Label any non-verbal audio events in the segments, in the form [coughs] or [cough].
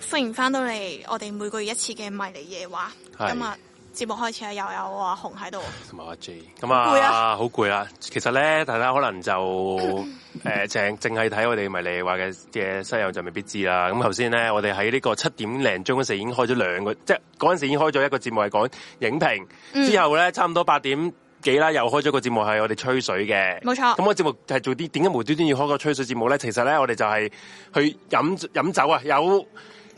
歡迎翻到嚟，我哋每個月一次嘅迷離夜話。是今日節目開始有有、嗯、啊，又有阿紅喺度，同埋阿 J。咁啊，好攰啊！其實咧，大家可能就誒淨淨係睇我哋迷離夜話嘅嘅室友就未必知啦。咁頭先咧，我哋喺呢個七點零鐘嗰時候已經開咗兩個，即係嗰陣時候已經開咗一個節目係講影評，嗯、之後咧差唔多八點幾啦，又開咗個節目係我哋吹水嘅。冇錯。咁個節目係做啲點解無端端要開個吹水節目咧？其實咧，我哋就係去飲飲酒啊，有。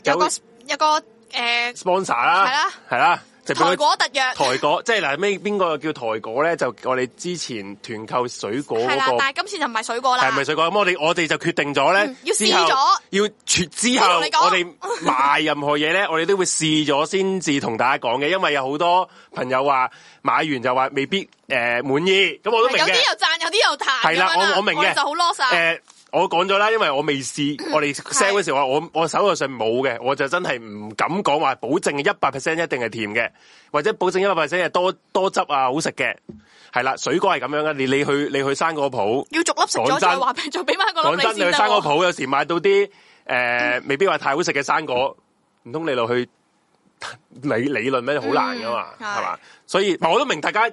有個有個誒 sponsor 啦，係啦係啦，台果特約台果，即係嗱，咩邊個叫台果咧？就我哋之前團購水果嗰個，但係今次就唔係水果啦，係唔係水果？咁我哋我哋就決定咗咧，要試咗，要之之後我哋買任何嘢咧，我哋都會試咗先至同大家講嘅，因為有好多朋友話買完就話未必誒滿意，咁我都明嘅。有啲又讚有啲又彈，係啦，我我明嘅，就好 loss 我講咗啦，因為我未試，我哋 sell 嗰時候話我我手頭上冇嘅，我就真係唔敢講話保證一百 percent 一定係甜嘅，或者保證一百 percent 係多多汁啊，好食嘅係啦，水果係咁樣嘅，你你去你去生果鋪，要逐粒食咗就話俾再俾翻我。講真，你真，你去生果鋪有時買到啲誒，呃嗯、未必話太好食嘅生果，唔通你落去理理論咩？好難噶嘛，係嘛？所以我都明大家。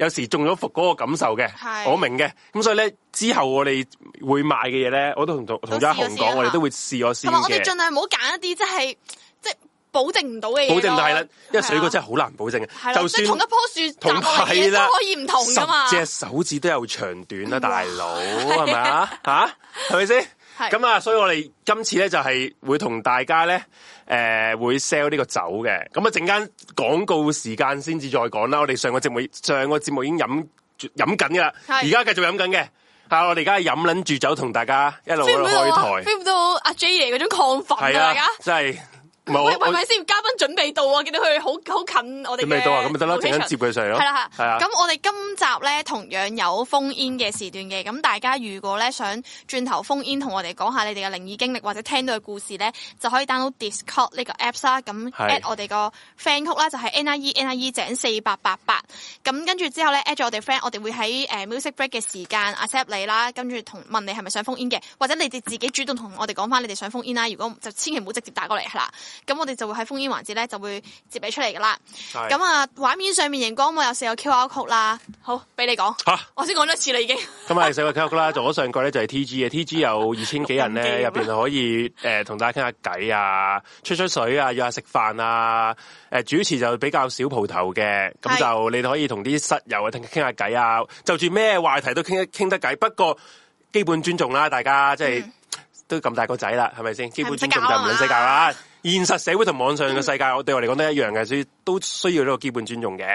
有時中咗伏嗰個感受嘅，我明嘅。咁所以咧，之後我哋會賣嘅嘢咧，我都同同家雄講，我哋都會試我試嘅。咪我哋盡量唔好揀一啲即係即係保證唔到嘅嘢。保證唔係啦，因為水果真係好難保證嘅。就算同一棵樹，同係啦，可以唔同噶嘛？隻手指都有長短啦，大佬，係咪啊？吓，係咪先？咁是啊，所以我哋今次咧就係會同大家咧，誒、呃、會 sell 呢個酒嘅。咁啊，陣間廣告時間先至再講啦。我哋上個節目上個節目已經飲飲緊噶啦，而家繼續飲緊嘅。吓、啊、我哋而家飲撚住酒，同大家一路一路，一路開台，feel 到，到阿 J 爺嗰種亢奮係啊！大家真係。就是唔係，係咪先？嘉賓準備到啊！見到佢好好近我哋準備到啊！咁咪得啦，陣間接佢上咯。係啦，係啊。咁我哋今集咧同樣有封煙嘅時段嘅，咁大家如果咧想轉頭封煙，同我哋講下你哋嘅靈異經歷或者聽到嘅故事咧，就可以 download Discord 呢個 apps 啦。咁 at 是的 我哋個 friend 曲啦，就係、是、n i e n i e 井四八八八。咁跟住之後咧，at 咗我哋 friend，我哋會喺 music break 嘅時間 accept 你啦。跟住同問你係咪想封煙嘅，或者你哋自己主動同我哋講翻你哋想封煙啦。如果就千祈唔好直接打過嚟，係啦。咁我哋就會喺烽煙環節咧，就會接俾出嚟噶啦。咁是啊，畫面上面熒光幕有四個 Q R 曲啦。好，俾你講。吓、啊，我先講多次啦已經。咁啊，四個 Q R 曲啦。左上角咧就係 T G 嘅，T G 有二千幾人咧，入邊、嗯、可以誒同、呃、大家傾下偈啊，吹吹水啊，約下食飯啊。誒、呃，主持就比較少蒲頭嘅，咁是就你可以同啲室友啊傾傾下偈啊，就住咩話題都傾得傾得偈。不過基本尊重啦，大家即係、就是嗯、都咁大個仔啦，係咪先？基本尊重就唔論世界啦。 [laughs] 現實社會同網上嘅世界，我對我嚟講都一樣嘅，所以都需要呢個基本尊重嘅。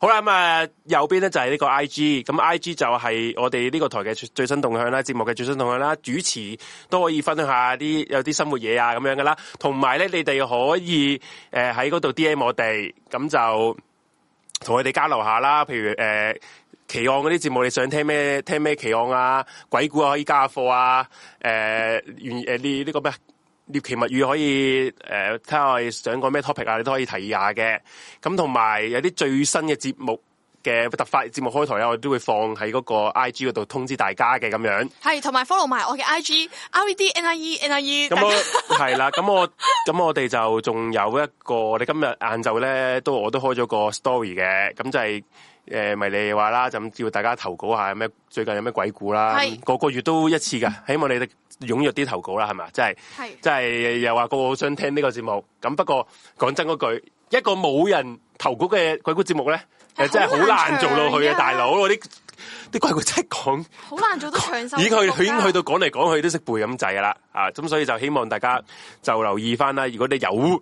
好啦，咁啊右邊咧就係呢個 I G，咁 I G 就係我哋呢個台嘅最新動向啦，節目嘅最新動向啦，主持都可以分享下啲有啲生活嘢啊咁樣噶啦，同埋咧你哋可以誒喺嗰度 D M 我哋，咁就同佢哋交流下啦。譬如誒、呃、奇案嗰啲節目，你想聽咩？聽咩奇案啊？鬼故可以加下課啊？誒、呃，誒呢、呃這個咩？獵奇物語可以誒，睇下我哋想講咩 topic 啊，你都可以提議下嘅。咁同埋有啲最新嘅節目嘅突發節目開台啊，我哋都會放喺嗰個 I G 嗰度通知大家嘅咁樣。係，同埋 follow 埋我嘅 I G R V D N I E N I E。咁我係啦，咁我咁我哋就仲有一個，你今日晏晝咧都我都開咗個 story 嘅，咁就係誒迷你話啦，就叫大家投稿下有咩最近有咩鬼故啦。係，個個月都一次㗎，希望你哋。踴躍啲投稿啦，係咪？即係，即係又話個個好想聽呢個節目。咁不過講真嗰句，一個冇人投稿嘅鬼故節目咧，誒，真係好難做落去嘅，大佬。我啲啲鬼故真係講，好難做得長。已經去已經去到講嚟講去都識背咁滯㗎啦，啊！咁所以就希望大家就留意返啦。如果你有啲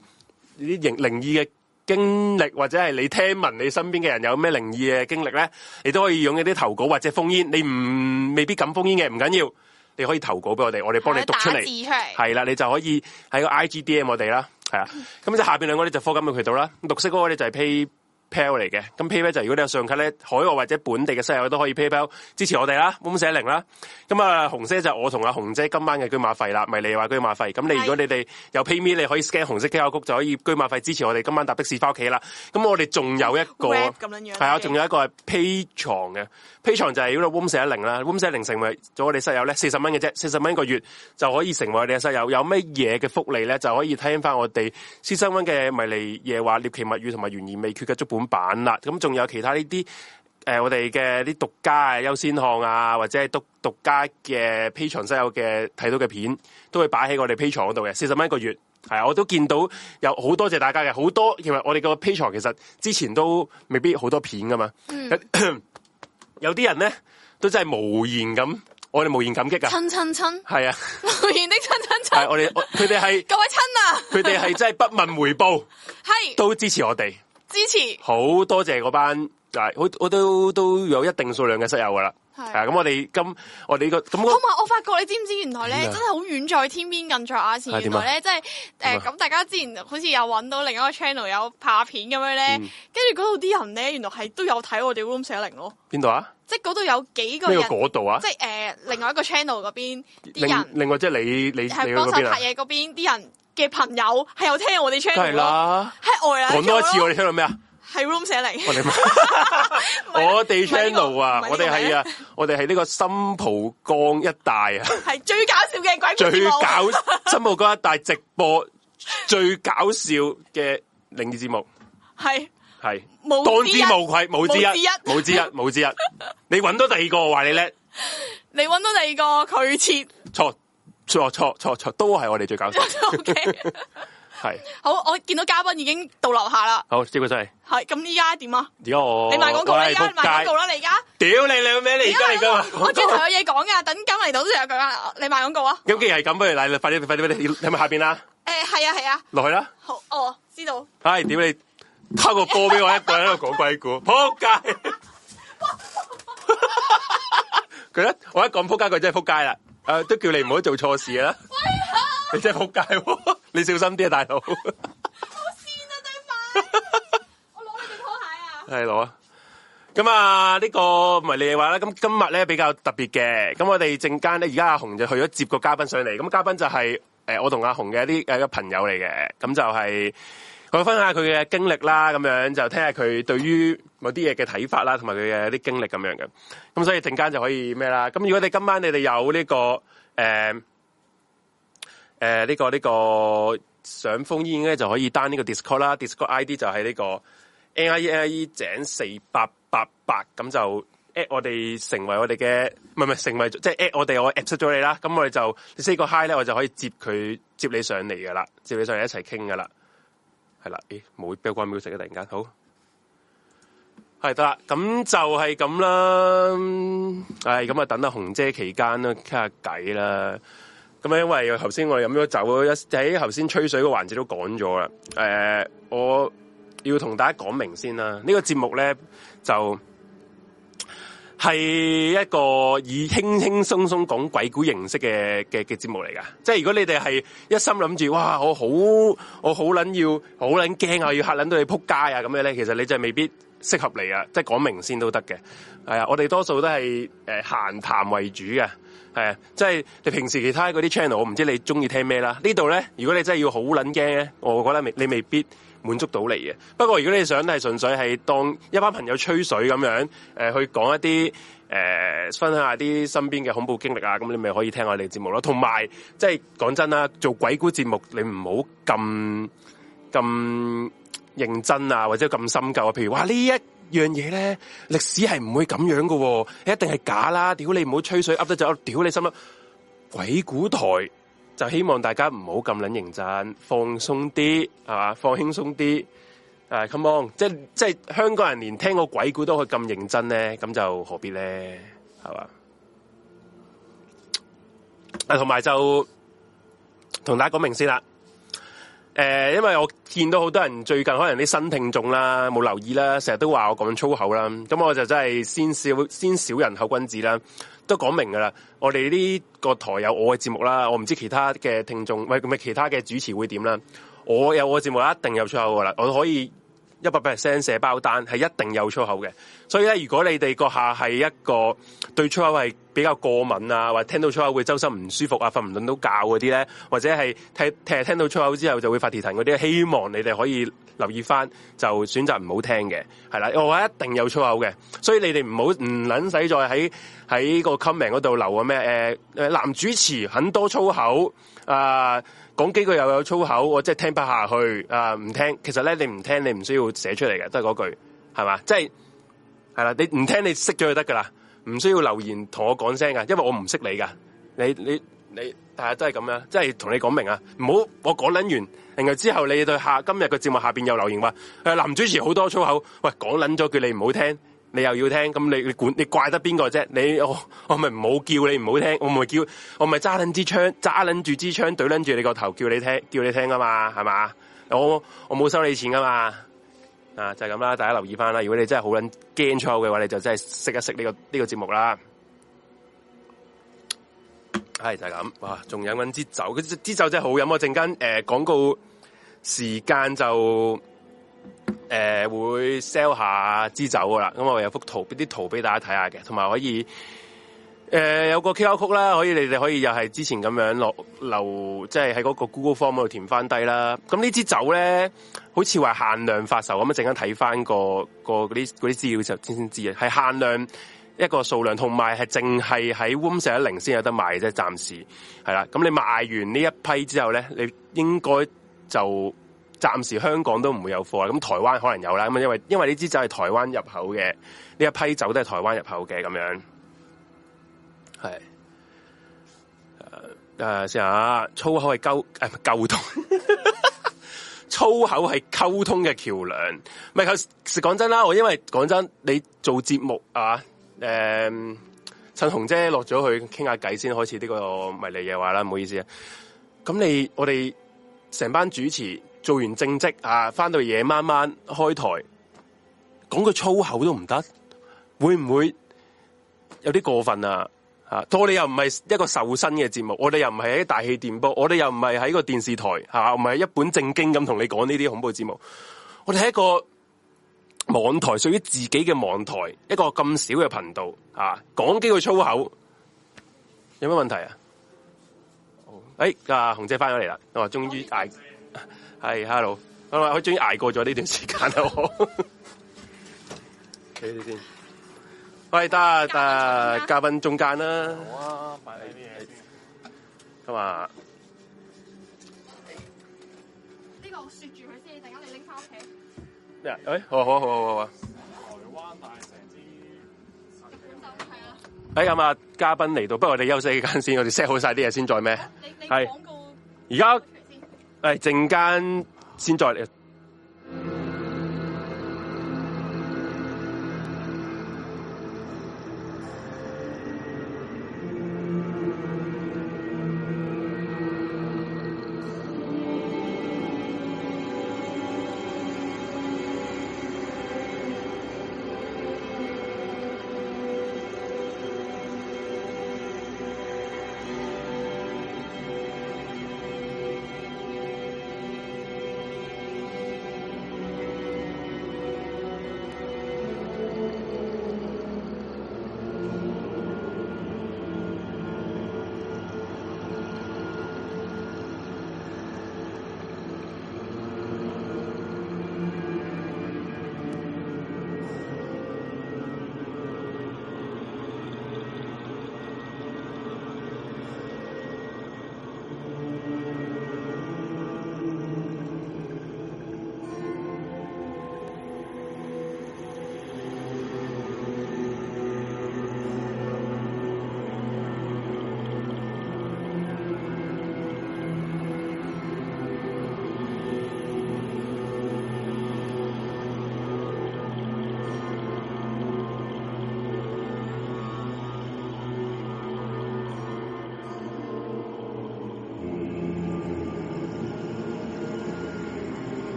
靈靈異嘅經歷，或者係你聽聞你身邊嘅人有咩靈異嘅經歷咧，你都可以用一啲投稿或者封煙。你唔未必敢封煙嘅，唔緊要。你可以投稿俾我哋，我哋幫你讀出嚟，係啦，你就可以喺個 IGDM 我哋啦，係啊，咁就 [laughs] 下面兩個咧就係課金嘅渠道啦，綠色嗰個咧就係 Pay。PayPal 嚟嘅，咁 PayPal pay 就如果你有信用卡咧，海外或者本地嘅室友都可以 PayPal 支持我哋啦 room 四一零啦。咁啊紅姐就我同阿紅姐今晚嘅車馬費啦，迷離話車馬費。咁你是如果你哋有 PayMe，你可以 scan 紅色 K 歌谷就可以車馬費支持我哋今晚搭的士翻屋企啦。咁我哋仲有一個，係 [laughs] 啊，仲有一個係 Patreon 嘅 Patreon 就係如果 room 四一零啦，room 四一零成為咗我哋室友咧，四十蚊嘅啫，四十蚊一個月就可以成為我哋嘅室友。有乜嘢嘅福利咧，就可以聽翻我哋施新温嘅迷離夜話、獵奇物語同埋懸疑未決嘅足本。版啦，咁仲有其他呢啲誒，我哋嘅啲獨家誒、啊、優先項啊，或者係獨獨家嘅 P 場室有嘅睇到嘅片，都會擺喺我哋 P 場度嘅，四十蚊一個月係，我都見到有好多謝大家嘅，好多其實我哋個 P 場其實之前都未必好多片噶嘛，嗯、有啲 [coughs] 人咧都真係無言咁，我哋無言感激噶，親親親係啊，無言的親親親係，我哋佢哋係各位親啊，佢哋係真係不問回報，係是都支持我哋。支持好多謝嗰班，但係我我都都有一定數量嘅室友噶啦。係啊，咁我哋今我哋個咁，同埋我發覺你知唔知？原來咧，真係好遠在天邊近在眼前。原來咧，即係誒，咁大家之前好似又搵到另一個 channel 有拍片咁樣咧，跟住嗰度啲人咧，原來係都有睇我哋 Room410 咯。邊度啊？即係嗰度有幾個人？嗰度啊？即係誒，另外一個 channel 嗰邊啲人。另外，即係你你你嗰邊？係幫手拍嘢嗰邊啲人。嘅朋友係有聽我哋 channel？係啦，講多次我哋聽到咩啊？係 room 寫嚟，我哋我哋 channel 啊！我哋係啊！我哋係呢個新蒲崗一帶啊！係最搞笑嘅鬼節最搞新蒲崗一帶直播最搞笑嘅靈異節目，係係當之無愧，無之一，無之一，無之一，無之一。你揾到第二個，話你叻，你揾到第二個，佢切錯。錯錯錯錯，都係我哋最搞笑。OK，係好，我見到嘉賓已經到樓下啦。好，呢個真係。係咁，依家點啊？而家我你賣廣告啦，而家賣廣告啦，你而家？屌你你咩？而家你我轉頭有嘢講噶，等緊嚟到都成日講啦。你賣廣告啊？咁既然係咁，不如嗱，你快啲，快啲，你睇下邊啦。誒，係啊，係啊，落去啦。好，哦，知道。係屌你拋個波俾我一個人喺度講鬼故？扑街！佢咧，我一講扑街，佢真係扑街啦。誒、呃，都叫你唔好做錯事啦！喂啊、你真係扑街， [laughs] 你小心啲啊，大佬！好賤啊，對白！ [laughs] 我攞你條拖鞋啊！係攞， [laughs] 咁啊呢個唔係你嘅話啦，咁今日咧比較特別嘅，咁我哋陣間咧而家阿紅就去咗接個嘉賓上嚟，咁嘉賓就係、是、誒、呃、我同阿紅嘅一啲嘅朋友嚟嘅，咁就係、是。佢分享下佢嘅經歷啦，咁樣就聽下佢對於某啲嘢嘅睇法啦，同埋佢嘅啲經歷咁樣嘅。咁所以陣間就可以咩啦？咁如果你今晚你哋有、這個呃呃這個這個、呢個誒呢個呢個上封煙咧，就可以 down 呢個 Discord 啦。Discord ID 就係呢、這個 n i e i e 井四八八八咁就 at 我哋成為我哋嘅唔係唔係成為即係 at 我哋我 at s 咗你啦。咁我哋就 say 個 hi 咧，我就可以接佢接你上嚟嘅啦，接你上嚟一齊傾嘅啦。係啦，冇俾我關秒食啊！突然間，好係得啦，咁就係咁啦。唉，咁啊，等阿紅姐期間啦，傾下偈啦。咁啊，因為頭先我哋飲咗酒，一喺頭先吹水嘅環節都講咗啦。誒、呃，我要同大家講明先啦，這個、節呢個節目咧就。係一個以輕輕鬆鬆講鬼故形式嘅嘅嘅節目嚟噶，即係如果你哋係一心諗住，哇！我好我好捻要好捻驚啊，要吓捻到你扑街啊咁嘅咧，其實你就係未必適合你啊！即係講明先都得嘅，係啊！我哋多數都係誒、呃、閒談為主嘅，係啊！即係你平時其他嗰啲 channel，我唔知你中意聽咩啦。呢度咧，如果你真係要好捻驚咧，我覺得你未必。滿足到你嘅。不過如果你想，都係純粹係當一班朋友吹水咁樣，呃，去講一啲誒、呃、分享下啲身邊嘅恐怖經歷啊，咁你咪可以聽下我哋節目咯，啊。同埋即係講真啦，做鬼故節目你唔好咁咁認真啊，或者咁深究啊。譬如話呢一樣嘢咧，歷史係唔會咁樣嘅喎，啊，一定係假啦。屌你唔好吹水噏得就噏，屌你心諗鬼故台。就希望大家唔好咁撚認真，放鬆啲，係嘛？放輕鬆啲。誒、啊，Come on！即即香港人連聽個鬼故都可以咁認真咧，咁就何必咧？係嘛？啊，同埋就同大家講明先啦。誒、呃，因為我見到好多人最近可能啲新聽眾啦，冇留意啦，成日都話我講粗口啦，咁我就真係先少先少人口君子啦。都講明噶啦，我哋呢個台有我嘅節目啦，我唔知其他嘅聽眾，唔係其他嘅主持會點啦。我有我節目，一定有粗口噶啦，我可以一百 percent 寫包單，係一定有粗口嘅。所以咧，如果你哋閣下係一個對粗口係比較過敏啊，或者聽到粗口會周身唔舒服啊，瞓唔到都覺嗰啲咧，或者係聽聽到粗口之後就會發地震嗰啲，希望你哋可以，留意翻就選擇唔好聽嘅，係啦，我話一定有粗口嘅，所以你哋唔好唔撚使再喺喺個 comment 嗰度留個咩、呃、男主持很多粗口啊、呃，講幾句又有粗口，我即係聽不下去啊，唔、呃、聽。其實咧，你唔聽你唔需要寫出嚟嘅，都係嗰句係嘛，即係係啦，你唔聽你識咗就得噶啦，唔需要留言同我講聲噶，因為我唔識你噶，你你你，係啊，都係咁樣，即係同你講明啊，唔好我講撚完。然後之後，你對下今日個節目下邊又留言話，誒、呃、林主持好多粗口，喂講撚咗叫你唔好聽，你又要聽，咁你你管你怪得邊個啫？你我我咪唔好叫你唔好聽，我咪叫我咪揸撚支槍揸撚住支槍對撚住你個頭叫你聽叫你聽噶嘛，係嘛？我我冇收你錢噶嘛，啊就係咁啦，大家留意翻啦。如果你真係好撚驚粗口嘅話，你就真係識一識呢、呢個呢、呢個節目啦。係就係、是、咁，哇！仲飲緊支酒，支酒真係好飲。我陣間誒廣告時間就誒、呃、會 sell 下支酒噶啦，咁我有一幅圖，啲圖俾大家睇下嘅，同埋可以誒、呃、有個 K O 曲啦，可以你哋可以又係之前咁樣落留，即係喺嗰個 Google Form 度填翻低啦。咁呢支酒咧，好似話限量發售咁，一陣間睇翻個個啲啲資料就先先知啊，係限量。一個數量，同埋係淨係喺 Room410 先有得賣啫。暫時係啦，咁你賣完呢一批之後咧，你應該就暫時香港都唔會有貨。咁台灣可能有啦，咁因為因為呢支酒係台灣入口嘅，呢一批酒都係台灣入口嘅咁樣係誒，誒、呃呃，試下粗口係溝誒溝通，粗口係溝、哎、通嘅橋樑。咪 [laughs] 係，講真啦，我因為講真，你做節目啊。誒，陳、uh, 紅姐落咗去傾下偈先，開始呢個迷離夜話啦，唔好意思啊。咁你我哋成班主持做完正職啊，返到夜晚晚開台講句粗口都唔得，會唔會有啲過分啊？吓、啊，你又唔係一個受薪嘅節目，我哋又唔係喺大氣電波，我哋又唔係喺個電視台吓，唔、啊、係一本正經咁同你講呢啲恐怖節目，我哋係一個。網台屬於自己嘅網台，一個咁少嘅頻道，啊，講幾句粗口，有乜問題啊？好、oh. 欸，誒、啊，阿紅姐翻咗嚟啦，我話終於捱，係，hello，我話佢終於捱過咗呢段時間啦，好，企住先，喂，得啊,啊,啊，嘉賓中間啦，好啊，擺喺邊嘢，咁、啊咩？哎，好，好，好，好，好。台灣大成支就係啊！哎咁啊，嘉賓嚟到，不如我哋休息一間先，我哋 set 好晒啲嘢先再咩？你，你廣告而家係陣間先、哎、再。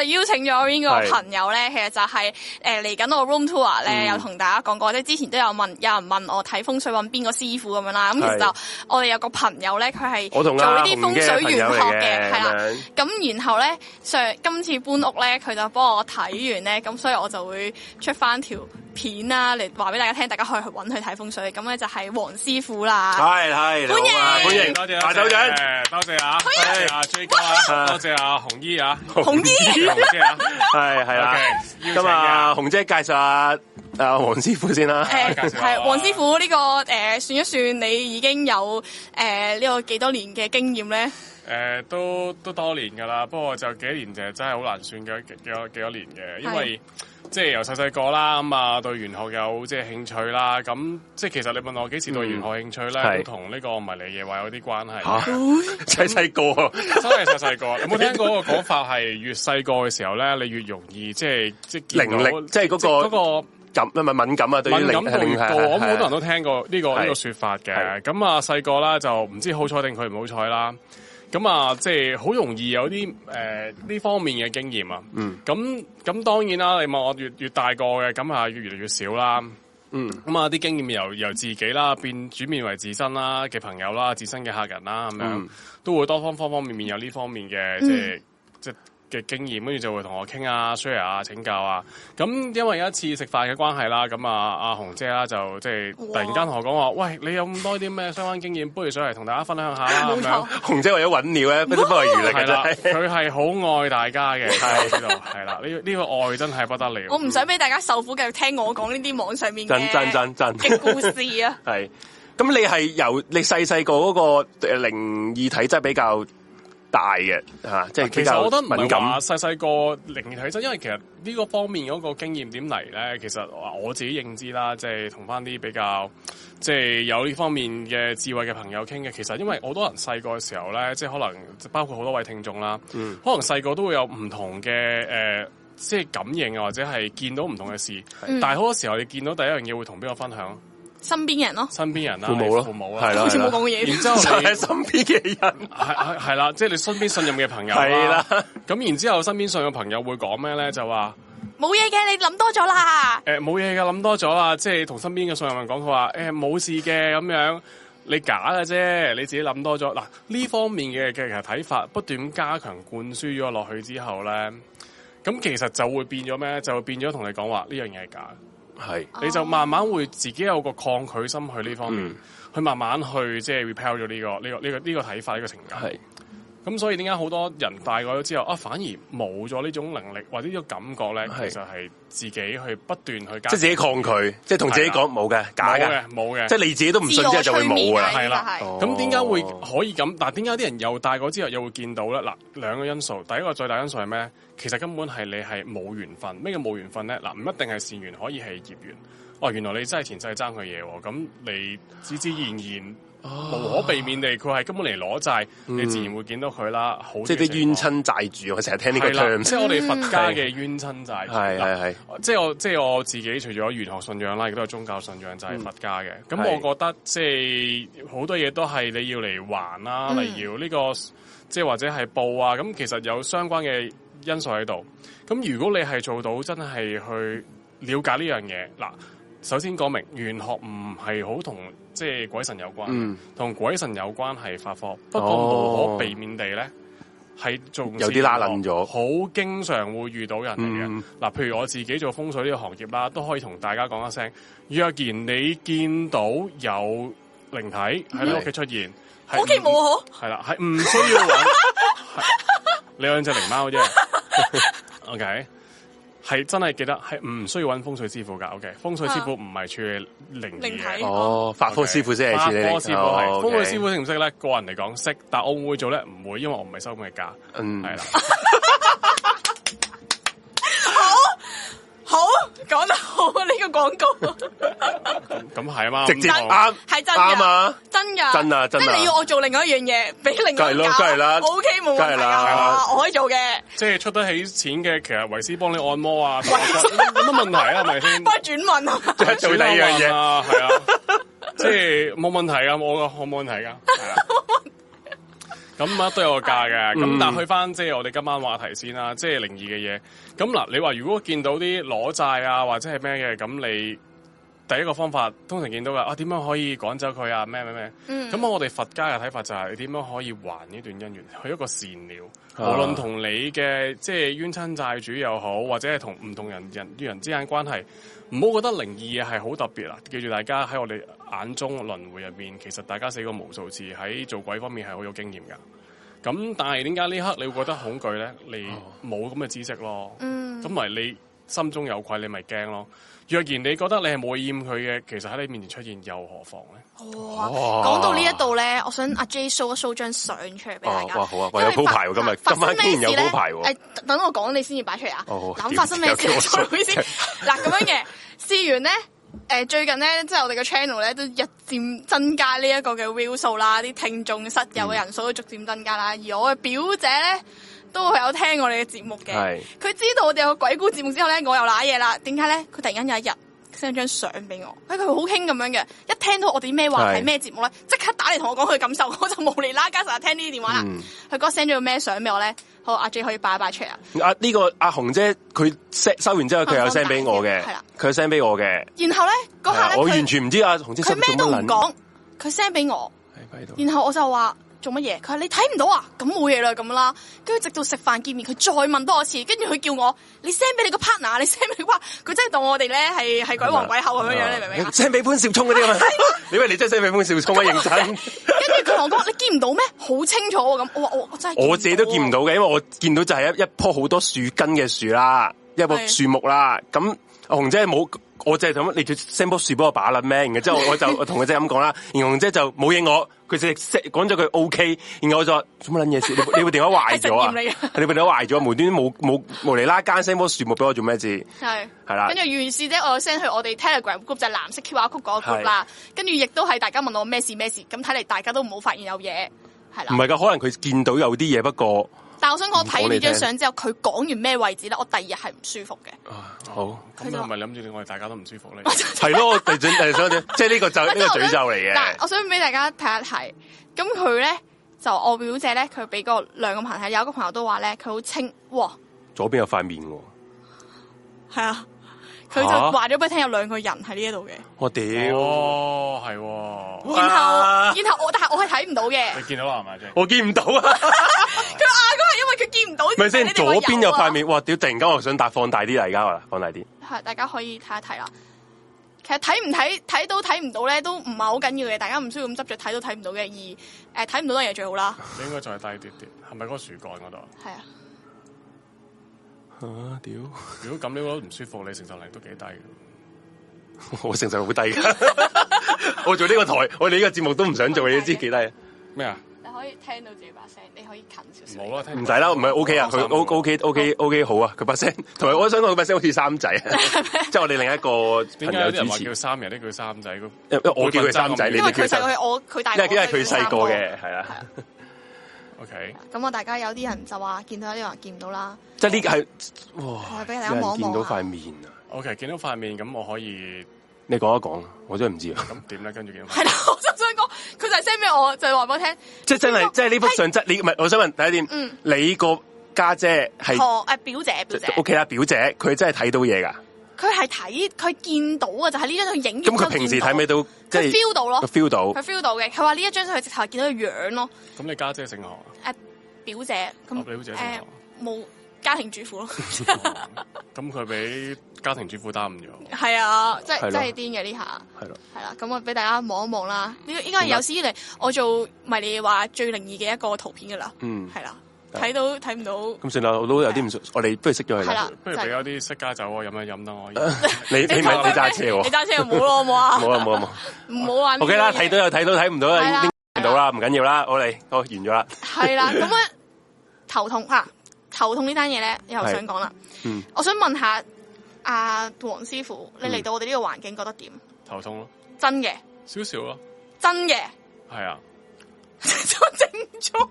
就邀請咗邊個朋友咧？是其實就係誒嚟緊我 room tour 咧，嗯、又同大家講過，即係之前都有問，有人問我睇風水揾邊個師傅咁樣啦。咁是其實就我哋有個朋友咧，佢係做呢啲風水玄學嘅，係啦。咁樣然後咧上今次搬屋咧，佢就幫我睇完咧，咁所以我就會出翻條片啊嚟話俾大家聽，大家可以去揾佢睇風水。咁咧就係黃師傅啦，係係，歡迎歡迎，多謝，大手印，多謝啊，歡迎啊，J 哥，多謝阿紅姨啊，紅姨，多謝啊，係係啦，今日啊，紅姐介紹下阿黃師傅先啦，係黃師傅呢個誒，算一算你已經有誒呢個幾多年嘅經驗咧？誒，都都多年噶啦，不過就幾年就真係好難算嘅，幾多幾多年嘅，因為。即係由細細個啦，咁啊對玄學有即係興趣啦，咁即係其實你問我幾時對玄學興趣咧，嗯、都同呢個迷離夜話有啲關係。細細個真係細細個，有冇聽過嗰個講法係越細個嘅時候咧， [laughs] 你越容易即係即係靈力，即係嗰、嗰個是、嗰個感敏感啊，對靈力係。我好多人都聽過呢、這個呢是個說法嘅，咁啊細個啦就唔知好彩定佢唔好彩啦。咁啊，即係好容易有啲誒呢方面嘅經驗啊。嗯。咁咁當然啦，你望我越越大個嘅，咁啊越嚟越，越少啦。嗯。咁啊，啲經驗由由自己啦，變轉變為自身啦嘅朋友啦，自身嘅客人啦，嗯。咁樣都會多方方方面面有呢方面嘅即係、即。嗯即係嘅經驗，跟住就會同我傾啊、share 啊、請教啊。咁因為有一次食飯嘅關係啦，咁啊，阿紅姐啦就即係、就是、哇突然間同我講話，喂，你有咁多啲咩相關經驗，不如上嚟同大家分享下啦。紅錯樣姐為咗搵料咧，不哇不遺餘力，佢係好愛大家嘅，係係啦。呢個呢個愛真係不得了。 [laughs] 我唔想俾大家受苦，繼續聽我講呢啲網上面嘅真真真真嘅故事啊。係， [laughs] 咁你係由你細細個嗰個靈異體質比較。大嘅嚇、啊，即係比較敏感。細細個靈體質，因為其實呢個方面嗰個經驗點嚟咧，其實我自己認知啦，即係同返啲比較即係、就是、有呢方面嘅智慧嘅朋友傾嘅。其實因為好多人細個嘅時候咧，即係可能包括好多位聽眾啦，嗯、可能細個都會有唔同嘅誒、呃，即係感應或者係見到唔同嘅事，嗯、但係好多時候你見到第一樣嘢會同邊個分享？身邊人咯，身邊人啊，人啊父母咯，啊，父母啦，啊，係啦，啊，好似冇講嘢。啊、然之後你就係身邊嘅人，係啦，啊，即係、啊啊啊就是、你身邊信任嘅朋友，啊。係啦、啊，咁然之後，後身邊信任嘅朋友會講咩咧？就話冇嘢嘅，你諗多咗啦。誒、欸，冇嘢嘅，諗多咗啦。即係同身邊嘅信任人講，佢話誒冇事嘅咁樣，你假嘅啫，你自己諗多咗。嗱、啊、呢方面嘅嘅其實睇法不斷加強灌輸咗落去之後咧，咁其實就會變咗咩咧？就會變咗同你講話呢樣嘢係假。係，是你就慢慢會自己有個抗拒心去呢方面，嗯、去慢慢去即係 repel 咗呢、呢個呢、呢個呢、呢個呢、呢個睇法呢、呢個情感。咁所以點解好多人大個咗之後啊，反而冇咗呢種能力或者呢種感覺咧？是其實係自己去不斷去，加去，即係自己抗拒，即係同自己講冇嘅，假嘅，冇嘅，即係你自己都唔信之後就會冇嘅，係啦。咁點解會可以咁？嗱、啊，點解啲人又大個之後又會見到咧？嗱、啊，兩個因素，第一個最大因素係咩咧？其實根本係你係冇緣分。咩叫冇緣分咧？嗱、啊，唔一定係善緣，可以係業緣。哦、啊，原來你真係前世爭佢嘢喎。咁你自自然然。啊無可避免地，佢係根本嚟攞債，嗯、你自然會見到佢啦。好、即係啲冤親債主，我成日聽呢句。即係我哋佛家嘅冤親債主。係係係。即係我即係我自己，除咗玄學信仰啦，亦都有宗教信仰就係、是、佛家嘅。咁、嗯、我覺得是即係好多嘢都係你要嚟還啦，例如呢個，即係或者係報啊。咁其實有相關嘅因素喺度。咁如果你係做到真係去了解呢樣嘢嗱。首先講明，玄學唔係好同即係鬼神有關，同、嗯、鬼神有關係法科，不過無可避免地咧，係、哦、仲有啲拉冷咗，好經常會遇到人嘅。嗱，嗯、譬如我自己做風水呢個行業啦，都可以同大家講一聲，若然你見到有靈體喺你屋企出現，屋企冇嗬，係啦 Okay,，係唔需要玩 [laughs] 係你有兩隻靈貓啫。 [laughs] OK。係真係記得，係唔需要揾風水師傅㗎。O、okay. K，風水師傅唔係處理靈體，哦，法科師傅先係知咧。法、okay. 師傅係，哦 okay. 風水師傅識唔識咧？個人嚟講識，但係我會做咧？唔會，因為我唔係收咁嘅價。嗯，係啦。好，講得好呢個廣告，咁係啊嘛，直接啱，係真啱啊，真嘅，真啊真啊，即係要我做另外一樣嘢，俾另外家，OK 冇，梗係啦，我可以做嘅，即係出得起錢嘅。其實維斯幫你按摩啊，有乜問題啊，係咪？應該轉運啊，即係做第二樣嘢啊。係啊，即係冇問題㗎，我個好冇問題噶。咁乜都有個價嘅，咁、啊嗯、但係去翻即係我哋今晚話題先啦，即係靈異嘅嘢。咁嗱，你話如果見到啲攞債啊，或者係咩嘅，咁你第一個方法通常見到嘅啊，點樣可以趕走佢啊？咩咩咩？咁、嗯、我哋佛家嘅睇法就係你點樣可以還呢段姻緣？去一個善了，啊、無論同你嘅即係冤親債主又好，或者係同唔同人人與人之間關係。唔好覺得靈異嘢係好特別啦。記住，大家喺我哋眼中輪迴入面其實大家死過無數次，喺做鬼方面係好有經驗噶。咁，但係點解呢刻你會覺得恐懼咧？你冇咁嘅知識咯，咁咪、嗯、你心中有愧，你咪驚咯。若然你覺得你係冇厭佢嘅，其實喺你面前出現又何妨咧？哇！講、哦、到呢一度咧，哦、我想阿 J show 一 show 張相出嚟俾大家、哦。哇，好啊，我有鋪排喎、啊，今日今日竟然有鋪排喎、啊哎。等我講你先至擺出啊、哦。好諗發生咩事先？嗱，咁樣嘅試完咧、呃，最近咧，即、就、係、是、我哋嘅 channel 咧都日漸增加呢一個嘅 view 數啦，啲聽眾、室友嘅人數都逐漸增加啦。嗯、而我嘅表姐咧都會有聽我哋嘅節目嘅，佢、嗯、知道我哋有鬼故節目之後咧，我又瀨嘢啦。點解咧？佢突然間有一日，send 張相俾我，佢佢好興咁樣嘅，一聽到我哋咩話係咩節目咧，即刻打嚟同我講佢感受，我就冇嚟啦，家成日聽呢啲電話啦。佢嗰 send 咗個咩相俾我咧？好阿、啊、J 可以擺一擺 Check、嗯、啊。阿、這、呢個阿、啊、紅姐佢 set 收完之後佢有 send 俾、嗯嗯、我嘅，係啦、嗯，佢有 send 俾我嘅。然後咧嗰下咧，我完全唔知阿、啊、紅姐佢咩都唔講，佢 send 俾我，然後我就話。做乜嘢？佢話你睇唔到啊，咁冇嘢啦咁啦。跟住直到食飯見面，佢再問多一次，跟住佢叫我你 send 俾你個 partner，你 send 俾佢佢真係當我哋咧係係鬼王鬼后咁樣樣，你明唔明 send 俾潘少聰嗰啲嘛？你話你真係 send 俾潘少聰啊，認真。跟住佢同我話你見唔到咩？好清楚我咁。我話我，我真係、啊、我自己都見唔到嘅，因為我見到就係一一棵好多樹根嘅樹啦，一棵樹木啦。咁阿紅姐冇。我就係想你就 send 樖樹俾我把啦，man 然之後我就我同我姐咁講啦，然後紅姐就冇應我，佢就 send 講咗句 O K，然後我就話做乜撚嘢事？ [laughs] 你部電話壞咗啊？ [laughs] 你部電話壞咗， [laughs] 無端端冇冇無厘啦間 send 樖樹木俾我做咩事？係係啦，的跟住完事姐我 send 去我哋 Telegram group 就藍色 Q R 曲嗰個 group 啦的，跟住亦都係大家問我咩事咩事，咁睇嚟大家都冇發現有嘢係啦。唔係噶，可能佢見到有啲嘢，不過。但我想我睇完呢張相之後，佢講完咩位置咧，我第二日係唔舒服嘅。啊、哦，好、哦，咁你咪諗住我哋大家都唔舒服咧。係咯， [laughs] 我二張第二即係呢個就呢 [laughs] 是個詛咒嚟嘅。但，我想俾大家睇一睇，咁佢咧就我表姐咧，佢俾個兩個朋友，有一個朋友都話咧，佢好清。哇，左邊有塊面喎，係啊。佢就話咗俾我聽，有兩個人喺呢一度嘅。我屌，係。然後然後我但係我係睇唔到嘅。你見到係咪先？我見唔到啊！佢阿哥係因為佢見唔到。咪先，左邊有塊面，哇屌！突然間我想大，放大啲嚟，而家啦，放大啲。係，大家可以睇一睇啦。其實睇唔睇睇到睇唔到咧，都唔係好緊要嘅。大家唔需要咁執着睇，都睇唔到嘅，而誒睇唔到嘅嘢最好啦。應該就係低啲啲。係咪嗰個樹幹嗰度？係啊。啊！屌，如果咁你我都唔舒服，你承受力都幾低嘅，我承受好低嘅。我做呢個台，我哋呢個節目都唔想做，你都知幾低咩啊？你可以聽到自己把聲，你可以近少少。冇啦，唔使啦，唔係 OK 啊，佢 O OK OK OK 好啊，佢把聲，同埋我想講佢把聲好似三仔即係我哋另一個朋友主持。有人話叫三人，呢叫三仔，我叫佢三仔，你哋叫佢就係我，佢大，因為佢細個嘅係啦。OK，咁我大家有啲人就話見到有啲人見唔到啦。即係呢個係哇，俾人望到塊面啊！OK，見到塊面，咁我可以你講一講，我真係唔知咁點咧？跟住點？係啦，我就想講，佢就 send 俾我，就話俾我聽。即係真係，即係呢幅相，即，你唔係？我想問第一點，你個家姐係哦，係表姐，表姐 OK 啦，表姐佢真係睇到嘢噶。佢係睇，佢見到啊，就係呢張相影咗。咁佢平時睇咩都即係 feel 到咯，feel 到，佢 feel 到嘅。佢話呢一張相佢直頭見到個樣咯。咁你家姐姓何？表姐咁誒冇家庭主婦咯，咁佢俾家庭主婦擔唔住？係啊，即係即係癲嘅呢下，係咯，係啦，咁我俾大家望一望啦。呢呢個係有史以嚟我做迷離夜話最靈異嘅一個圖片㗎啦。嗯，係啦，睇到睇唔到咁算啦，我都有啲唔熟，我哋不如識咗佢，啦，不如俾啲釋迦酒我飲一飲啦，我你你唔係你揸車喎，你揸車唔好咯，唔好啊，好啊，唔好啊，唔好玩，OK 啦，睇到又睇到，睇唔到唔到啦，唔緊要啦，我嚟，我完咗啦。係啦，咁樣頭痛吓，頭痛呢單嘢咧，又想講啦。我想問下阿王師傅，你嚟到我哋呢個環境覺得點？頭痛咯。真嘅。少少咯。真嘅。係啊，真正。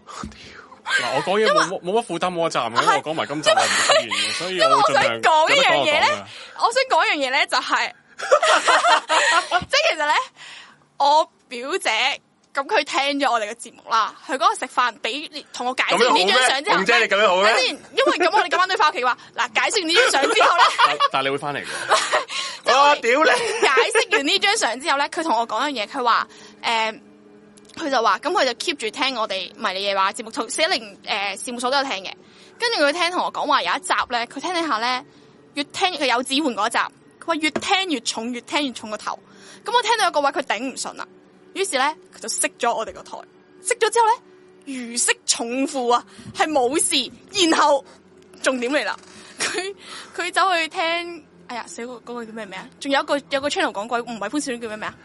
我講嘢冇冇乜負擔，冇咁站我講埋今集係唔完嘅，所以我想盡量。我想講一樣嘢咧，我想講一樣嘢咧，就係，即係其實咧，我表姐。咁佢聽咗我哋嘅節目啦，佢嗰日食飯俾同我解釋呢張相之後，因為咁我哋今晚都要翻屋企話，嗱， [laughs] 解釋完呢張相之後，但係你會翻嚟嘅， [laughs] 我屌你！解釋完呢張相之後咧，佢同我講樣嘢，佢話誒，佢、嗯、就話咁佢就 keep 住聽我哋迷離夜話節目，從四一零誒事務所都有聽嘅，聽跟住佢聽同我講話有一集咧，佢聽一下咧越聽佢有指換嗰集，佢話越聽越重，越聽越重個頭，咁我聽到有個位佢頂唔順啦。於是咧，佢就熄咗我哋個台，熄咗之後咧，如釋重負啊，係冇事。然後重點嚟啦，佢佢走去聽，哎呀，死嗰、嗰個叫咩名啊？仲有一個有一個 channel 講鬼，唔係小弟叫咩名啊？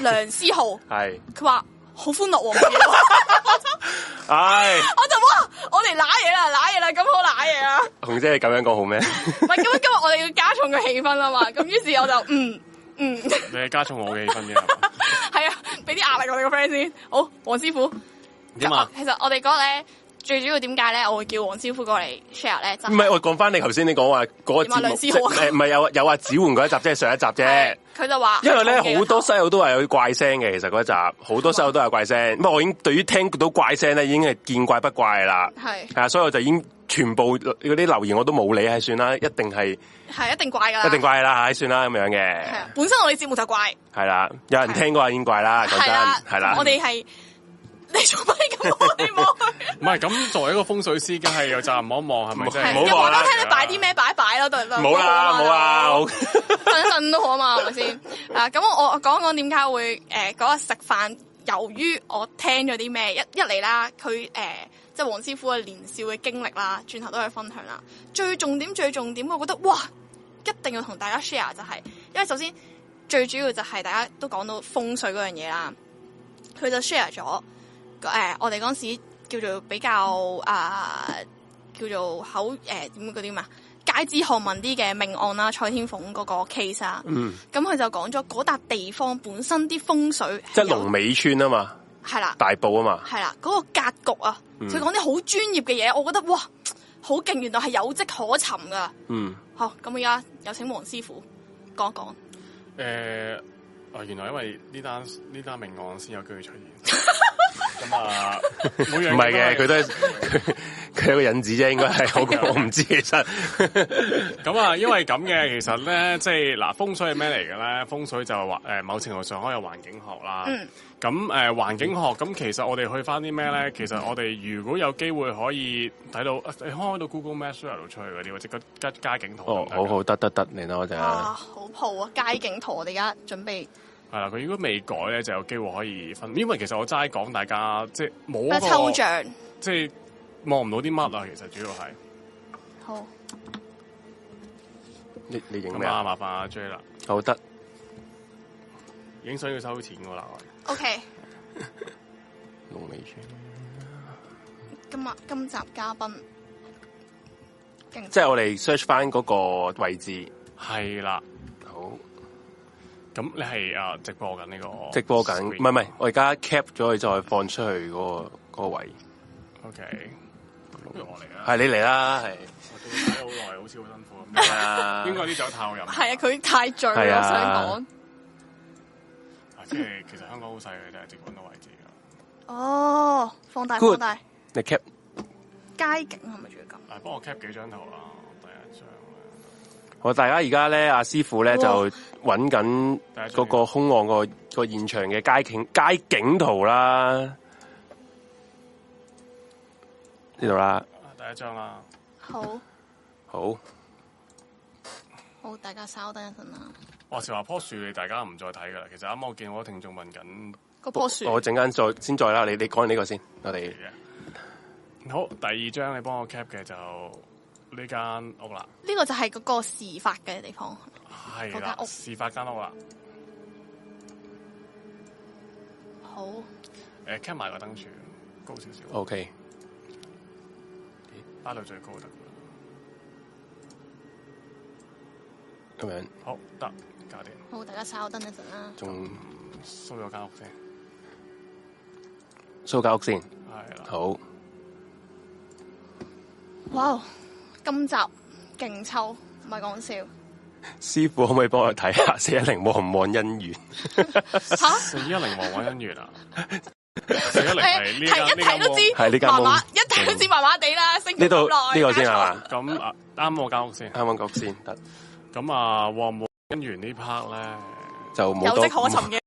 梁思浩係，佢話好歡樂，係，我就哇，我哋瀨嘢啦，瀨嘢啦，咁好瀨嘢啊！紅姐，你咁樣講好咩？喂，咁今日我哋要加重個氣氛啊嘛，咁於 [laughs] 是我就嗯。嗯你分，你係加重我嘅氣氛嘅，係 [laughs] 啊，俾啲壓力我哋個 friend 先。好，王師傅，點啊,啊？其實我哋個咧，最主要點解咧，我會叫王師傅過嚟 share 咧。唔係，我講翻你頭先你講話嗰個唔係、啊呃、有有話置換嗰一集，即係上一集啫。佢 [laughs] 就話，因為咧好多西友都係有啲怪聲嘅，其實嗰一集好多西友都係怪聲。咁啊的，因為我已經對於聽到怪聲咧，已經係見怪不怪啦。係的，係啊，所以我就已經。.全部嗰啲留言我都冇理，係算啦，一定係係一定怪噶，一定怪啦，唉，算啦，咁樣嘅。係啊，本身我哋節目就怪。係啦，有人聽過啊，已經怪啦，講真，係啦。我哋係你做乜咁我哋冇唔係咁，作為一個風水師，梗係有責任望一望，係咪先？唔好話啦，聽你擺啲咩擺擺咯，都都冇啦冇啦，信信都好啊嘛，係咪先？啊，咁我講講點解會誒嗰日食飯，由於我聽咗啲咩，一一嚟啦，佢誒。即係王師傅嘅年少嘅經歷啦，轉頭都去分享啦。最重點最重點，我覺得哇，一定要同大家 share 就係、是，因為首先最主要就係大家都講到風水嗰樣嘢啦，佢就 share 咗誒，我哋嗰時叫做比較啊、呃，叫做口，誒點嗰啲嘛，街知巷聞啲嘅命案啦，蔡天鳳嗰個 case 啊，嗯，咁佢就講咗嗰笪地方本身啲風水是，即係龍尾村啊嘛。係啦，大埔啊嘛，係啦，嗰、那個格局啊，佢講啲好專業嘅嘢，我覺得哇，好勁，原來係有迹可尋噶，嗯，好，咁而家有請王師傅講講，誒、呃，啊、呃，原來因為呢單呢單命案先有機會出現。 [laughs] 咁啊，唔係嘅，佢都佢佢有個引子啫，應該係好， [laughs] 我唔知其實。咁啊，因為咁嘅，其實咧，即係嗱，風水係咩嚟嘅咧？風水就係話誒，某程度上可以有環境學啦。咁誒、嗯，環、嗯嗯、境學咁，其實我哋去翻啲咩咧？嗯、其實我哋如果有機會可以睇到、啊，開到 Google Maps 出去嗰啲或者街街街景圖。可可哦、好好得得得，你咯就。哇、啊，好鋪啊！街景圖，我哋而家準備。係啦，佢如果未改咧，就有機會可以分。因為其實我齋講大家即係冇抽象，即係望唔到啲乜啊。其實主要係好，你你影咩啊？麻煩阿 J 啦，好得影相要收錢噶啦。OK，龍尾村，Okay [laughs] 今日今集嘉賓，即係我哋 search 翻嗰個位置，係啦。咁你係啊，直播緊呢個，直播緊，唔係唔係，我而家 cap 咗佢再放出去嗰、嗰個、嗰個位。OK，係你嚟啦，係我做咗好耐，好似好辛苦啊。應該啲酒太入，係啊，佢太醉啊，我想講。啊，即係其實香港好細，真係直搵到位置噶。哦，放大放大，你 cap 街景係咪仲要咁？啊，幫我 cap 幾張圖啊！好，大家而家咧，阿師傅咧、哦、就揾緊嗰個凶案個個現場嘅街景街景圖啦，呢度啦，第一張啦，好，好，好，大家稍等一陣啦。哇，話時話棵樹，大家唔再睇噶啦。其實啱啱我見好多聽眾問緊嗰棵樹，我陣間再先再啦。你你講呢個先，我哋好第二張，你幫我 cap 嘅就。呢間屋啦，呢個就係嗰個事發嘅地方係啦，啊、屋事發間屋啦，好，誒 keep 埋個燈柱高少少，OK，亮度最高就得，咁樣好得，搞掂，好，大家閂燈一陣啦，仲收咗間屋先，收間屋先，係啦，好，哇、wow！今集勁抽，唔係講笑。師傅可唔可以幫我睇下、 [laughs] 啊、四一零旺唔旺姻緣？吓、啊？ [laughs] 四一零旺唔旺姻緣啊？四一零係一睇都知，係呢間一睇都知麻麻地啦。呢度呢個先係嘛？咁啊，啱我間屋先，啱我間屋先得。咁啊，旺唔旺姻緣呢 part 咧？就冇嘅。有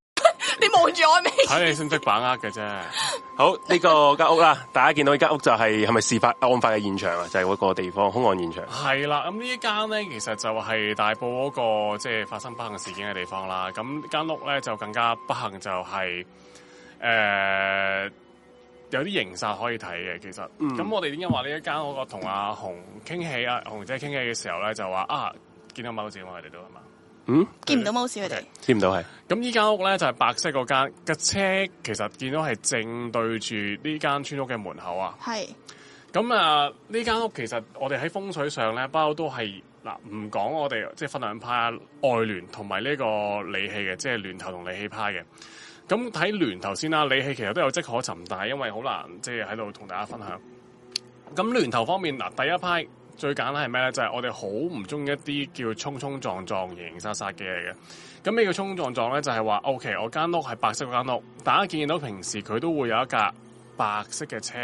睇你識唔識把握嘅啫。 [laughs] 好呢、這個間屋啦，大家見到呢間屋就係係咪事發案發嘅現場啊？就係、是、嗰個地方凶案現場。係啦，咁呢一間咧，其實就係大埔嗰、那個即係、就是、發生不幸事件嘅地方啦。咁間屋咧就更加不幸、就是，就係誒有啲形殺可以睇嘅。其實，咁、嗯、我哋點解話呢一間嗰個同阿紅傾偈啊？紅姐傾偈嘅時候咧，就話啊見到某字，我哋都係嘛？嗯，見唔到貓屎佢哋，見唔到係。咁依間屋咧就係、是、白色嗰間，嘅車其實見到係正對住呢間村屋嘅門口啊。係是。咁啊，呢間屋其實我哋喺風水上咧包都係嗱，唔講我哋即係分兩派啊，派外聯同埋呢個理氣嘅，即係聯頭同理氣派嘅。咁睇聯頭先啦，理氣其實都有迹可尋，但係因為好難，即係喺度同大家分享。咁聯頭方面嗱、啊，第一派。最簡單係咩咧？就係、是、我哋好唔鍾意一啲叫衝衝撞撞、形形殺殺嘅嘢。嘅。咁呢個衝撞撞咧，就係、是、話 O.K. 我間屋係白色嗰間屋，大家見到平時佢都會有一架白色嘅車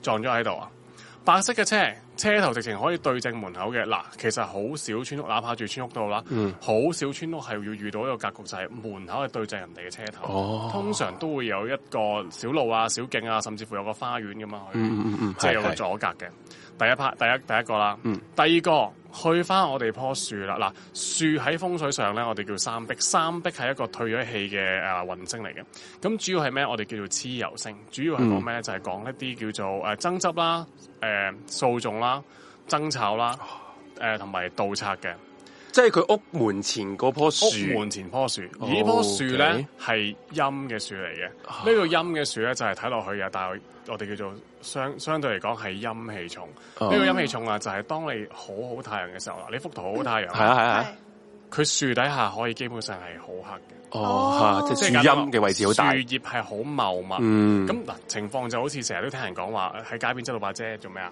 撞咗喺度啊！嗯、白色嘅車車頭直情可以對正門口嘅嗱，其實好少村屋，哪怕住村屋度啦，好、嗯、少村屋係要遇到一個格局就係、是、門口係對正人哋嘅車頭。哦、通常都會有一個小路啊、小徑啊，甚至乎有個花園咁樣去，即係有個阻隔嘅。第一 part，第一第一個啦，嗯、第二個去翻我哋樖樹啦。嗱，樹喺風水上咧，我哋叫三壁，三壁係一個退咗氣嘅誒運星嚟嘅。咁、呃、主要係咩？我哋叫做蚩尤星，主要係講咩咧？嗯、就係講一啲叫做誒爭執啦、誒、呃、訴訟啦、爭吵啦、誒同埋盜賊嘅。即係佢屋門前嗰棵樹，屋門前棵樹，而棵樹呢棵樹咧係陰嘅樹嚟嘅。呢個陰嘅樹咧就係睇落去啊，去但係我哋叫做相相對嚟講係陰氣重。呢、哦、個陰氣重啊，就係當你好好太陽嘅時候啦，你幅圖好太陽，係啊係啊，佢樹、啊、底下可以基本上係好黑嘅。哦，啊、即係樹陰嘅位置，好大。樹葉係好茂密。咁嗱、嗯，情況就好似成日都聽人講話喺街邊執到把遮做咩啊？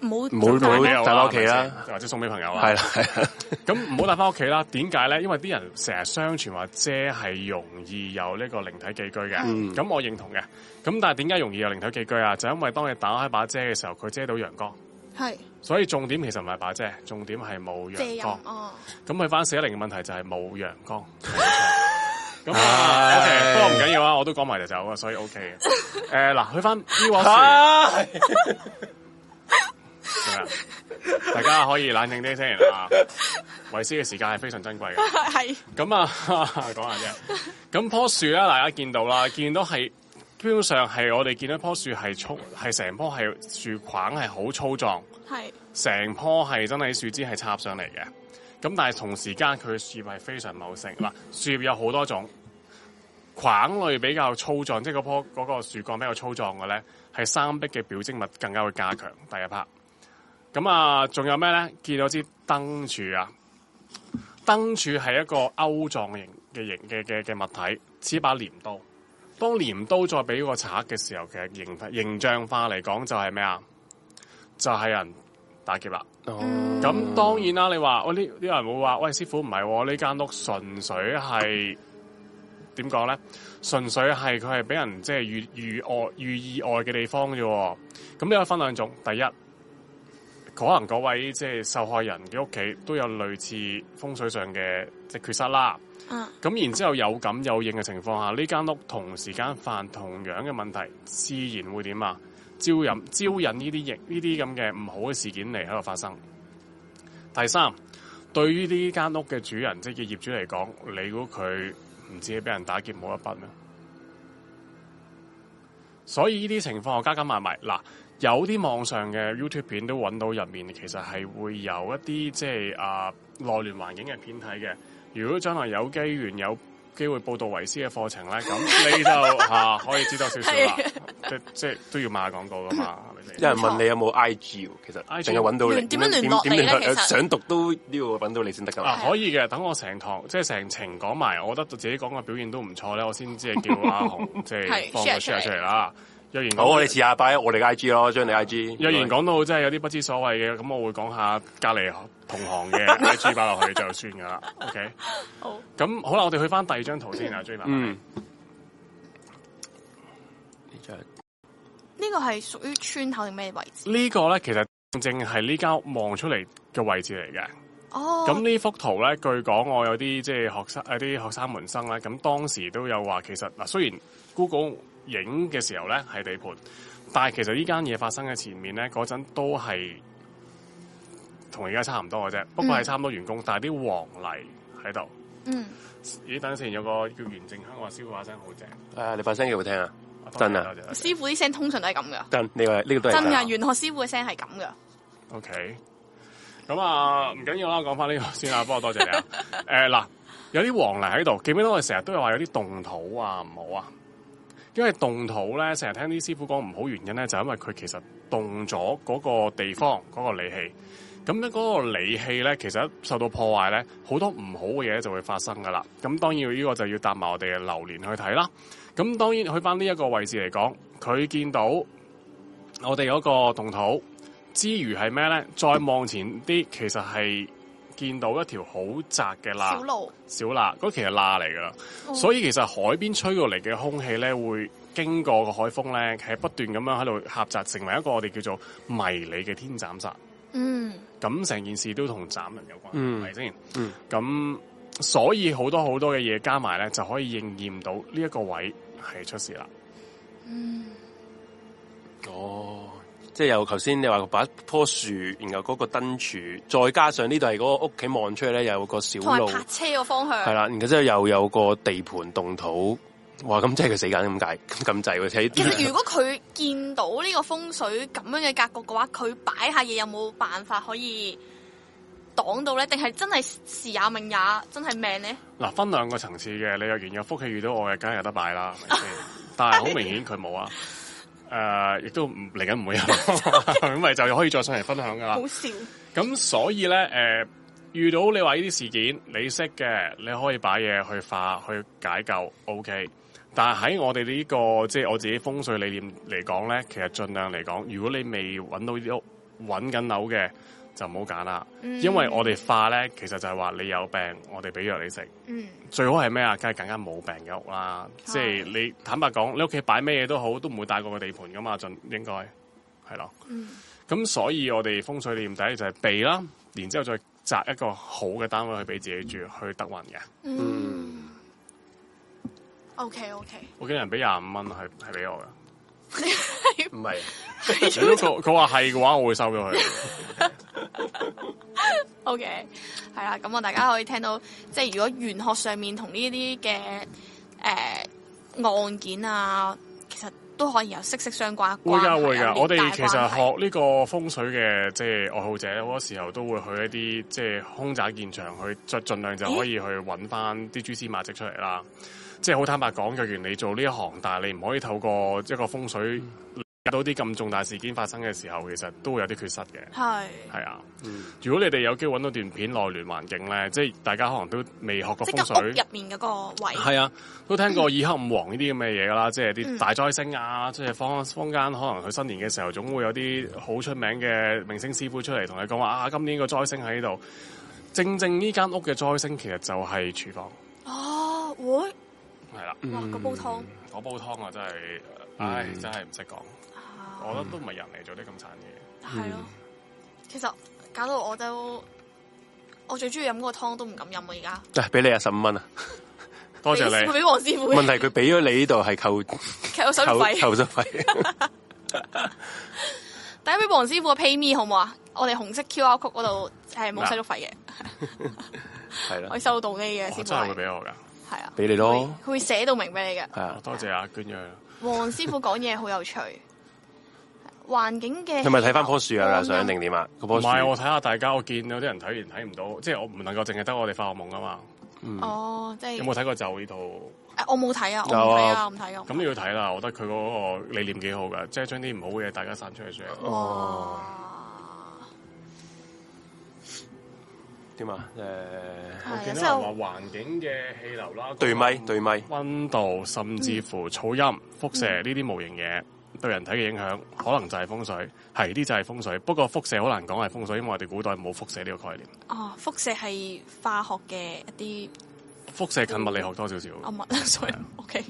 冇冇冇，帶落屋企啦，或者送俾朋友啦。係啦，係咁唔好帶翻屋企啦。點解咧？因為啲人成日相傳話遮係容易有呢個靈體寄居嘅。咁我認同嘅。咁但係點解容易有靈體寄居啊？就因為當你打開把遮嘅時候，佢遮到陽光。係。所以重點其實唔係把遮，重點係冇陽光。遮陽哦。咁去翻四一零嘅問題就係冇陽光。咁 OK，不過唔緊要啊，我都講埋就走啊，所以 OK 嘅。誒嗱，去翻呢大家可以冷靜啲先啊。維斯嘅時間係非常珍貴嘅，係咁是啊，講下啫。咁棵樹咧，大家見到啦，見到係基本上係我哋見到棵樹係粗，係成棵係樹框係好粗壯，係成是棵係真係樹枝係插上嚟嘅。咁但係同時間佢嘅樹葉係非常茂盛。嗱，樹葉有好多種框類比較粗壯，即係嗰棵嗰個樹幹比較粗壯嘅咧，係三壁嘅表徵物更加會加強。第一 part。咁啊，仲、嗯、有咩咧？見到支燈柱啊，燈柱係一個勾狀型嘅形嘅嘅嘅物體。似把鐮刀，當鐮刀再俾個賊嘅時候，其實形形象化嚟講就係咩啊？就係、是、人打劫啦。咁、哦嗯嗯、當然啦、啊，你話，我呢啲人會話，喂，師傅唔係，哦、純呢間屋純粹係點講咧？純粹係佢係俾人即係遇遇外遇意外嘅地方啫、哦。咁呢，個分兩種，第一。可能嗰位即係受害人嘅屋企都有類似風水上嘅即缺失啦。咁、啊、然之後有感有應嘅情況下，呢間屋同時間犯同樣嘅問題，自然會點啊？招引招引呢啲疫呢啲咁嘅唔好嘅事件嚟喺度發生。第三，對於呢間屋嘅主人即係業主嚟講，你估佢唔知係俾人打劫冇一筆咧，所以呢啲情況我加加埋埋嗱。有啲網上嘅 YouTube 片都揾到入面，其實係會有一啲即係啊內聯環境嘅片睇嘅。如果將來有機緣有機會報道為師嘅課程咧，咁你就可以知道少少啦。即即都要賣下廣告噶嘛。有人問你有冇 IG？其實仲有揾到你點樣聯絡你咧？想讀都呢個揾到你先得噶。可以嘅。等我成堂即係成程講埋，我覺得自己講嘅表現都唔錯咧，我先係叫阿紅即係放個 share 出嚟啦。若然好，我哋試下擺我哋嘅 I G 咯，將你 I G。若然講到真係有啲不知所謂嘅，咁我會講下隔籬同行嘅 I G 擺落去就算噶啦。OK，好。咁好啦，我哋去翻第二張圖先啊 J 嗯。呢個係個係屬於村口定咩位置？個呢個咧，其實正正係呢間望出嚟嘅位置嚟嘅。哦。咁呢幅圖咧，據講我有啲即係學生有啲學生門生咧，咁當時都有話，其實嗱，雖然 Google。影嘅時候咧係地盤，但係其實呢間嘢發生嘅前面咧嗰陣都係同而家差唔多嘅啫，不過係差唔多員工，但係啲黃泥喺度。嗯，嗯咦？等陣先，有個叫袁正鏗話師傅話聲好正。誒、啊，你發聲幾好聽啊？真啊！真啊師傅啲聲通常都係咁噶。真？呢呢、呢個、呢個、真原來師傅嘅聲係咁嘅。O K，咁啊，唔緊要啦，講翻呢個先啊，不過多謝你啊。誒、 [laughs] 欸，嗱，有啲黃泥喺度，記唔記得我哋成日都係話有啲凍土啊，唔好啊？因為動土咧，成日聽啲師傅講唔好原因咧，就係、因為佢其實動咗嗰個地方嗰、嗰個理氣，咁咧嗰個理氣咧，其實受到破壞咧，好多唔好嘅嘢就會發生噶啦。咁當然呢個就要搭埋我哋嘅流年去睇啦。咁當然去翻呢一個位置嚟講，佢見到我哋嗰個動土之餘係咩咧？再望前啲，其實係。見到一條好窄嘅罅，小罅路，嗰、那個、其實罅嚟噶啦，oh. 所以其實海邊吹過嚟嘅空氣咧，會經過個海風咧，係不斷咁樣喺度狹窄，成為一個我哋叫做迷你嘅天斬煞。嗯，咁成件事都同斬人有關，係咪、mm. 先？嗯，咁所以好多好多嘅嘢加埋咧，就可以應驗到呢一個位係出事啦。嗯，哦。即係又，頭先你話擺棵樹，然後嗰個燈柱，再加上呢度係嗰個屋企望出去，有個小路，同埋泊車個方向係啦。然後之後又有個地盤動土，哇！咁即係佢死梗咁解咁滯嘅車。就是、 [laughs] 其實如果佢見到呢個風水咁樣嘅格局嘅話，佢擺下嘢有冇辦法可以擋到咧？定係真係時也命也，真係命咧？嗱、啊，分兩個層次嘅，你又緣有福氣遇到我梗係 [laughs] 有得擺啦。但係好明顯佢冇啊。誒，亦都唔嚟緊唔會有，咁咪 [laughs] [laughs] 就可以再上嚟分享噶啦。好笑。咁所以咧，誒、呃，遇到你話呢啲事件，你識嘅，你可以擺嘢去化，去解救。OK。但係喺我哋呢、這個即係、就是、我自己風水理念嚟講咧，其實盡量嚟講，如果你未揾到呢啲屋，揾緊樓嘅。就唔好揀啦，嗯、因為我哋化咧，其實就係話你有病，我哋俾藥你食。嗯、最好係咩啊？梗係更加冇病嘅屋啦，即係的你坦白講，你屋企擺咩嘢都好，都唔會大過個地盤噶嘛，盡應該係咯。咁、嗯、所以我哋風水念第一就係避啦，然之後再擇一個好嘅單位去俾自己住，去得運嘅。嗯。O K O K，我屋企人俾廿五蚊，係派俾我噶。唔係，如果佢佢話係嘅話，我會收咗佢、 [laughs] [laughs] okay。O K，係啦，咁我大家可以聽到，即係如果玄學上面同呢啲嘅誒案件啊，其實都可以有息息相關，的關、啊會的。會噶會噶，我哋其實學呢個風水嘅即係愛好者好多時候，都會去一啲即係空炸現場去，儘量就可以去揾翻啲蛛絲馬跡出嚟啦。即係好坦白講嘅原理，做呢一行，但係你唔可以透過一個風水、mm. 到啲咁重大事件發生嘅時候，其實都會有啲缺失嘅。係係是啊，mm. 如果你哋有機會揾到段片內聯環境咧，即係大家可能都未學過風水入面嗰個位置。係、嗯、啊，都聽過以黑五黃呢啲咁嘅嘢啦，即係啲大災星啊，即係坊坊間可能佢新年嘅時候，總會有啲好出名嘅明星師傅出嚟同你講話啊，今年個災星喺呢度。正正呢間屋嘅災星其實就係廚房。哦，會。係啦，哇！個煲湯，我煲湯啊，真係，唉，真係唔識講，我覺得都唔係人嚟做啲咁慘嘅嘢。係咯，其實搞到我都，我最中意飲嗰個湯都唔敢飲啊！而家，俾你啊，十五蚊啊，多謝你。俾王師傅，問題佢俾咗你呢度係扣扣手續費，扣手續費。第一俾王師傅 pay me 好唔好啊？我哋紅色 QR Code 嗰度係冇手續費嘅，係啦，可以收到呢嘅。先，真係會俾我噶。係啊，俾你咯，佢會寫到明俾你嘅。係啊，多謝阿娟姐。王師傅講嘢，好有趣，環境嘅。你咪睇翻棵樹啊？想定點啊？唔係，我睇下大家，我見有啲人睇完睇唔到，即係我唔能夠淨係得我哋發噩夢啊嘛。哦，即係有冇睇過就呢套？誒，我冇睇啊，我唔睇啊，我唔睇咁你要睇啦，我覺得佢嗰個理念幾好噶，即係將啲唔好嘅嘢大家散出去 share 哦。點、uh、我見到話環境嘅氣流啦、對咪，對咪，溫度，甚至乎噪音、嗯、輻射呢啲無形嘢對人體嘅影響，嗯、可能就係風水，係呢就係風水。不過輻射好難講係風水，因為我哋古代冇輻射呢個概念。哦、啊，輻射係化學嘅一啲輻射近物理學多少少。物理所以 OK，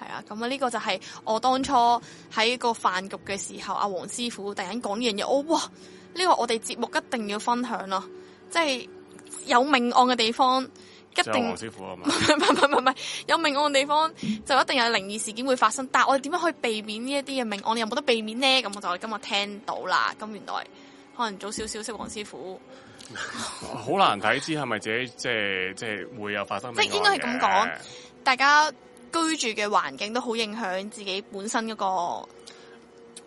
係啊。咁啊，呢了 okay. [laughs] 個就係我當初喺個飯局嘅時候，阿王師傅突然間講呢樣嘢，哦，哇！呢、呢個我哋節目一定要分享啦、啊。即係有命案嘅地方，一定。王師傅啊嘛。唔係唔係唔係有命案嘅地方就一定有靈異事件會發生。但係我哋點樣可以避免呢一啲嘅命案？你又冇得避免呢？咁我就今日聽到啦。咁原來可能早少少識王師傅。好 [laughs] [laughs] 難睇知係咪自己即係即係會有發生命案。即係應該係咁講，大家居住嘅環境都好影響自己本身嗰個。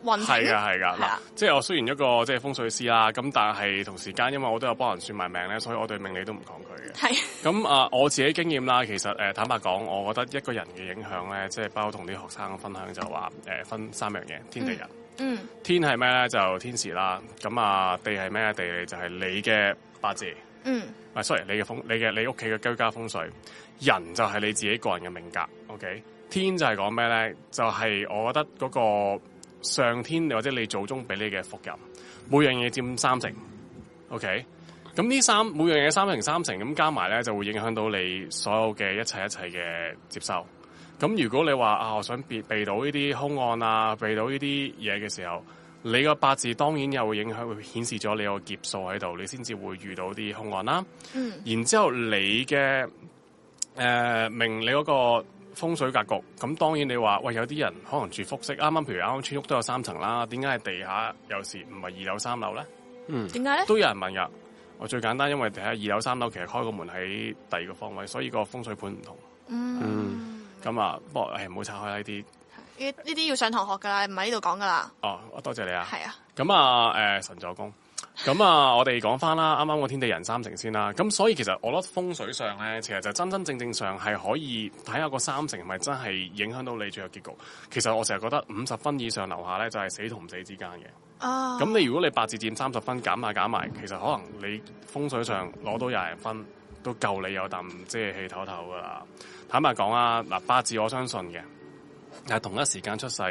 係噶係噶嗱即係我雖然一個即係風水師啦，咁但係同時間，因為我都有幫人算埋命咧，所以我對命理都唔抗拒嘅。係咁啊，我自己經驗啦，其實誒、呃、坦白講，我覺得一個人嘅影響咧，即係包括同啲學生分享就話，誒、呃、分三樣嘢，天地人。嗯。嗯天係咩咧？就天時啦。咁啊，地係咩？地理就係你嘅八字。嗯。唔係 sorry，你嘅風，你嘅你屋企嘅居家風水，人就係你自己個人嘅命格。O、okay？K，天就係講咩咧？就係、是、我覺得嗰、那個。上天或者你祖宗俾你嘅福蔭，每樣嘢佔三成，OK？咁呢三每樣嘢三成三成，咁、okay? 加埋咧就會影響到你所有嘅一切一切嘅接受。咁如果你話啊，我想避避到呢啲凶案啊，避到呢啲嘢嘅時候，你個八字當然又會影響，會顯示咗你個劫數喺度，你先至會遇到啲凶案啦。嗯、然之後你嘅誒明你嗰、個。風水格局咁，當然你話喂，有啲人可能住複式，啱啱譬如啱啱村屋都有三層啦，點解係地下有時唔係二樓三樓咧？嗯，點解咧？都有人問噶，我最簡單，因為地下二樓三樓其實開個門喺第二個方位，所以個風水盤唔同。嗯，咁啊、嗯，不過誒唔好拆開呢啲，呢啲要上堂學噶啦，唔係呢度講噶啦。哦，多謝你啊。係啊。咁啊，誒、呃、神助攻。咁啊，我哋講翻啦，啱啱個天地人三成先啦。咁所以其實我覺得風水上咧，其實就真真正正上係可以睇下個三成係咪真係影響到你最後結局？其實我成日覺得五十分以上留下咧就係、是、死同死之間嘅。哦、uh。咁你如果你八字佔三十分減埋減埋，其實可能你風水上攞到廿零分都夠你有啖即係氣透透噶啦。坦白講啊，嗱八字我相信嘅，但係同一時間出世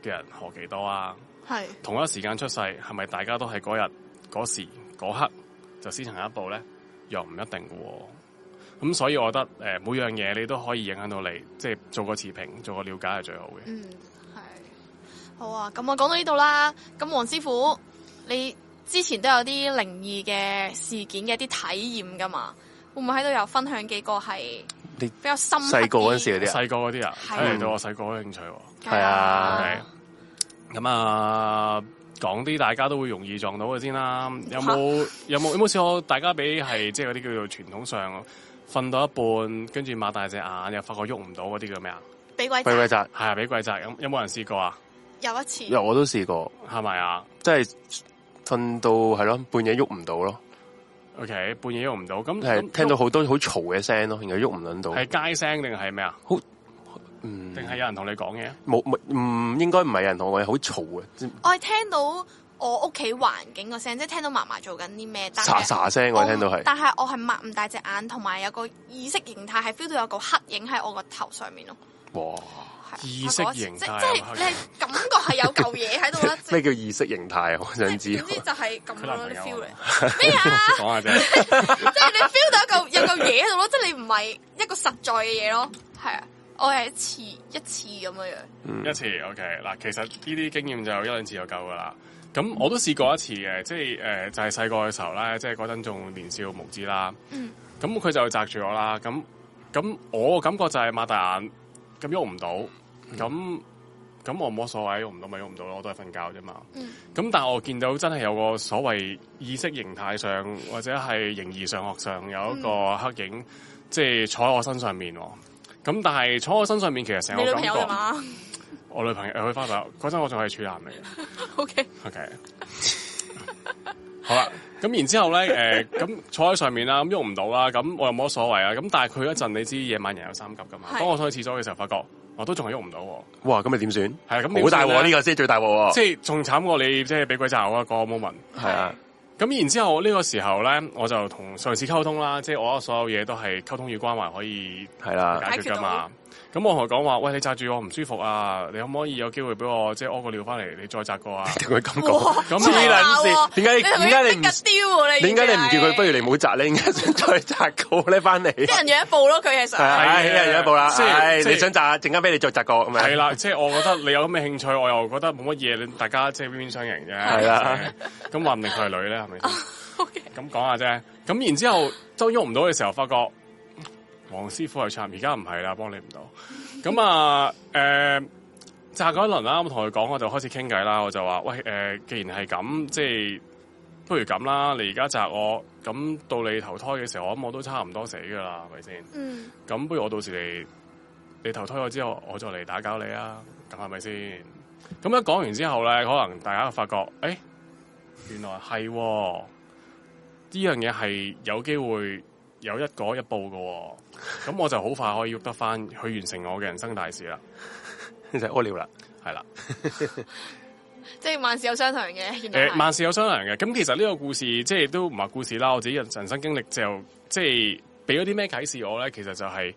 嘅人何其多啊？係是。同一時間出世係咪大家都係嗰日？嗰時嗰刻就先行一步咧，又唔一定嘅。咁所以我覺得，誒，每樣嘢你都可以影響到你，即係做個持平，做個了解係最好嘅。嗯，係好啊。咁我講到呢度啦。咁王師傅，你之前都有啲靈異嘅事件嘅一啲體驗噶嘛？會唔會喺度又分享幾個？係你比較深刻啲細個嗰時嗰啲，細個嗰啲啊？誒，對，我細個好興趣。係啊，係。咁啊。講啲大家都會容易撞到嘅先啦，有冇有冇有冇試過大家俾係即係嗰啲叫做傳統上瞓到一半，跟住擘大隻眼又發覺喐唔到嗰啲叫咩啊？俾鬼俾鬼扎係俾鬼，鬼扎，有扎有冇人試過啊？有一次，因為我都試過，係咪啊？即係瞓到係咯，半夜喐唔到咯。OK，半夜喐唔到，咁係聽到好多好嘈嘅聲咯，然後喐唔到，係街聲定係咩啊？好。嗯，定係有人同你講嘢？冇冇，嗯，應該唔係人同我說，好嘈啊。我係聽到我屋企環境個聲，即係聽到嫲嫲做緊啲咩。沙沙聲，我聽到係。但係我係擘唔大隻眼，同埋有個意識形態係 feel 到有嚿黑影喺我個頭上面咯。哇！啊、意識形態，即係、即係、你係感覺係有嚿嘢喺度咯。咩、 [laughs] 就是、叫意識形態我想知。總之就係咁咯，你 feel 嚟。咩 [laughs] 啊？講下先。即係你 feel 到嚿有嚿嘢喺度咯，即係你唔係一個實在嘅嘢咯。係啊。我係一次一次咁樣樣，一次,、嗯、一次 OK 嗱。其實呢啲經驗就一兩次就夠噶啦。咁我都試過一次嘅，即係誒就係細個嘅時候咧，即係嗰陣仲年少無知啦。咁佢、嗯、就擲住我啦。咁咁我感覺就係擘大眼咁喐唔到。咁咁、嗯、我冇所謂，喐唔到咪喐唔到咯，我都係瞓覺啫嘛。咁、嗯、但係我見到真係有個所謂意識形態上或者係形而上學上有一個黑影，即係、嗯、坐喺我身上面。咁但係坐喺我身上面，其實成個感覺女朋友我女朋友係嘛？呃、去我女朋友佢發覺嗰陣，我仲係處男嚟嘅。O K O K，好啦。咁然之後咧，誒、呃，咁坐喺上面啦，咁喐唔到啦，咁我又冇乜所謂啊。咁但係佢一陣，你知夜晚人有三急噶嘛？當是我上去廁所嘅時候，發覺我都仲係喐唔到。哇！咁你點算？係啊，咁好大鑊呢、這個先係最大鑊，即係仲慘過你即係俾鬼罩啊個 moment。係啊。咁然之後呢個時候呢，我就同上司溝通啦，即係我所有嘢都係溝通與關懷可以解決㗎嘛。咁我同佢講話，喂，你紮住我唔舒服啊！你可唔可以有機會俾我即係屙個尿翻嚟？你再紮過啊？同佢咁講，咁自然事。點解？點解你唔點解你唔叫佢不如你唔好紮？你應該再紮過你翻嚟。一人讓一步咯，佢係想。係，一人讓一步啦。係，你想紮，陣間俾你再紮過，係咪？係啦，即係我覺得你有咁嘅興趣，我又覺得冇乜嘢，大家即係冤冤相認啫。係啦，咁話唔定佢係女咧，係咪先？咁講下啫。咁然之後都喐唔到嘅時候，發覺。王師傅係插，而家唔係啦，幫你唔到。咁 [laughs] 啊，誒、呃，扎嗰一輪啦，我同佢講，我就開始傾偈啦。我就話，喂，呃、既然係咁，即係不如咁啦。你而家扎我，咁到你投胎嘅時候，我諗我都差唔多死噶啦，係咪先？咁、嗯、不如我到時嚟你，你投胎咗之後，我再嚟打攪你啊？咁係咪先？咁一講完之後咧，可能大家發覺，誒、欸，原來係呢、哦、樣嘢係有機會有一果一報喎、哦。」咁 [laughs] 我就好快可以喐得翻，去完成我嘅人生大事啦 [laughs] 我了啦，就屙尿啦，係啦，即係萬事有商重嘅。誒、呃，萬事有商量嘅。咁其實呢個故事即係都唔係故事啦，我自己人人生經歷就即係俾咗啲咩啟示我咧，其實就係、是。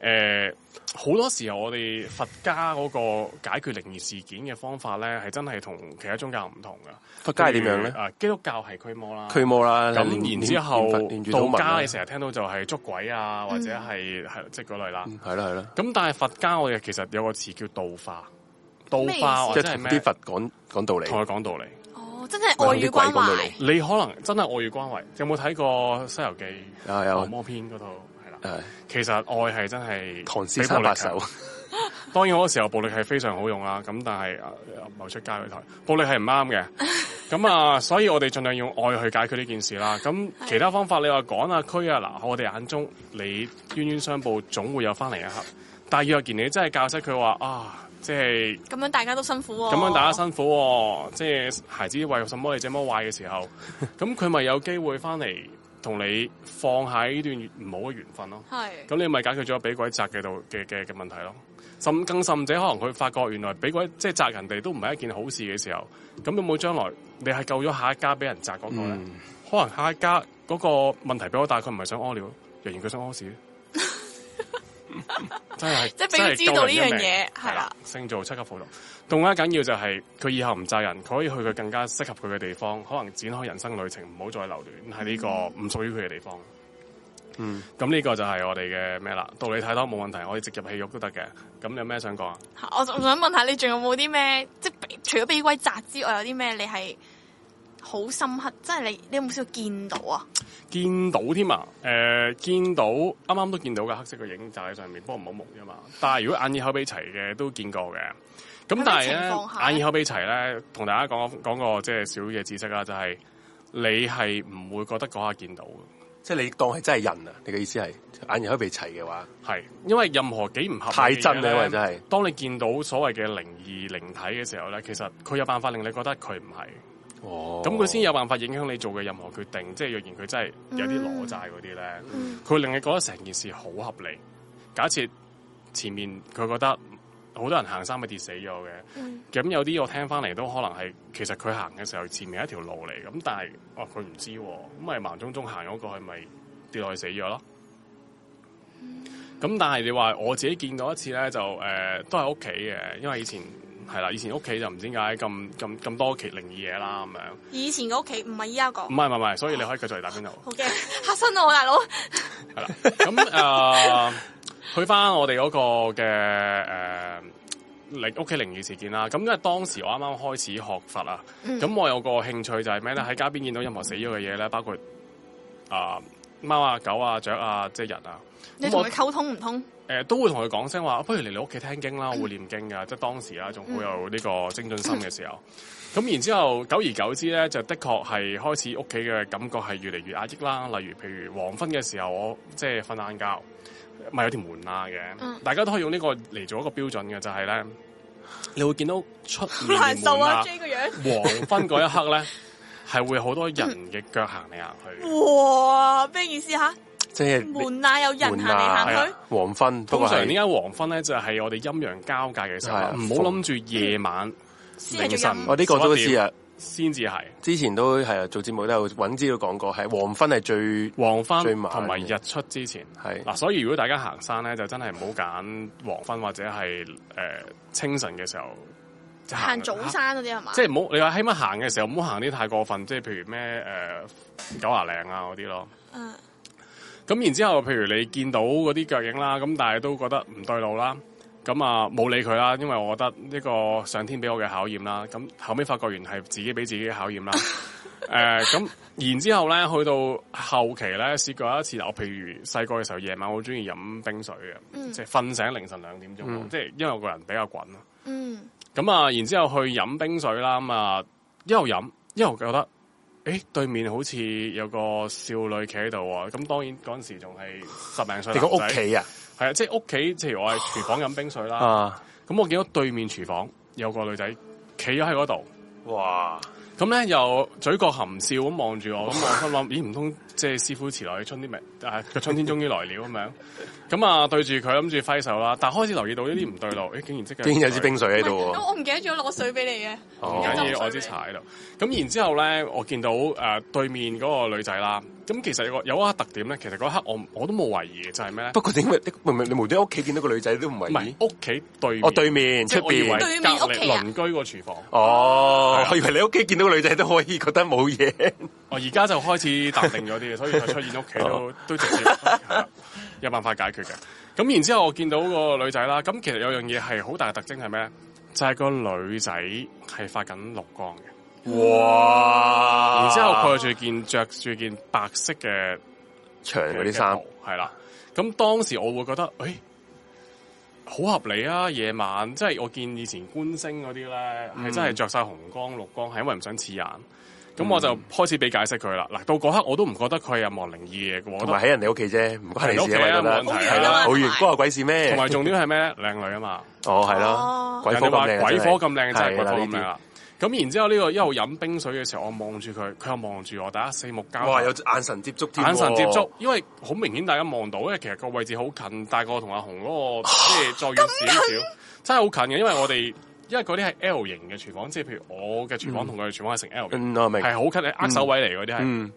誒，好多時候我哋佛家嗰個解決靈異事件嘅方法咧，係真係同其他宗教唔同噶。佛家係點樣咧？啊，基督教係驅魔啦，驅魔啦。咁然之後道家，你成日聽到就係捉鬼啊，或者係係即嗰類啦，係啦係啦。咁但係佛家我哋其實有個詞叫道化，道化即係咩？同啲佛講講道理，同佢講道理。哦，真係愛與關懷。你可能真係愛與關懷。有冇睇過《西遊記》啊？有魔篇嗰套。誒，uh huh. 其實愛係真係唐詩三百首。 [laughs] 當然好多時候暴力係非常好用啦，咁但係唔好出街去台，暴力係唔啱嘅。咁啊、uh huh.，所以我哋盡量用愛去解決呢件事啦。咁、uh huh. 其他方法你話講啊、拘啊，嗱，我哋眼中你冤冤相報總會有翻嚟一刻。但係若然你真係教識佢話啊，即係咁樣大家都辛苦、啊，咁樣大家辛苦、啊，即、就、係、是、孩子為咗什麼你係這麼壞嘅時候，咁佢咪有機會翻嚟？同你放喺呢段唔好嘅緣分咯，咁是你咪解決咗俾鬼壓嘅度嘅嘅嘅問題咯。甚更甚者，可能佢發覺原來俾鬼即係壓人哋都唔係一件好事嘅時候，咁有冇將來你係救咗下一家俾人壓嗰個咧？嗯、可能下一家嗰個問題比我大概，大，佢唔係想屙尿，仍然佢想屙屎。 [laughs] 真係是，即係俾佢知道呢樣嘢係啦。勝造了的七級浮屠，更加緊要就係佢以後唔紮人，佢可以去佢更加適合佢嘅地方，可能展開人生旅程，唔好再留戀喺呢個唔屬於佢嘅地方。嗯，咁呢個就係我哋嘅咩啦？道理太多冇問題，可以直入戲肉都得嘅。咁你有咩想講啊？我仲想問下你有有，仲有冇啲咩？即係除咗俾鬼紮之外，有啲咩你係？好深刻，即係你，你有冇試過見到啊？見到添啊！誒、呃，見到啱啱都見到嘅黑色嘅影，就喺上面，不過唔好矇啫嘛。但係如果眼耳口鼻齊嘅，都見過嘅。咁但係咧、就是啊，眼耳口鼻齊咧，同大家講講個即係小嘅知識啦，就係你係唔會覺得嗰下見到嘅，即係你當係真係人啊？你嘅意思係眼耳口鼻齊嘅話，係因為任何幾唔合理太真啦，或者係當你見到所謂嘅靈異靈體嘅時候咧，其實佢有辦法令你覺得佢唔係。哦，咁佢先有辦法影響你做嘅任何決定。即係若然佢真係有啲攞債嗰啲咧，佢、嗯嗯、令你覺得成件事好合理。假設前面佢覺得好多人行山咪跌死咗嘅，咁、嗯、有啲我聽翻嚟都可能係其實佢行嘅時候前面一條路嚟。咁但係，哇佢唔知咁咪盲舂舂行嗰個係咪跌落去死咗咯？咁、嗯、但係你話我自己見到一次咧，就、呃、誒都係屋企嘅，因為以前。係啦，以前屋企就唔知點解咁咁咁多奇靈異嘢啦咁樣。以前嘅屋企唔係依家講、這個。唔係唔係，所以你可以繼續嚟打邊度、啊？好嘅，吓親我大佬。係啦了，咁誒 [laughs] ，uh, 去翻我哋嗰個嘅誒靈屋企靈異事件啦。咁因為當時我啱啱開始學佛啦，咁、嗯、我有個興趣就係咩咧？喺街邊見到任何死咗嘅嘢咧，包括、uh, 貓啊貓啊狗啊雀啊，即、就、係、是、人啊。你同佢溝通唔通、呃？都會同佢講聲話，不如嚟你屋企聽經啦，我會念經噶，嗯、即係當時啦，仲好有呢個精進心嘅時候。咁、嗯、然之後，久而久之咧，就的確係開始屋企嘅感覺係越嚟越壓抑啦。例如譬如黃昏嘅時候，我即係瞓晏覺，咪有條門啊嘅。嗯、大家都可以用呢個嚟做一個標準嘅，就係、是、咧，你會見到出現唔啊，黃昏嗰一刻咧，係 [laughs] 會好多人嘅腳行嚟行去。哇！咩意思嚇、啊？即係門罅，有人行嚟行去。黃昏通常點解黃昏咧？就係我哋陰陽交界嘅時候。唔好諗住夜晚凌晨。我啲講咗係，先至係。之前都係啊，做節目都有尹之都講過，係黃昏係最黃昏最晚同埋日出之前係。嗱，所以如果大家行山咧，就真係唔好揀黃昏或者係誒清晨嘅時候行早山嗰啲係嘛？即係唔好你話起碼行嘅時候唔好行啲太過分，即係譬如咩誒九華嶺啊嗰啲咯。嗯。咁然之後，譬如你見到嗰啲腳影啦，咁但係都覺得唔對路啦，咁啊冇理佢啦，因為我覺得呢個上天俾我嘅考驗啦。咁後尾發覺完係自己俾自己嘅考驗啦。咁、 [laughs] 呃、然之後咧，去到後期咧，試過一次，我譬如細個嘅時候夜晚好中意飲冰水嘅，嗯、即係瞓醒凌晨兩點鐘，即係、嗯、因為我個人比較滾嗯，咁啊，然之後去飲冰水啦，咁啊一路飲一路覺得。誒、欸、對面好似有個少女企喺度喎，咁當然嗰陣時仲係十零歲女仔。屋企啊，係啊，即係屋企，譬如我喺廚房飲冰水啦，咁、啊、我見到對面廚房有個女仔企咗喺嗰度，哇！咁咧又嘴角含笑咁望住我，咁我心諗，咦，唔通？即係師傅遲來嘅春天咪啊！個春天終於來了咁 [laughs] 樣，咁啊對住佢諗住揮手啦，但係開始留意到呢啲唔對路，誒、嗯欸、竟然即係邊有支冰水喺度？我唔記得咗攞水俾你嘅。唔緊要，我支、哦、茶喺度。咁然之後咧，我見到誒、呃、對面嗰個女仔啦。咁其實有一個有一個特點咧，其實嗰刻我我都冇懷疑，嘅、就係，就係咩，不過點解唔你無端端屋企見到個女仔都唔懷疑屋企對我對面出邊、哦、隔離鄰居個廚房。哦，了我以為你屋企見到個女仔都可以覺得冇嘢。我而家就開始淡定咗啲。所以就出現屋企都都直接有辦法解決嘅。咁然之後我見到個女仔啦，咁其實有樣嘢係好大嘅特徵係咩？就係個女仔係發緊綠光嘅。哇！然之後佢著件著住件白色嘅長嗰啲衫，係啦。咁當時我會覺得，誒，好合理啊！夜晚即係我見以前觀星嗰啲咧，係真係着晒紅光、綠光，係因為唔想刺眼。咁我就開始俾解釋佢啦。嗱，到嗰刻我都唔覺得佢係任何靈異嘅嘢，同埋係喺人哋屋企啫，唔關你事嚟噶。係啦，好遠不過鬼事咩？同埋重點係咩？靚女啊嘛！哦，係咯，鬼火咁靚。人哋話鬼火咁靚，真係鬼火咁靚啦。咁然之後呢個一路飲冰水嘅時候，我望住佢，佢又望住我，大家四目交，哇，有眼神接觸，眼神接觸，因為好明顯大家望到，因為其實個位置好近，大個同阿紅嗰個即係再遠少少，真係好近嘅，因為我哋。因為嗰啲係 L 型嘅廚房，即係譬如我嘅廚房同佢嘅廚房係成 L 型，係好近，握手位嚟嗰啲係。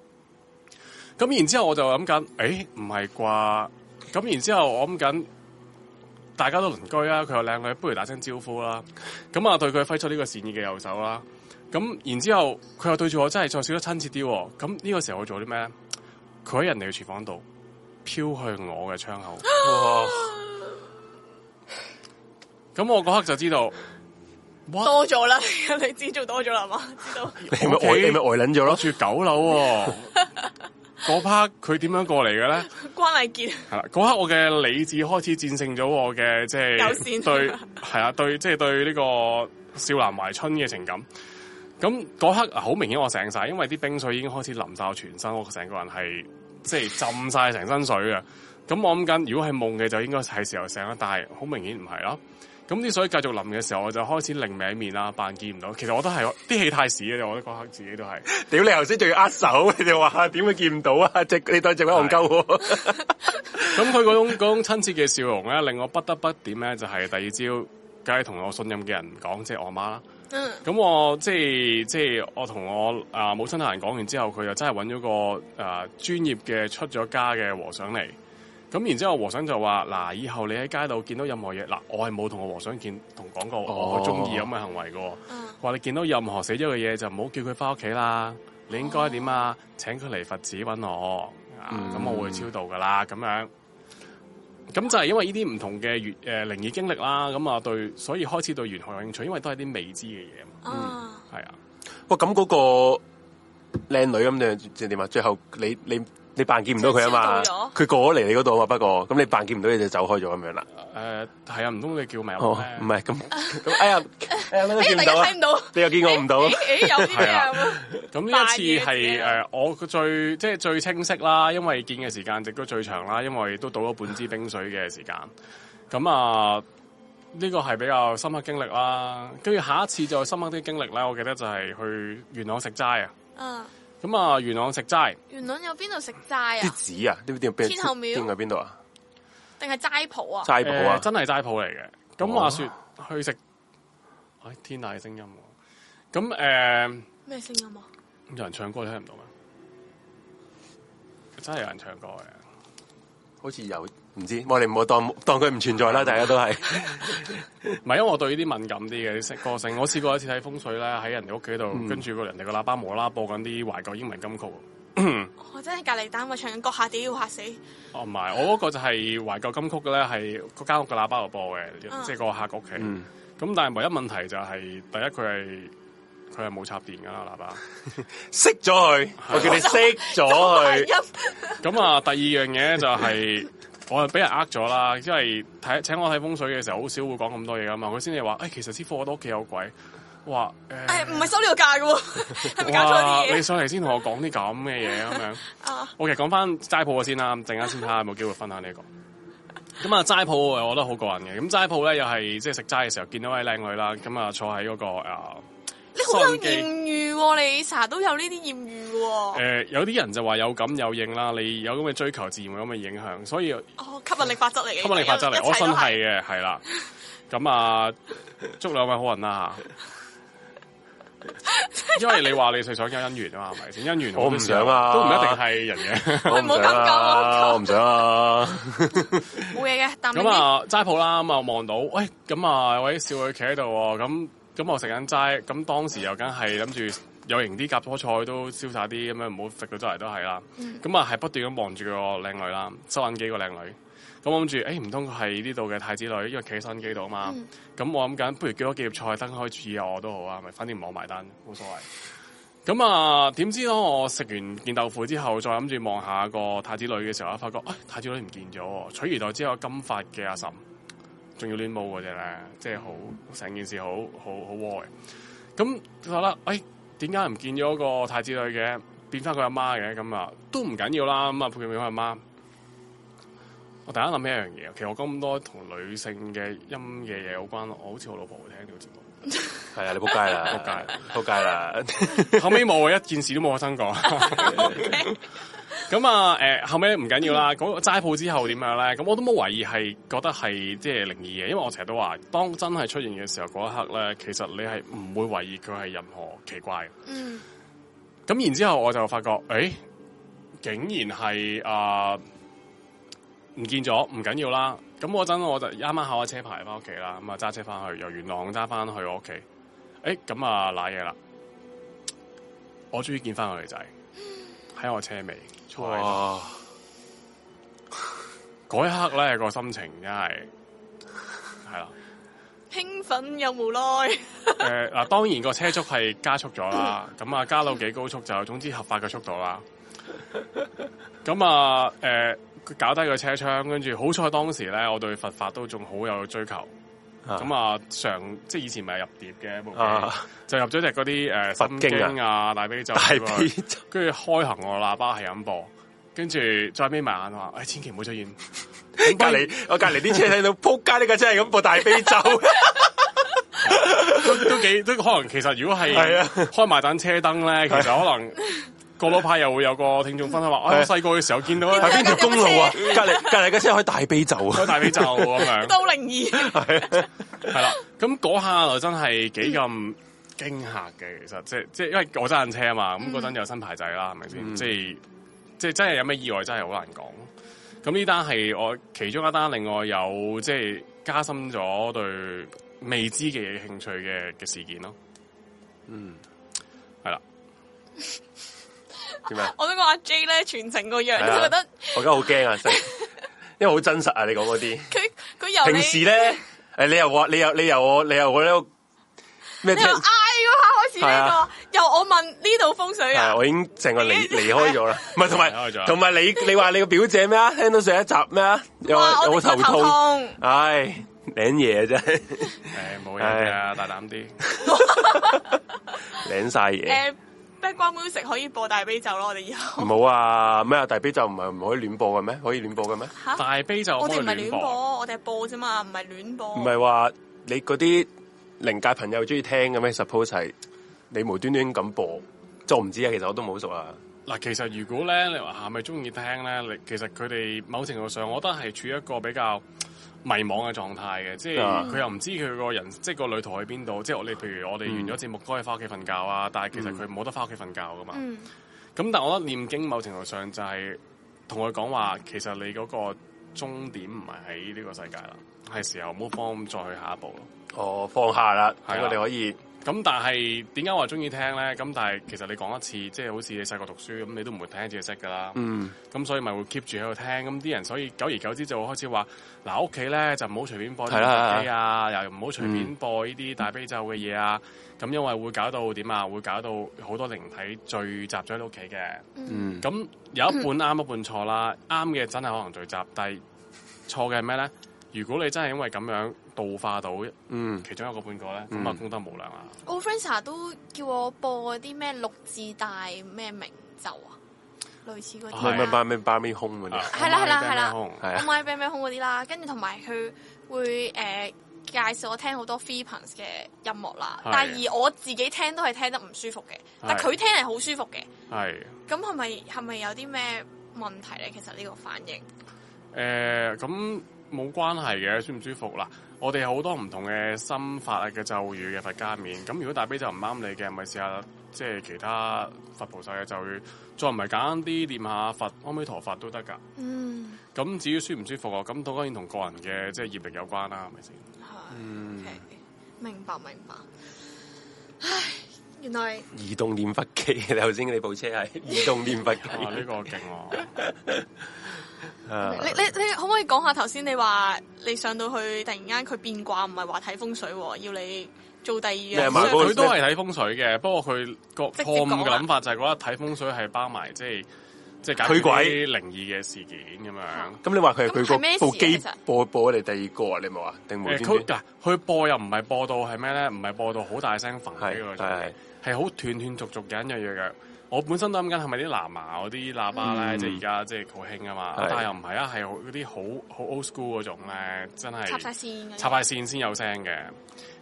咁然之後我就諗緊，誒唔係啩？咁然之後我諗緊，大家都鄰居啊，佢又靚女，不如打聲招呼啦。咁我對佢揮出呢個善意嘅右手啦。咁然之後佢又對住我真的，真係再少得親切啲。咁呢個時候我做啲咩？佢喺人哋嘅廚房度飄去我嘅窗口。咁、啊、我嗰刻就知道。What? 多咗啦，你知做多咗啦，知嘛 Okay,、呃？你咪呆你咪捻咗咯，住九樓、啊。嗰刻佢點樣過嚟嘅咧？關禮傑係啦，嗰刻我嘅理智開始戰勝咗我嘅，即、就、係、是、線對係啊，對即係、就是、對呢個少男懷春嘅情感。咁嗰刻好明顯我醒晒，因為啲冰水已經開始淋晒我全身，我成個人係即係浸晒成身水啊。咁我諗緊，如果係夢嘅就應該係時候醒啦，但係好明顯唔係咯。咁啲水繼續淋嘅時候，我就開始另名面啦，扮見唔到。其實我都係啲戲太屎嘅，我都覺得嗰刻自己都係。屌你頭先仲要握手，你話點會見唔到啊？你對直鬼戇鳩喎。咁佢嗰種親切嘅笑容咧，令我不得不點咧，就係、是、第二招，梗係同我信任嘅人講、就是嗯，即係我媽啦我。嗯、啊。咁我即係即係我同我啊母親大人講完之後，佢又真係揾咗個、啊、專業嘅出咗家嘅和尚嚟。咁然之後和尚就話嗱，以後你喺街度見到任何嘢，嗱，我係冇同個和尚見同講過我好中意咁嘅行為㗎。哦」話你見到任何死咗嘅嘢就唔好叫佢翻屋企啦，你應該點、哦、啊，請佢嚟佛寺搵我，咁我會超度噶啦，咁樣。咁就係因為呢啲唔同嘅靈誒靈異經歷啦，咁、嗯、啊對，所以開始對玄學有興趣，因為都係啲未知嘅嘢，係啊，喂、哦，咁嗰個靚女咁樣即係點啊？最後你你。你扮見唔到佢啊嘛，佢過咗嚟，你嗰度啊嘛。不過咁你扮見唔到，你就走開咗咁樣啦。誒，係啊，唔通你叫咩唔係咁，咁，哎呀，都睇唔到你又見過我唔到？誒，有啲嘢。咁呢一次係誒，我最即係最清晰啦，因為見嘅時間亦都最長啦，因為都倒咗半支冰水嘅時間。咁啊，呢個係比較深刻經歷啦。跟住下一次再深刻啲經歷咧，我記得就係去元朗食齋啊。咁啊，元朗食齋？元朗有邊度食齋啊？啲紙、呃、啊，啲店邊？天后廟？喺邊度啊？定係齋鋪啊齋鋪啊，真係齋鋪嚟嘅。咁話、哦、說去食，唉、哎，天籟嘅聲音。咁，誒，咩聲音啊？呃、音啊，有人唱歌你聽唔到咩？真係有人唱歌嘅，好似有。唔知，我哋唔好當當佢唔存在啦，大家都係。唔係，因為我對呢啲敏感啲嘅，識個性。我試過一次睇風水咧，喺人哋屋企度，跟住個人哋個喇叭冇啦，播緊啲懷舊英文金曲。我真係隔籬單位唱緊歌，吓屌，嚇死！哦，唔係，我嗰個就係懷舊金曲嘅咧，係個間屋嘅喇叭度播嘅，即係個客個屋企。咁但係唯一問題就係，第一佢係佢係冇插電噶啦，喇叭熄咗佢，我叫你熄咗佢。咁啊，第二樣嘢就係。我又俾人呃咗啦，因為睇請我睇風水嘅時候，好少會講咁多嘢噶嘛，佢先至話誒，其實師傅覺得屋企有鬼，話誒，唔係收料價噶，哇！你上嚟先同我講啲咁嘅嘢咁樣，我其實講翻齋鋪先啦，一陣間先睇下有冇機會分享呢一個。 [laughs] 咁啊齋鋪我又覺得好過癮嘅，咁齋鋪咧又係即係食齋嘅時候見到位靚女啦，咁啊坐喺嗰個誒。Uh, 你好有艷遇喎，你成日都有呢啲艷遇喎。誒，有啲人就話有感有應啦，你有咁嘅追求自然有咁嘅影響，所以哦，吸引力法則嚟嘅。吸引力法則嚟，我信係嘅，係啦。咁啊，祝兩位好運啦。因為你話你最想有姻緣啊嘛，係咪？姻緣我唔想啊，都唔一定係人嘅。我唔想啊，我唔想啊。冇嘢嘅。咁啊，齋鋪啦，咁啊望到，喂，咁啊，有位少女企喺度，咁。咁、嗯、我食緊齋，咁當時又梗係諗住有型啲夾多菜都瀟灑啲，咁樣唔好食到周圍都係啦。咁啊、嗯，係、嗯、不斷咁望住個靚女啦，收銀機個靚女。咁我諗住，誒，唔通佢係呢度嘅太子女，因為企喺收銀機度啊嘛。咁、嗯嗯、我諗緊，不如叫多幾碟菜，等可以注意下我都好啊，咪反正唔好埋單，冇所謂。咁啊，點知我食完件豆腐之後，再諗住望下個太子女嘅時候，我發覺、哎、太子女唔見咗，取而代之有金髮嘅阿嬸。仲要亂舞嗰隻咧，即係好成件事好好好 why？咁佢話啦，誒，點解唔見咗個太子女嘅，變翻佢阿媽嘅？咁啊都唔緊要啦，咁啊變翻佢阿媽。我突然間諗起一樣嘢，其實我講咁多同女性嘅音嘅嘢有關咯，我好似我老婆會聽呢個節目。係 [laughs] [laughs] 啊，你撲街啦，撲街了，撲街啦！ [laughs] 後尾冇啊，一件事都冇發生過。 [laughs] okay. 咁 [laughs] 啊，誒，後尾唔緊要啦。嗰齋鋪之後點樣咧？咁我都冇懷疑係覺得係即係靈異嘅，因為我成日都話，當真係出現嘅時候嗰一刻咧，其實你係唔會懷疑佢係任何奇怪嘅。咁、嗯、然之後我就發覺，誒、欸，竟然係啊，唔、呃、見咗，唔緊要啦。咁嗰陣我就啱啱考下車牌翻屋企啦，咁啊揸車翻去，由元朗揸翻去我屋企。誒、欸，咁啊，瀨嘢啦，我終於見翻個女仔喺我車尾。哇！嗰一刻咧個心情真係係啦，興奮又無奈。誒 [laughs] 嗱、呃，當然個車速係加速咗啦。咁 [coughs] 啊，加到幾高速就總之合法嘅速度啦。咁 [coughs] 啊，誒、呃，搞低個車窗，跟住好彩當時咧，我對佛法都仲好有追求。咁、嗯呃、啊，常即係以前咪入碟嘅一部就入咗隻嗰啲誒《神經》啊，《大悲咒》。大悲咒跟住開行我喇叭係咁播，跟住再眯埋眼話，誒，千祈唔好出現。隔籬我隔籬啲車喺度扑街，呢個真係咁播大悲咒。都都幾都可能，其實如果係是、啊、開埋盞車燈咧，其實可能。是啊 [laughs] 嗰老派又會有個聽眾分享話，哎，我細個嘅時候見到喺邊條公路啊，隔離 [laughs] 隔離架車開大悲咒，啊，開 [laughs] 大悲咒咁樣。到靈異係係啦，咁嗰下嚟真係幾咁驚嚇嘅。其實即即因為我揸緊車啊嘛，咁嗰陣有新牌仔啦，係咪先？即即真係有咩意外真的很，真係好難講。咁呢單係我其中一單，另外有即加深咗對未知嘅嘢興趣嘅嘅事件咯。嗯，係啦了。 [laughs] 我都話阿 J 咧，全程個樣，覺得我而家好驚啊，因為好真實啊，你講嗰啲。佢佢由平時咧，誒你又話你又你又，我你又我呢個咩？你又嗌嗰下開始嘅，由我問呢度風水啊，我已經成個離離開咗啦，唔係同埋同埋你你話你個表姐咩啊？聽到上一集咩啊？又話好頭痛，唉，領嘢啫，係，唉冇嘢啊，大膽啲，領晒嘢。Background 食可以播大悲咒咯，我哋以後。唔好啊，咩啊？大悲咒唔係唔可以亂播嘅咩？可以亂播嘅咩？哈大悲咒我哋唔係亂播，我哋係播啫嘛，唔係亂播。唔係話你嗰啲靈界朋友中意聽嘅咩？Suppose 係你無端端咁播，就唔知啊。其實我都冇熟啊。嗱，其實如果咧，你話係咪中意聽咧，其實佢哋某程度上，我覺得係處於一個比較。迷茫嘅狀態嘅，即係佢 Yeah. 又唔知佢個人，即係個旅途喺邊度。即係我哋，譬如我哋完咗節目，可以翻屋企瞓覺啊。但係其實佢冇得翻屋企瞓覺噶嘛。咁、mm. 但係我覺得念經某程度上就係同佢講話，其實你嗰個終點唔係喺呢個世界啦，係時候唔好放再去下一步咯。我、哦、放下啦，睇我哋可以。咁但係點解我係中意聽咧？咁但係其實你講一次，即係好似你細個讀書咁，你都唔會聽一次就識噶啦。咁、嗯、所以咪會 keep 住喺度聽。咁啲人所以久而久之就會開始話：嗱，屋企咧就唔好隨便播電視機啊，又唔好隨便播呢啲大悲咒嘅嘢啊。咁、嗯、因為會搞到點啊？會搞到好多靈體聚集咗喺屋企嘅。咁、嗯、有一半啱、嗯、一半錯啦。啱嘅真係可能聚集，但係錯嘅係咩咧？如果你真係因為咁樣。霧化到，嗯，其中一個半個咧，咁啊，功德無量啊！我 friend 成日都叫我播啲咩六字大咩名咒啊，類似嗰啲咩咩咩咩咩空嗰啲，係啦係啦係啦，咩咩空嗰啲啦，跟住同埋佢會誒介紹我聽好多 Three Pens 嘅音樂啦，但而我自己聽都係聽得唔舒服嘅，但佢聽係好舒服嘅，係。咁係咪係咪有啲咩問題咧？其實呢個反應，誒，咁冇關係嘅，舒唔舒服啦？我哋有好多唔同嘅心法嘅咒語嘅佛家裡面，咁如果大悲咒唔啱你嘅，咪試下即係其他佛菩薩嘅咒語，再唔係揀啲念下佛阿彌陀佛都得㗎。嗯，咁至於舒唔舒服啊？咁當然同個人嘅即係業力有關啦，係咪先？係是。嗯、okay, 明白明白。唉，原來移動念佛機，才你頭先你部車係移動念佛機，呢個勁啊！這個 [laughs] 誒，你你你可唔可以講下頭先？你話你上到去突然間佢變卦，唔係話睇風水，要你做第二樣。誒，佢都係睇風水嘅，不過佢個錯誤嘅諗法就係覺得睇風水係包埋即係即係解決啲靈異嘅事件咁樣。咁你話佢佢個部機播播你第二個啊？你冇啊？定冇？嗱，佢播又唔係播到係咩咧？唔係播到好大聲吠嘅，係係好斷斷續續嘅一樣嘢。我本身都諗緊係咪啲藍牙嗰啲喇叭咧，即係而家即係好興啊嘛，但係又唔係啊，係嗰啲好好 old school 嗰種咧，真係插晒線，插晒線先有聲嘅。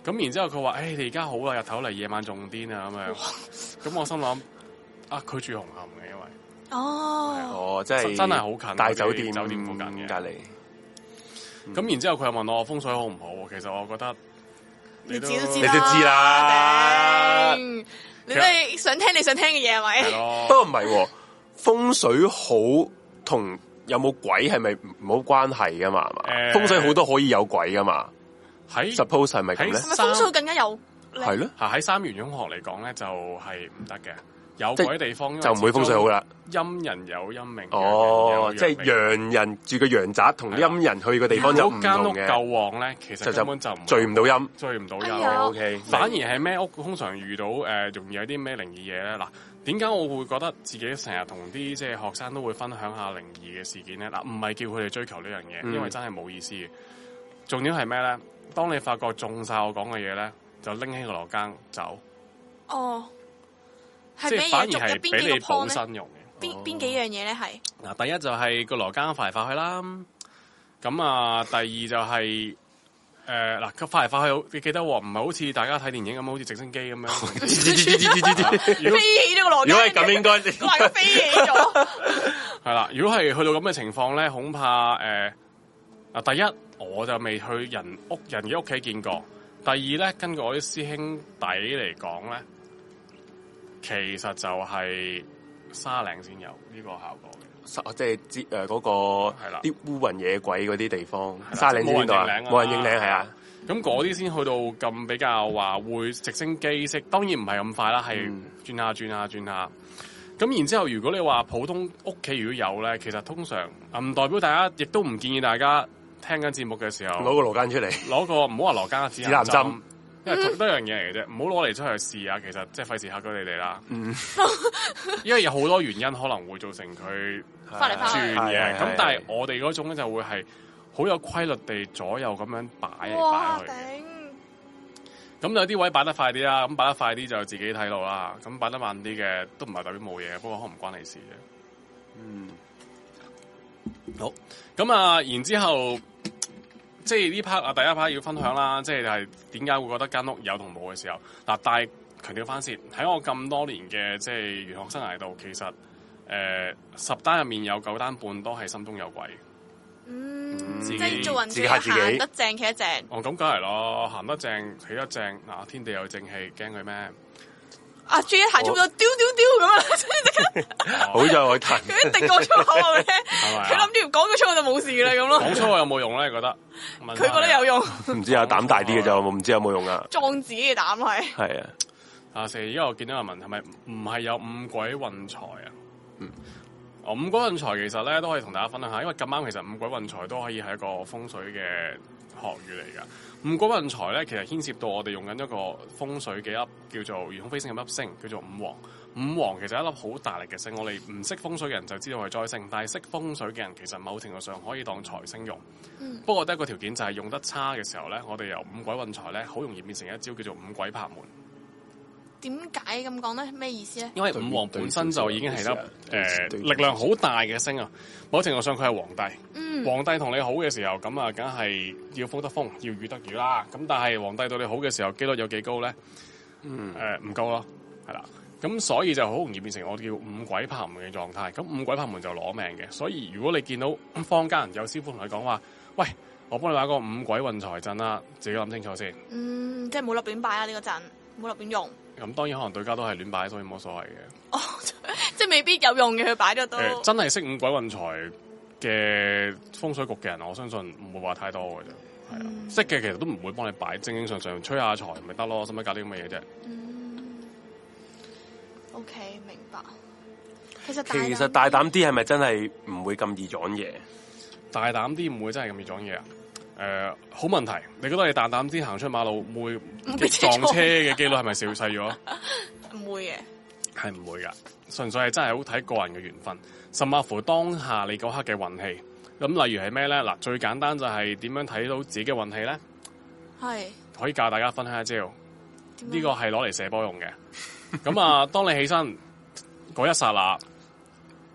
咁然之後佢話，誒，你而家好啊，日頭嚟，夜晚仲癲啊咁樣。咁我心諗，啊，佢住紅磡嘅，因為哦，哦，真係真係好近大酒店酒店附近嘅隔籬。咁然之後佢又問我風水好唔好？其實我覺得你都你都知啦。你想聽你想聽嘅嘢係咪？不過唔係風水好同有冇鬼係咪冇關係噶嘛？風水好多、欸、可以有鬼噶嘛？喺是 suppose 係咪咁咧？三係咪風水更加有係咧？喺的三元玄學嚟講咧，就係唔得嘅。有鬼地方就唔會風水好啦。陰人有陰命，哦，即係陽人住個陽宅，同陰人去個地方就唔同嘅。有間屋夠旺咧，其實根本就唔聚唔到陰，聚唔到陰，O K。反而係咩屋？通常遇到誒，容易有啲咩靈異嘢咧。嗱，點解我會覺得自己成日同啲即係學生都會分享下靈異嘅事件咧？嗱，唔係叫佢哋追求呢樣嘢，因為真係冇意思嘅。重點係咩咧？當你發覺中晒我講嘅嘢咧，就拎起個羅庚走。哦。係反而係俾你補身用嘅，邊邊幾樣嘢咧係？嗱，第一就係個羅庚翻嚟翻去啦，咁啊，第二就係誒，嗱，佢翻嚟翻去，你記得唔係好似大家睇電影咁，好似直升機咁樣，飛起咗個羅。如果係咁，應該係飛起咗。係啦，如果係去到咁嘅情況咧，恐怕誒，啊，第一我就未去人屋人嘅屋企見過，第二咧，根據我啲師兄弟嚟講咧。其實就係沙嶺先有呢個效果嘅，即係接誒嗰個係啦，啲烏雲野鬼嗰啲地方，了沙嶺冇人認領了啊，冇人認領係啊，咁嗰啲先去到咁比較話會直升機式，當然唔係咁快啦，係轉下轉下轉下。咁、嗯、然之後，如果你話普通屋企如果有咧，其實通常唔代表大家，亦都唔建議大家聽緊節目嘅時候攞個羅庚出嚟，攞個唔好話羅庚，指南針。因為咁多樣嘢嚟嘅啫，唔好攞嚟出去試啊！其實即係費事嚇咗你哋啦。嗯、因為有好多原因可能會造成佢翻嚟轉嘅。咁但係我哋嗰種咧就會係好有規律地左右咁樣擺嚟擺去。咁有啲位擺得快啲啊，咁擺得快啲就自己睇路啦。咁擺得慢啲嘅都唔係代表冇嘢，不過可能唔關你事嘅。嗯。好。咁啊，然之後。即係呢 part 啊，第一 part 要分享啦，嗯、即係點解會覺得間屋有同冇嘅時候？嗱，但係強調翻先，喺我咁多年嘅即係玄學生涯度，其實誒十單入面有九單半都係心中有鬼。嗯，自己即係做人自己行得正，企己得正。哦，咁梗係啦，行得正，企、哦、得正，嗱，天地有正氣，驚佢咩？啊！轉一下，做到丟丟丟咁啦，以即刻 [laughs] 好就去提，佢一定個粗口後咧，佢諗住唔講個粗口就冇事啦，咁咯。講粗口有冇用咧？你覺得佢覺得有用，唔知啊，膽大啲嘅就，唔知道有冇用啊。壯子嘅膽係。係啊，阿、啊、四，因為我見到阿文係咪唔係有五鬼運財、啊？啊、嗯哦？五鬼運財其實咧都可以同大家分享下，因為咁啱其實五鬼運財都可以係一個風水嘅術語嚟噶。五鬼運財咧，其實牽涉到我哋用緊一個風水嘅一叫做玄空飛星嘅粒星，叫做五黃。五黃其實一粒好大力嘅星，我哋唔識風水嘅人就知道係災星，但係識風水嘅人其實某程度上可以當財星用。嗯、不過第一個條件就係用得差嘅時候咧，我哋由五鬼運財咧，好容易變成一招叫做五鬼拍門。點解咁講咧？咩意思咧？因為五王本身就已經係粒誒力量好大嘅星啊！某程度上佢係皇帝，嗯、皇帝同你好嘅時候，咁啊，梗係要風得風，要雨得雨啦。咁但係皇帝對你好嘅時候，幾率有幾高咧？誒、嗯呃，唔高咯，係啦。咁所以就好容易變成我哋叫五鬼拍門嘅狀態。咁五鬼拍門就攞命嘅。所以如果你見到坊間有師傅同你講話，喂，我幫你打個五鬼運財陣啦，自己諗清楚先。嗯，即係冇立邊擺啊！呢、這個陣冇立邊用。咁當然可能對家都係亂擺，所以冇所謂嘅。哦， [laughs] 即係未必有用嘅，佢擺咗多、欸，真係識五鬼運財嘅風水局嘅人，我相信唔會話太多嘅啫。係啊、嗯，識嘅其實都唔會幫你擺，正正常常吹下財咪得咯，使使搞啲咁嘅嘢啫。嗯、OK，明白。其實大膽啲係咪真係唔會咁易撞嘢？大膽啲唔會真係咁易撞嘢啊！誒、呃，好問題，你覺得你大膽啲行出馬路，會撞車嘅幾率係咪少細咗？唔會嘅，係唔會噶，純粹係真係好睇個人嘅緣分，甚或乎當下你嗰刻嘅運氣。咁例如係咩咧？嗱，最簡單就係點樣睇到自己嘅運氣咧？係是可以教大家分享一招，呢樣個係攞嚟射波用嘅。咁 [laughs] 啊，當你起身嗰一剎那，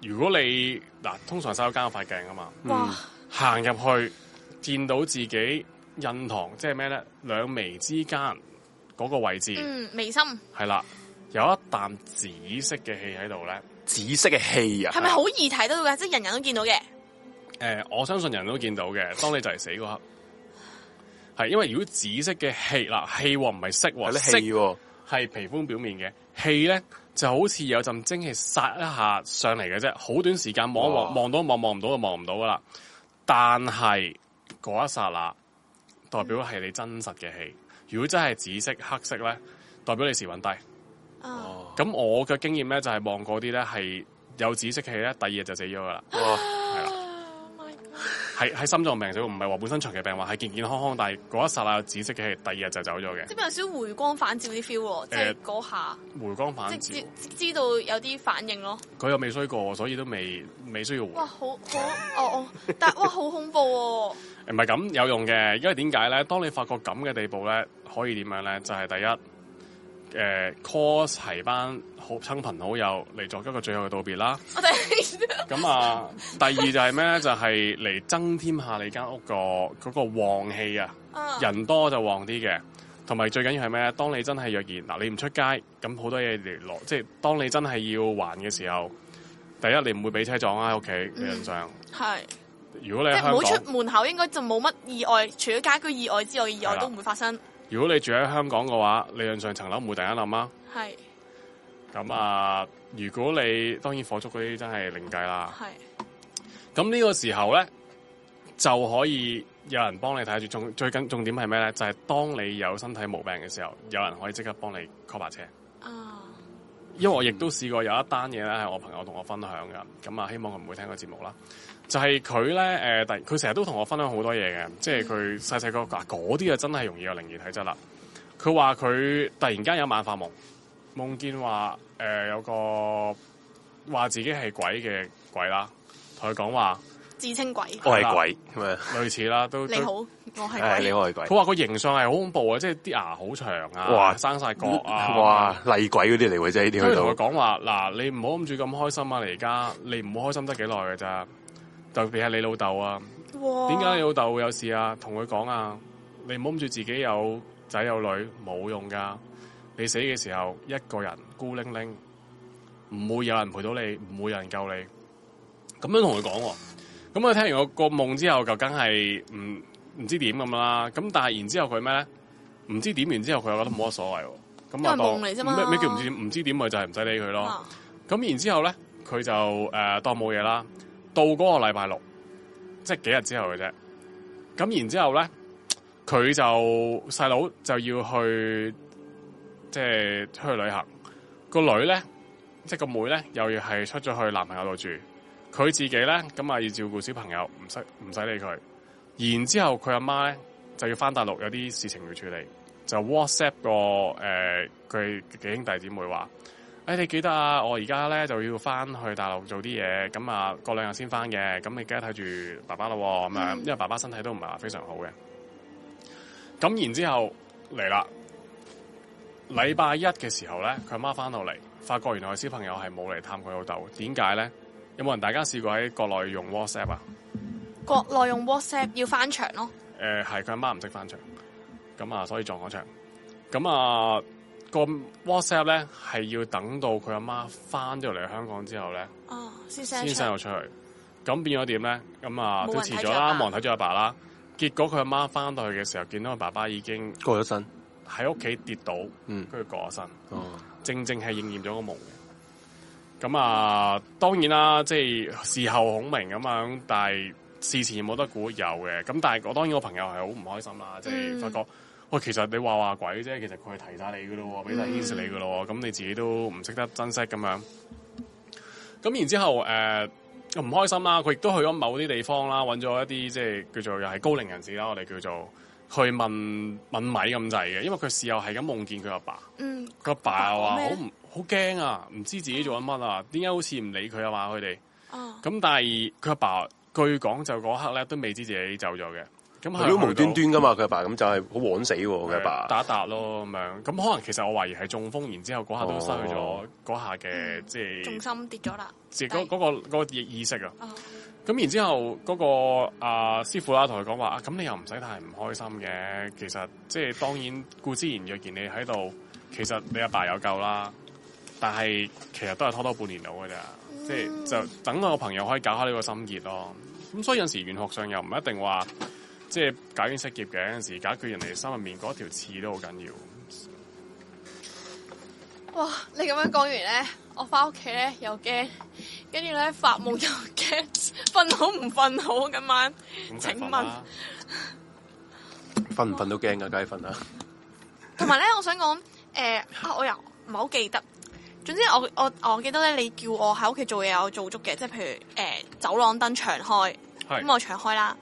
如果你嗱、啊，通常洗手間嗰塊鏡啊嘛，哇，行入、嗯、去。見到自己印堂，即係咩咧？兩眉之間嗰個位置，嗯、眉心，係啦，有一啖紫色嘅氣喺度咧。紫色嘅氣啊，係咪好易睇到嘅？即係是人人都見到嘅。誒、呃，我相信人都見到嘅。當你就係死嗰刻，係 [laughs] 因為如果紫色嘅氣啦，氣唔、喔、係色喎，喎係皮膚表面嘅氣咧，就好似有陣蒸氣殺一下上嚟嘅啫。好短時間望一望，望哇到望望唔到就望唔到噶啦。但係。嗰一剎那，代表係你真實嘅氣。嗯、如果真係紫色、黑色咧，代表你時運低。哦、啊。咁我嘅經驗咧，就係望嗰啲咧係有紫色氣咧，第二日就死咗㗎喇。哇、啊了 oh、！My God！係係心臟病就唔係話本身長期病患，係健健康康，但係嗰一剎那有紫色嘅氣，第二日就走咗嘅。即係有少回光返照啲 feel 喎。誒、呃，嗰下回光返照。即知道有啲反應咯。佢又未衰過，所以都未未需要回。哇！好好哦哦，哦 [laughs] 但係哇，好恐怖喎、哦！唔係咁有用嘅，因為點解咧？當你發覺咁嘅地步咧，可以點樣咧？就係、是、第一，誒 call 齊班好親朋好友嚟作一個最後嘅道別啦。我哋咁啊，第二就係咩咧？就係、是、嚟增添一下你間屋個個嗰個旺氣啊！人多就旺啲嘅，同埋最緊要係咩咧？當你真係若然嗱，你唔出街，咁好多嘢嚟攞，即、就、係、是、當你真係要還嘅時候，第一你唔會俾車撞喺屋企，你印象係。嗯如果你在即係唔好出門口，應該就冇乜意外。除咗家居意外之外，意外了都唔會發生。如果你住喺香港嘅話，理論上層樓唔會突然間冧啊。係是。咁啊，嗯、如果你當然火燭嗰啲真係另計啦。係是。咁呢個時候咧，就可以有人幫你睇住。重最緊重點係咩咧？就係、是、當你有身體毛病嘅時候，有人可以即刻幫你 call 白車。啊、嗯。因為我亦都試過有一單嘢咧，係我朋友同我分享噶。咁啊，希望佢唔會聽個節目啦。就係佢咧，誒、呃，佢成日都同我分享好多嘢嘅，即係佢細細個話嗰啲啊，就真係容易有靈異體質啦。佢話佢突然間有一晚發夢，夢見話誒、呃、有個話自己係鬼嘅鬼啦，同佢講話，自稱鬼，啦我係鬼咁樣，類似啦，都你好，我係鬼、哎，你好係鬼。佢話個形象係好恐怖哇啊，即係啲牙好長啊，哇，生曬角啊，哇，厲鬼嗰啲嚟喎，即係呢啲去到。佢同佢講話嗱，你唔好諗住咁開心啊，你而家你唔好開心得幾耐㗎咋。特別係你老豆啊？點解哇你老豆會有事啊？同佢講啊！你唔好諗住自己有仔有女冇用噶，你死嘅時候一個人孤零零，唔會有人陪到你，唔會有人救你。咁樣同佢講。咁、嗯、佢聽完個夢之後，究竟係唔唔知點咁啦。咁、嗯、但係然之後佢咩咧？唔知點？然之後佢又覺得冇乜所謂喎。當，都係夢嚟啫嘛。咩叫唔知點？唔知點咪就係唔使理佢咯。咁、啊嗯、然之後咧，佢就、呃、當冇嘢啦。到嗰個禮拜六，即係幾日之後嘅啫。咁然之後咧，佢就細佬就要去，即係出去旅行。個女咧，即係個妹咧，又要係出咗去男朋友度住。佢自己咧，咁啊要照顧小朋友，唔使唔使理佢。然之後佢阿媽咧就要返大陸，有啲事情要處理，就 WhatsApp 個誒佢、呃、幾兄弟姐妹話。哎，你記得啊！我而家咧就要翻去大陸做啲嘢，咁啊過兩日先翻嘅。咁你記得睇住爸爸咯，咁啊，嗯、因為爸爸身體都唔係話非常好嘅。咁然之後嚟啦，禮拜一嘅時候咧，佢阿媽翻到嚟，發覺原來小朋友係冇嚟探佢老豆。點解咧？有冇人大家試過喺國內用 WhatsApp 啊？國內用 WhatsApp 要翻牆咯。誒，係佢阿媽唔識翻牆。咁啊，所以撞咗牆。咁啊～個 WhatsApp 咧係要等到佢阿媽翻咗嚟香港之後咧，先 send 我出去。咁變咗點咧？咁、嗯、啊都遲咗啦，望睇住阿爸啦。結果佢阿媽翻到去嘅時候，見到個爸爸已經過咗身，喺屋企跌倒，嗯，跟住過咗身。嗯、正正係應驗咗個夢。咁啊，當然啦，即、就、係、是、事後孔明咁樣，但係事前冇得估有嘅。咁但係我當然我朋友係好唔開心啦，即係、嗯、發覺。喂、哦，其實你話話鬼啫，其實佢係提晒你噶咯，俾晒恩賜你噶咯，咁你自己都唔識得珍惜咁樣。咁然之後，誒、呃、唔開心啦，佢亦都去咗某啲地方啦，揾咗一啲即係叫做又係高齡人士啦，我哋叫做去問問米咁滯嘅，因為佢事後係咁夢見佢阿爸，爸。嗯、mm。佢、hmm. 阿爸，爸話：好唔好驚啊？唔知自己做緊乜啊？點解、uh huh. 好似唔理佢啊？嘛，佢哋、uh。哦、huh.。咁但係佢阿爸，據講就嗰刻咧都未知自己走咗嘅。佢都無端端噶嘛，佢阿爸咁就係好、嗯、枉死喎，佢阿爸打打咯咁樣，咁、嗯、可能其實我懷疑係中風，然之後嗰下都失去咗嗰下嘅即係是重心跌咗啦，即係是嗰是、那個嗰、那個、意識啊。咁、嗯、然之後嗰、那個啊師傅啦，同佢講話，咁你又唔使太唔開心嘅，其實即係當然顧之言若然你喺度，其實你阿爸，爸有救啦，但係其實都係拖多半年到㗎咋。嗯、即係就等到我朋友可以搞開呢個心結咯、啊。咁、嗯、所以有時玄學上又唔一定話。即係解決失業嘅，有陣時解決人哋心入面嗰一條刺都好緊要。哇！你咁樣講完咧，我翻屋企咧又驚，跟住咧發夢又驚，瞓好唔瞓好，今晚、嗯、請問瞓唔瞓都驚㗎，梗瞓啦。同埋咧，我想講誒、呃，我又唔係好記得。總之我我我記得咧，你叫我喺屋企做嘢，我做足嘅，即係譬如誒、呃、走廊燈長開，咁是我長開啦。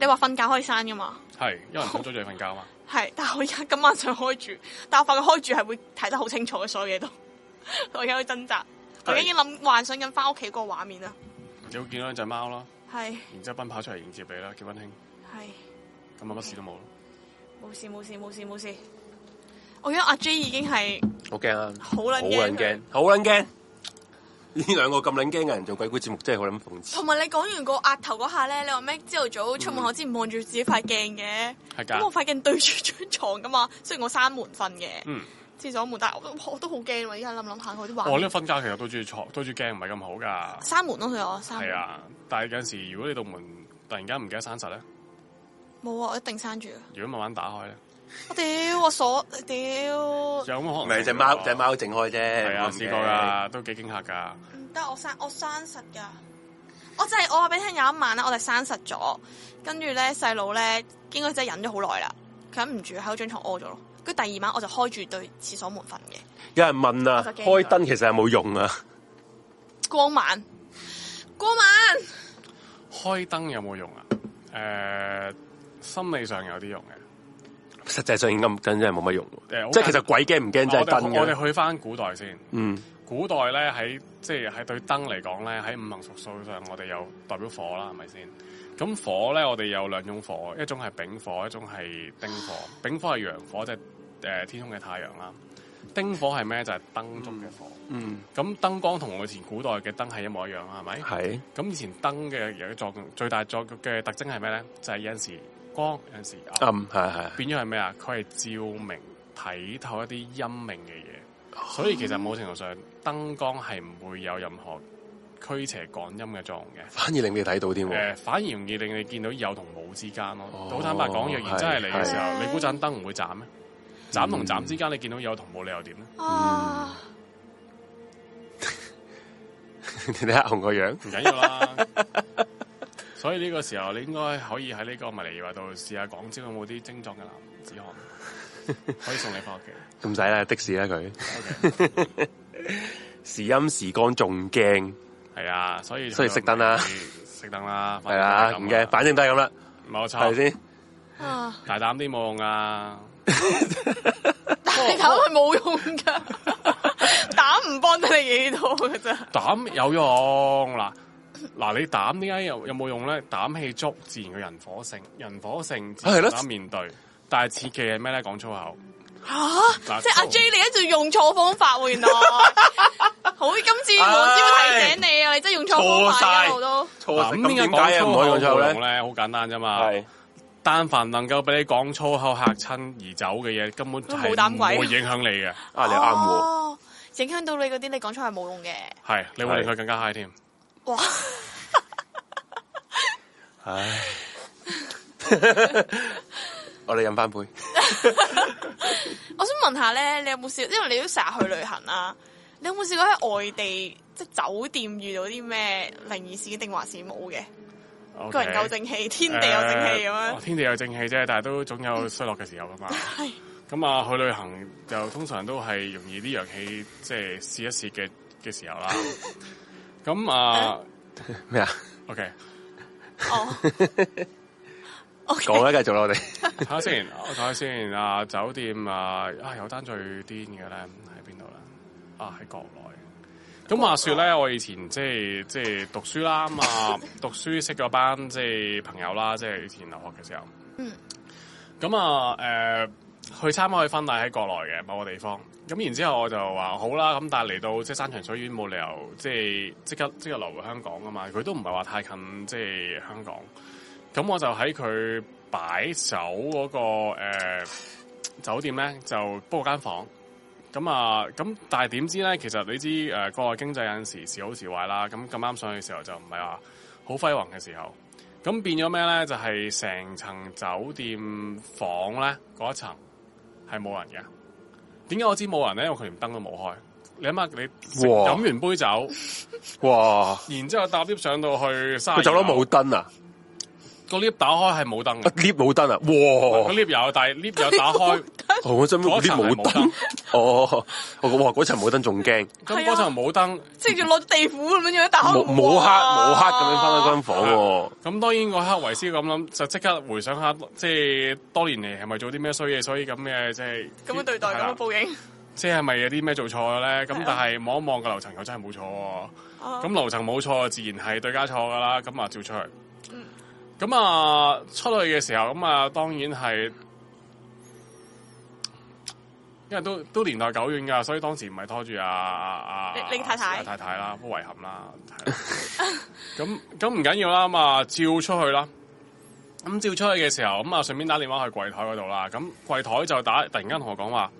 你話瞓覺可以閂噶嘛？係，因為好早就瞓覺嘛。係， [laughs] 但係我而家今晚想開住，但我發覺開住係會睇得好清楚嘅所有嘢都。我而家喺度掙扎，對我而家已經諗幻想緊翻屋企個畫面啦。你會見到兩隻貓啦，係是，然之後奔跑出嚟迎接你啦，幾溫馨。係是，咁啊，乜事都冇咯，冇事冇事冇事冇事。我而家阿 J 已經係好驚啦，好卵驚，好卵驚。呢 [laughs] 兩個咁撚驚嘅人做鬼故節目真係好撚諷刺。同埋你講完個額頭嗰下呢，你話咩？朝頭早出門口之前望住自己塊鏡嘅，都冇塊鏡對住張床㗎嘛。雖然我閂門瞓嘅，嗯，廁所門，但我都好驚喎。依家諗諗下，我啲話。我呢、哦這個、瞓覺其實都，對住鏡，唔係咁好㗎。閂門都佢我係啊，門但係有陣時如果你道門突然間唔記得閂實呢？冇啊！我一定閂住。如果慢慢打開呢？我屌我鎖屌，有學係隻貓隻貓整開啫，係啊，試過噶，都幾驚吓噶。唔得，我生我生實噶，我真係我話俾你聽有一晚啦，我哋生實咗，跟住咧細佬咧，應該真係忍咗好耐啦，佢忍唔住喺張床屙咗咯。跟住第二晚我就開住對廁所門瞓嘅。有人問啊，開燈其實有冇用啊？光猛，光猛，開燈有冇用啊？誒、呃，心理上有啲用嘅。實際上，現咁燈真係冇乜用。誒，即係其實鬼驚唔驚，即係燈。我哋去翻古代先。嗯。古代咧喺即係喺對燈嚟講咧，喺五行屬數上，我哋有代表火啦，係咪先？咁火咧，我哋有兩種火，一種係丙火，一種係丁，丁火。丙火係陽火，即係誒天空嘅太陽啦。丁火係咩？就係燈燭嘅火。嗯。咁、嗯、燈光同我以前古代嘅燈係一模一樣啦，係咪？係。咁以前燈嘅作用最大作嘅特徵係咩咧？就係有陣時。光有陣時暗，係係，um, yeah, yeah. 變咗係咩啊？佢係照明睇透一啲陰明嘅嘢，oh. 所以其實某程度上，燈光係唔會有任何驅邪降陰嘅作用嘅，反而令你睇到添。誒、呃，反而容易令你見到有同冇之間咯。好坦、oh. 白講，若然真係嚟嘅時候，Yeah. 你估盞燈唔會斬咩？斬同斬之間，你見到有同冇，oh. [laughs] 你又點咧？你睇下紅個樣，唔緊要啦。所以呢個時候你應該可以喺呢個迷離夜話度試下廣州有冇啲精壯嘅男子漢，可以送你翻屋企。唔使啦，的士啦佢。時陰時光仲驚，係啊，所以所以熄燈啦，熄燈啦，係啊，咁嘅，反正都係咁啦，唔係我錯，係咪先？大膽啲望啊！你係睇係冇用噶，膽唔幫得你幾多噶咋，膽有用啦嗱，你膽點解有有冇用咧？膽氣足，自然嘅人火性，人火性大膽面對。但係切忌係咩咧？講粗口吓，即係阿 J，你一直用錯方法喎，原來。好，今次我只會提醒你啊，你真係用錯方法一路都錯。點解唔可以講粗口咧？好簡單啫嘛，係。但凡能夠俾你講粗口吓親而走嘅嘢，根本係唔會影響你嘅。啊，你啱喎，影響到你嗰啲，你講粗口係冇用嘅。係，你會令佢更加嗨添。哇！ [laughs] 唉， [laughs] 我哋飲翻杯。 [laughs] [laughs] 我想問下咧，你有冇試？因為你都成日去旅行啊，你有冇試過喺外地即、就是、酒店遇到啲咩靈異事，件定還是冇嘅？Okay. 個人夠正氣，天地有正氣咁、呃、樣。天地有正氣啫，但係都總有衰落嘅時候噶嘛。咁啊、嗯， [laughs] 去旅行就通常都係容易啲陽氣，即係試一試嘅嘅時候啦。 [laughs] 咁啊咩啊？OK，好，講啦，繼續啦，我哋睇下先，我睇下先啊，酒店啊，啊有單最癲嘅咧喺邊度咧？啊喺國內。咁內話說咧，內我以前即係即係讀書啦嘛， [laughs] 讀書識咗班即係朋友啦，即係以前留學嘅時候。嗯。咁啊，誒、呃。去參加佢婚禮喺國內嘅某個地方，咁然之後我就話好啦，咁但係嚟到即係山長水遠，冇理由即係即刻即刻留喺香港㗎嘛。佢都唔係話太近即係香港，咁我就喺佢擺酒嗰、個、呃、酒店咧，就 book 間房。咁啊，咁但係點知咧？其實你知誒，國外經濟有陣時時好時壞啦。咁咁啱上去嘅時候就唔係話好輝煌嘅時候，咁變咗咩咧？就係成層酒店房咧嗰一層。係冇人嘅，點解我知冇人咧？因為佢連燈都冇開。你諗下，你飲哇 完杯酒，哇，然之後搭 lift 上到去，佢走都冇燈啊！個 lift 打開係冇燈嘅，lift 冇燈啊！哇，個 lift 有，但係 lift 有打開，我真係冇燈哦！哇，嗰層冇燈仲驚，咁嗰層冇燈，即係攞落地府咁樣樣打開，冇黑冇黑咁樣翻到間房。咁當然個黑維斯咁諗，就即刻回想下，即係多年嚟係咪做啲咩衰嘢，所以咁嘅即係咁樣對待咁樣報應，即係咪有啲咩做錯咧？咁但係望一望個樓層又真係冇錯，咁樓層冇錯，自然係對家錯噶啦，咁啊照出去。咁啊、嗯，出去嘅時候咁啊、嗯，當然係，因為都都年代久遠噶，所以當時唔係拖住啊啊啊阿太太，太太太啦，好遺憾啦。咁咁唔緊要啦，咁啊、 [laughs] 嗯嗯嗯嗯、照出去啦。咁、嗯、照出去嘅時候，咁啊順便打電話去櫃台嗰度啦。咁、嗯、櫃台就打，突然間同我講話，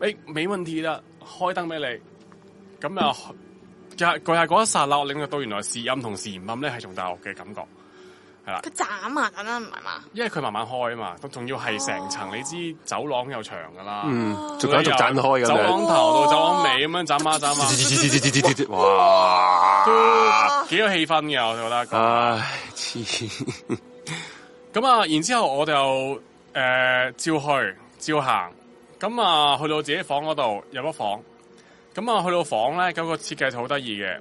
誒、欸，冇問題啦，開燈俾你。咁、嗯、啊，佢係佢係嗰一剎那，我領略到原來試音同試音暗咧係從大學嘅感覺。佢斬啊，咁樣唔係嘛？因為佢慢慢開啊嘛，仲要係成層，哦、你知走廊又長噶啦，嗯，逐盞逐盞開嘅、就是，走廊頭到走廊尾咁樣斬啊斬啊，哇，幾有氣氛嘅，我覺得。唉，黐咁啊！然之後我就誒、呃、照去照行，咁啊去到自己的房嗰度入屋房，咁啊去到房咧，咁個設計係好得意嘅。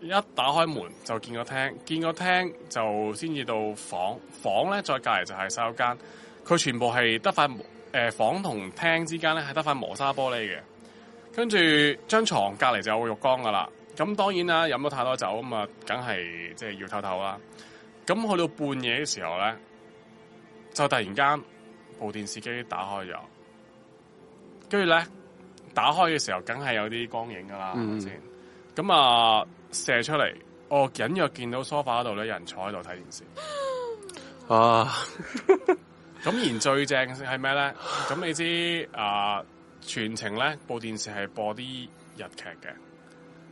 一打開門就見個廳，見個廳就先至到房，房咧再隔籬就係洗手間。佢全部係得塊誒、呃、房同廳之間咧係得塊磨砂玻璃嘅，跟住張床隔籬就有浴缸噶啦。咁當然啦，飲咗太多酒咁啊，梗係即係要透透啦。咁去到半夜嘅時候咧，就突然間部電視機打開咗，跟住咧打開嘅時候，梗係有啲光影噶啦，先、嗯。咁啊，射出嚟，我隱約見到 sofa 嗰度咧，有人坐喺度睇電視。哇、oh. [laughs] ！咁而最正係咩咧？咁你知啊？全程咧，部電視係播啲日劇嘅，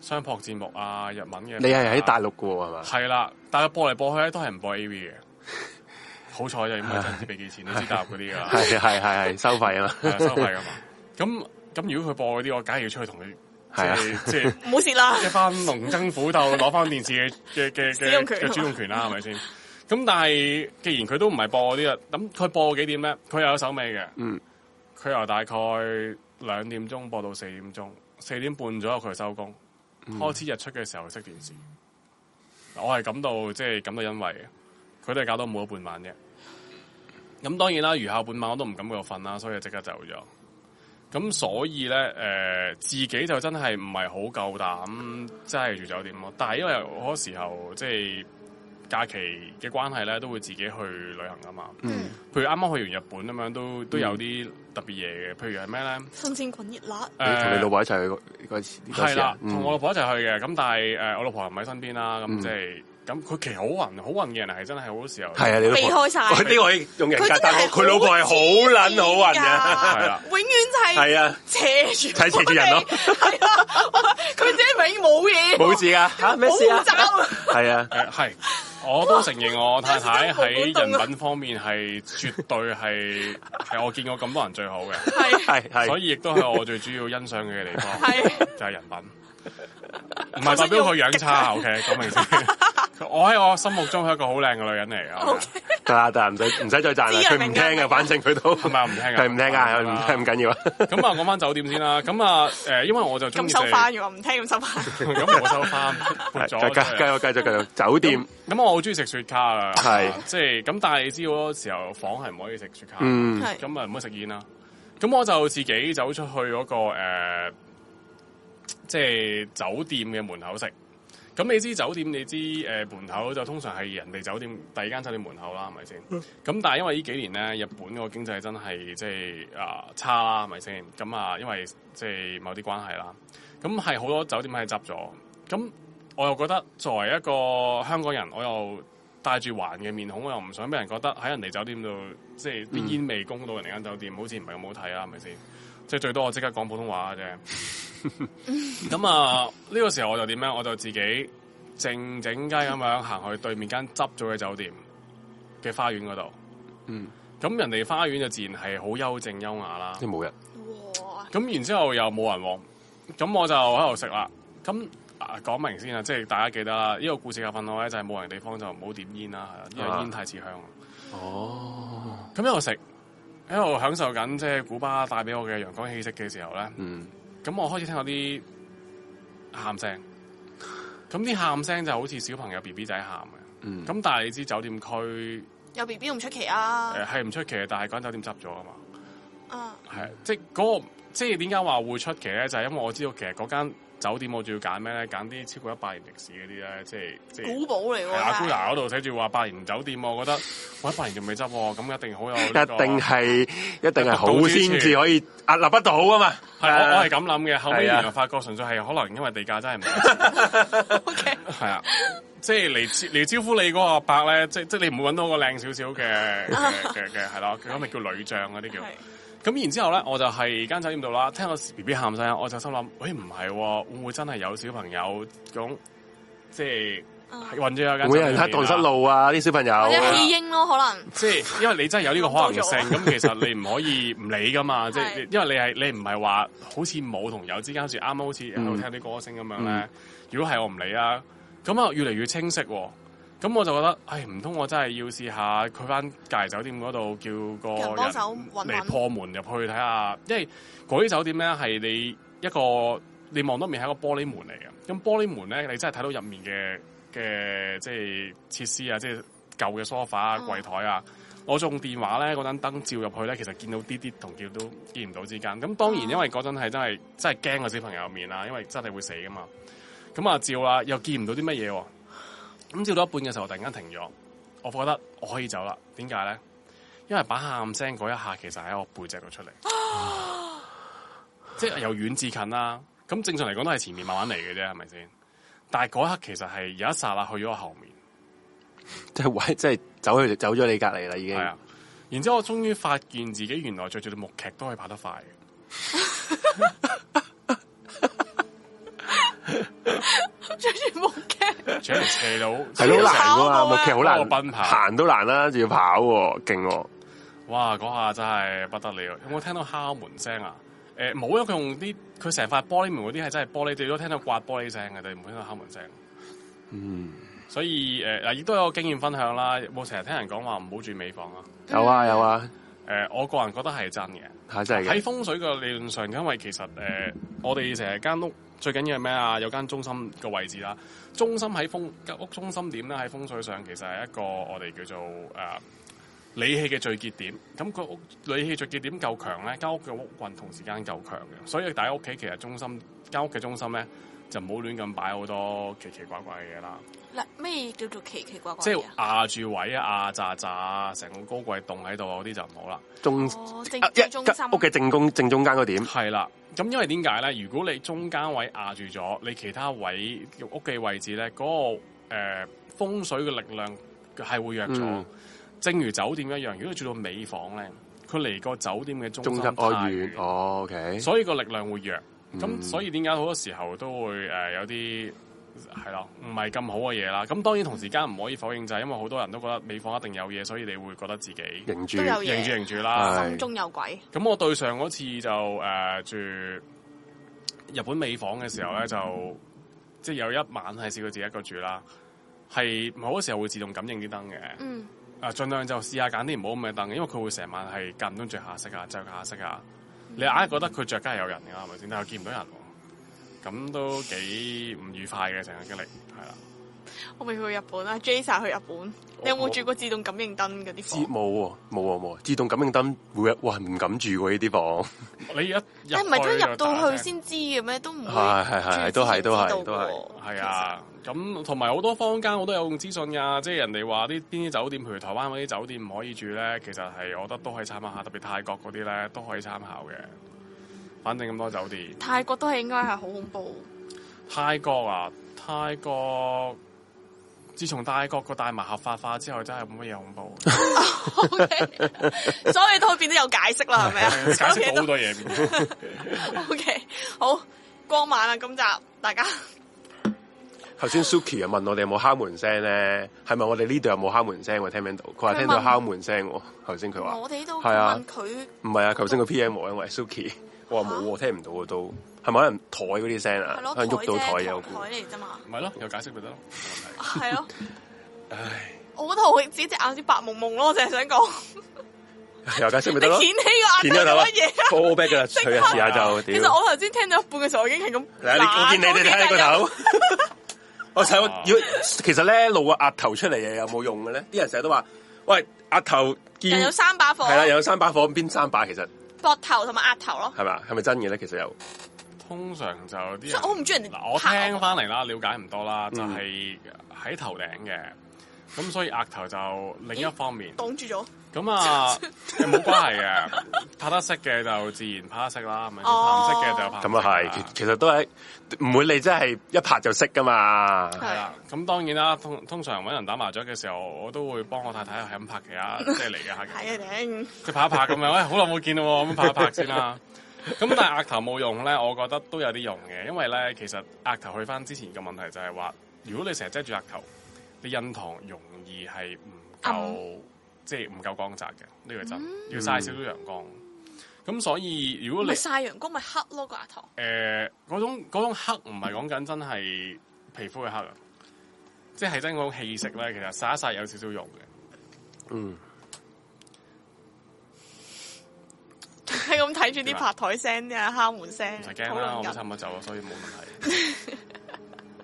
商播節目啊，日文嘅、啊。你係喺大陸噶係嘛？係啦，但係播嚟播去咧都係唔播 A V 嘅。 [laughs] 好彩就唔係真係俾幾錢，你 [laughs] 知大陸嗰啲㗎。係係係係，收費啊嘛， [laughs] 收費啊嘛。咁咁，如果佢播嗰啲，我梗係要出去同佢。係是啊，是啊，即係唔好蝕啦，即係翻龍爭虎鬥，攞翻電視嘅嘅嘅嘅嘅主動權啦，係咪先？咁 [laughs] 但係既然佢都唔係播呢日，咁佢播幾點咧？佢又有手尾嘅，嗯，佢由大概兩點鐘播到四點鐘，四點半左右佢收工，嗯，開始日出嘅時候熄電視。我係感到即係、就是、感到欣慰嘅，佢哋搞到冇咗半晚啫。咁當然啦，餘下半晚我都唔敢度瞓啦，所以即刻走咗。咁所以咧，誒、呃、自己就真係唔係好夠膽，即係住酒店咯。但係因為好多時候即係、就是、假期嘅關係咧，都會自己去旅行啊嘛。嗯。譬如啱啱去完日本咁樣，都、嗯、都有啲特別嘢嘅。譬如係咩咧？新鮮滾熱辣、呃。同你，你老婆一齊去嗰嗰時。係啦的，同、嗯、我老婆一齊去嘅。咁但係誒，我老婆又唔喺身邊啦。咁即係。咁佢其實好運，好運嘅人係真係好嘅時候，係啊，你都避開曬。呢個用人格，但係佢老婆係好撚好運嘅，係啦，永遠就係係啊，斜住睇住人咯。佢自己咪冇嘢，冇事噶，咩事啊。係啊，係，我都承認，我太太喺人品方面係絕對係係我見過咁多人最好嘅，係係，所以亦都係我最主要欣賞佢嘅地方，就係人品。唔係代表佢樣差，OK，咁意先，我喺我心目中係一個好靚嘅女人嚟啊！得啊，得啊，唔使唔使再讚佢唔聽嘅，反正佢都唔係唔聽嘅，係唔聽啊，係唔聽，唔緊要。啊。咁啊，講翻酒店先啦。咁啊，誒，因為我就中意收花，如果唔聽咁收花，咁我收花。係，繼繼繼繼繼續繼續酒店。咁我好中意食雪茄啊。係，即係咁。但係你知好多時候房係唔可以食雪茄，嗯，咁啊唔可以食煙啊。咁我就自己走出去嗰個誒。即係酒店嘅門口食，咁你知酒店你知誒、呃、門口就通常係人哋酒店第二間酒店門口啦，係咪先？咁、嗯、但係因為呢幾年咧，日本嗰個經濟真係即係啊、呃、差啦，係咪先？咁啊，因為即係某啲關係啦，咁係好多酒店係執咗。咁我又覺得作為一個香港人，我又帶住還嘅面孔，我又唔想俾人覺得喺人哋酒店度即係啲煙味攻到人哋間酒店，嗯、好似唔係咁好睇啦，係咪先？即係最多我即刻講普通話嘅啫。 [laughs] 咁 [laughs] 啊，呢、這個時候我就點樣？我就自己靜靜雞咁樣行去對面間執咗嘅酒店嘅花園嗰度。嗯，咁人哋花園就自然係好幽靜優雅啦。即係冇人。哇！咁然之後又冇人喎，咁我就喺度食啦。咁講、啊、明先啦，即係大家記得啦。呢、這個故事嘅訓話咧就係冇人地方就唔好點煙啦，因為煙太似香。哦。咁喺度食，喺度享受緊即係古巴帶俾我嘅陽光氣息嘅時候咧。嗯。咁我開始聽到啲喊聲，咁啲喊聲就好似小朋友 B B 仔喊嘅。嗯，咁但係你知酒店區有 B B 唔出奇啊？呃，係唔出奇嘅，但係嗰間酒店執咗啊嘛。啊，即係嗰、嗰個，即係點解話會出奇咧？就係、是、因為我知道其實嗰間，酒店我仲要揀咩咧？揀啲超過一百年歷史嗰啲咧，即係即係古堡嚟。係對啊阿姑娜嗰度寫住話百年酒店，我覺得我一百年仲未執，咁一定好有、這個一定，一定係一定係好先至可以屹立不倒啊嘛。啊，我係咁諗嘅，後尾原來發覺純粹係可能因為地價真係唔 [laughs] OK。係、就、啊、是，即係嚟嚟招呼你嗰個伯咧，即即係你唔會搵到個靚少少嘅嘅嘅係咯，咁咪 [laughs] 叫女將嗰啲叫。 [laughs] 咁然之後咧，我就喺間酒店度啦，聽到 B B 喊聲，我就心諗，喂唔係，會唔會真係有小朋友咁即係混住有間？會唔會喺蕩失路啊？啲、啊、小朋友、啊，棄嬰咯，可能即係，因為你真係有呢個可能性，咁多 [laughs] 其實你唔可以唔理噶嘛。 [laughs] 即係因為你係你唔係話好似冇同友之間住啱啱好似喺度聽啲歌聲咁樣咧。嗯、如果係我唔理啊，咁啊越嚟越清晰、哦。咁我就覺得，唉，唔通我真係要試下，佢翻隔離酒店嗰度叫一個人嚟破門入去睇下，因為嗰啲酒店咧係你一個，你望到面係一個玻璃門嚟嘅。咁玻璃門咧，你真係睇到入面嘅嘅即係設施啊，即係舊嘅 sofa 啊、嗯、櫃台啊。我用電話咧，嗰盞燈照入去咧，其實見到啲啲同叫都見唔到之間。咁當然因為嗰陣係真係真係驚個小朋友面啦，因為真係會死噶嘛。咁啊照啦，又見唔到啲乜嘢。咁照到一半嘅時候，我突然間停咗，我覺得我可以走啦。點解咧？因為把喊聲嗰一下，其實喺我背脊度出嚟，啊、即係由遠至近啦、啊。咁正常嚟講都係前面慢慢嚟嘅啫，係咪先？但係嗰一刻其實係有一剎那去咗我後面， [laughs] 喂即係即係走去走咗你隔籬啦，已經。啊、然之後我終於發現自己原來着住對木屐都可以跑得快嘅，着住木屐。坐喺度斜到，係都難噶啊，啊木屐好難，行都難啦，仲要跑、啊，勁喎、啊！啊、哇，嗰下真係不得了！有冇聽到敲門聲啊？誒、呃，冇啊，佢用啲佢成塊玻璃門嗰啲係真係玻璃，最多都聽到刮玻璃聲嘅，但唔會聽到敲門聲。嗯，所以誒，嗱、呃、亦都有個經驗分享啦。有冇成日聽人講話唔好住尾房啊？有啊有啊。誒、啊呃，我個人覺得係真嘅，係、啊、真嘅。喺風水嘅理論上，因為其實誒、呃，我哋成日間屋。最緊要係咩啊？有間中心個位置啦，中心喺風屋中心點啦，喺風水上其實係一個我哋叫做誒理、呃、氣嘅聚結點。咁佢理氣聚結點夠強咧，間屋嘅屋運同時間夠強嘅。所以大家屋企其實中心間屋嘅中心咧，就唔好亂咁擺好多奇奇怪怪嘅嘢啦。嗱，咩叫做奇奇怪怪、啊？即係壓住位啊，壓、啊、炸炸成個高櫃洞喺度，嗰啲就唔好啦、哦。正一、啊、屋嘅正宮正中間嗰點，係啦。咁因為點解咧？如果你中間位壓住咗，你其他位屋嘅位置咧，嗰、嗰個誒、呃、風水嘅力量係會弱咗。嗯、正如酒店一樣，如果你住到尾房咧，佢離個酒店嘅中心太遠，中哦遠哦 okay、所以個力量會弱。咁所以點解好多時候都會誒、呃、有啲？係咯，唔係咁好嘅嘢啦。咁當然同時間唔可以否認、嗯、就係，因為好多人都覺得美房一定有嘢，所以你會覺得自己認住，認住認住啦，的心中有鬼。咁我對上嗰次就誒、呃、住日本美房嘅時候咧、嗯，就即、是、係有一晚係試過自己一個住啦，係好多時候會自動感應啲燈嘅。盡啊盡量就試下揀啲唔好咁嘅燈嘅，因為佢會成晚係間唔中着下色啊，着下色啊。你硬係覺得佢着家係有人噶係咪先？但係見唔到人。咁都幾唔愉快嘅成日經歷，係啦。我未去過日本啊 Jasper 去日本，你有冇住過自動感應燈嗰啲房？冇，冇，冇，自動感應燈，每日哇唔敢住喎呢啲房。你一你唔係都入到去先知嘅咩？都唔係係係都係都係都係係啊！咁同埋好多坊間我都有用資訊噶，即係人哋話啲邊啲酒店，譬如台灣嗰啲酒店唔可以住咧，其實係我覺得都可以參考下，特別泰國嗰啲咧都可以參考嘅。反正咁多酒店，泰國都係應該係好恐怖。泰國啊，泰國自從泰國個大麻合法化之後，真係冇乜嘢恐怖。 [laughs] [laughs] okay. 所以都會變咗有解釋啦，係咪啊？解釋到好多嘢。OK，好，光晚啦今集，大家。頭 [laughs] 先 Suki 啊，問我哋有冇敲門聲咧，係咪我哋呢度有冇敲門聲？我聽唔到，佢話聽到敲門聲。頭先佢話我哋都係啊，佢唔係啊，頭先個 PM 我因為 Suki。我話冇，我聽唔到啊，都係咪可能台嗰啲聲啊？喺度喐到台有台嚟啫嘛。唔係咯，有解釋咪得咯？係咯，唉。我覺得好似隻眼先白蒙蒙咯，我淨係想講。有解釋咪得咯？掀起個頭乜嘢？我 back 噶啦，佢個耳就。其實我頭先聽到一半嘅時候，我已經係咁。嗱，你見你哋睇個頭。我其實咧露個額頭出嚟，又有冇用嘅咧？啲人成日都話：喂，額頭見有三把火，係啦，有三把火，邊三把其實？膊頭同埋額頭咯，係咪啊？係咪真嘅咧？其實又通常就啲我好唔中意人。嗱，我聽翻嚟啦，了解唔多啦，就係、是、喺頭頂嘅，咁、嗯、所以額頭就另一方面擋、嗯、住咗。咁啊，冇 [laughs] 關係嘅，拍得識嘅就自然拍得識啦，唔識嘅就咁啊係，其實都係唔會你真係一拍就識噶嘛，係啦。咁當然啦、啊，通通常搵人打麻雀嘅時候，我都會幫我太太係咁拍其他即係嚟嘅客嘅，係啊 [laughs] 拍一拍咁樣，喂、哎，好耐冇見到，咁拍一拍先啦。咁 [laughs] 但係額頭冇用咧，我覺得都有啲用嘅，因為咧其實額頭去翻之前嘅問題就係話，如果你成日遮住額頭，你印堂容易係唔夠。嗯即係唔夠光澤嘅呢個就，嗯、要曬少少陽光。咁、嗯、所以如果你曬陽光咪黑咯，個額頭。誒、呃，嗰種種黑唔係講緊真係皮膚嘅黑啊，嗯、即係真嗰種氣息咧。其實曬一曬有少少用嘅。嗯。係咁睇住啲拍台聲啊，敲樣門聲。唔使驚啦，我差唔多走啦，所以冇問題。 [laughs]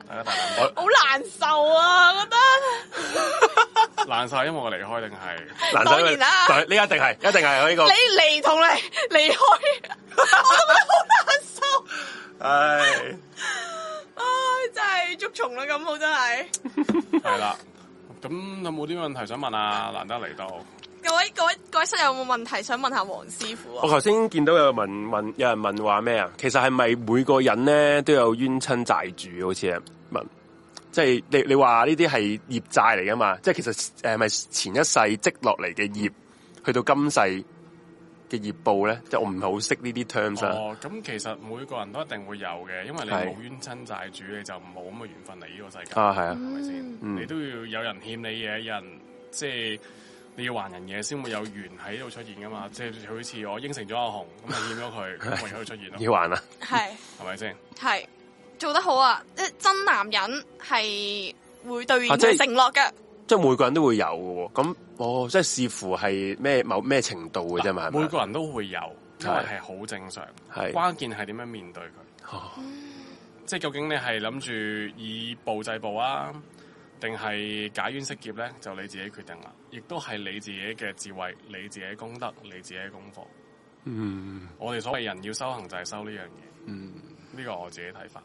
好我難受啊，我覺得難受，因為我離開定係當然啦，你一定係，一定係呢個你離同你離開，我覺得好難受。唉， [laughs] 唉，真係捉蟲啦，咁好真係。係啦，咁有冇啲問題想問啊？難得嚟到各，各位各位各位室友有冇問題想問下王師傅？我頭先見到有問問有人問話咩啊？其實係咪每個人咧都有冤親債主好似係？即係你你話呢啲係業債嚟噶嘛？即係其實誒，咪前一世積落嚟嘅業，去到今世嘅業報咧。即係我唔係好識呢啲 terms 哦，咁其實每個人都一定會有嘅，因為你冇冤親債主，你就冇咁嘅緣分嚟呢個世界。啊，係啊，係咪先？你都要有人欠你嘢，有人即係你要還人嘢，先會有緣喺度出現噶嘛。即係好似我應承咗阿紅，咁啊欠咗佢，咁咪要佢出現咯。要還啊？系係咪先？係。做得好啊！即真男人係會兌現承諾嘅，即，是的即是每個人都會有嘅。咁哦，即係視乎係咩某咩程度嘅啫，係、啊、吧每個人都會有，因為係好正常。係是關鍵係點樣面對佢，啊嗯、即究竟你係諗住以暴制暴啊，定係解冤釋劫咧？就你自己決定啦。亦都係你自己嘅智慧、你自己嘅功德、你自己嘅功課。嗯，我哋所謂人要修行就係修呢樣嘢。嗯。呢個我自己睇法。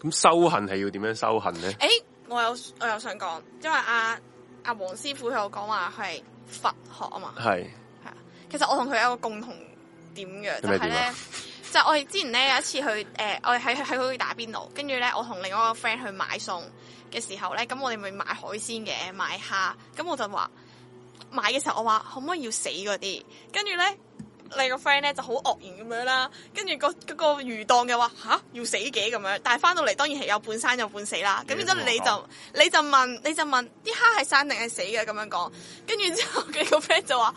咁修行係要點樣修行咧？誒、欸，我有我有想講，因為阿阿黃師傅佢講話係佛學啊嘛。係係啊，其實我同佢有一個共同點嘅，就係咧就我哋之前咧有一次去誒、呃，我哋喺喺嗰打邊爐，呢跟住咧我同另外一個 friend 去買餸嘅時候咧，咁我哋咪買海鮮嘅，買蝦，咁我就話買嘅時候我話可唔可以要死嗰啲？跟住咧。你個 friend 咧就好愕然咁樣啦，跟住個個魚檔嘅話吓，要死嘅咁樣，但係翻到嚟當然係有半生有半死啦。咁、嗯、然之後你就、嗯、你就問你就問啲蝦係生定係死嘅咁樣講，跟住之後你個 friend 就話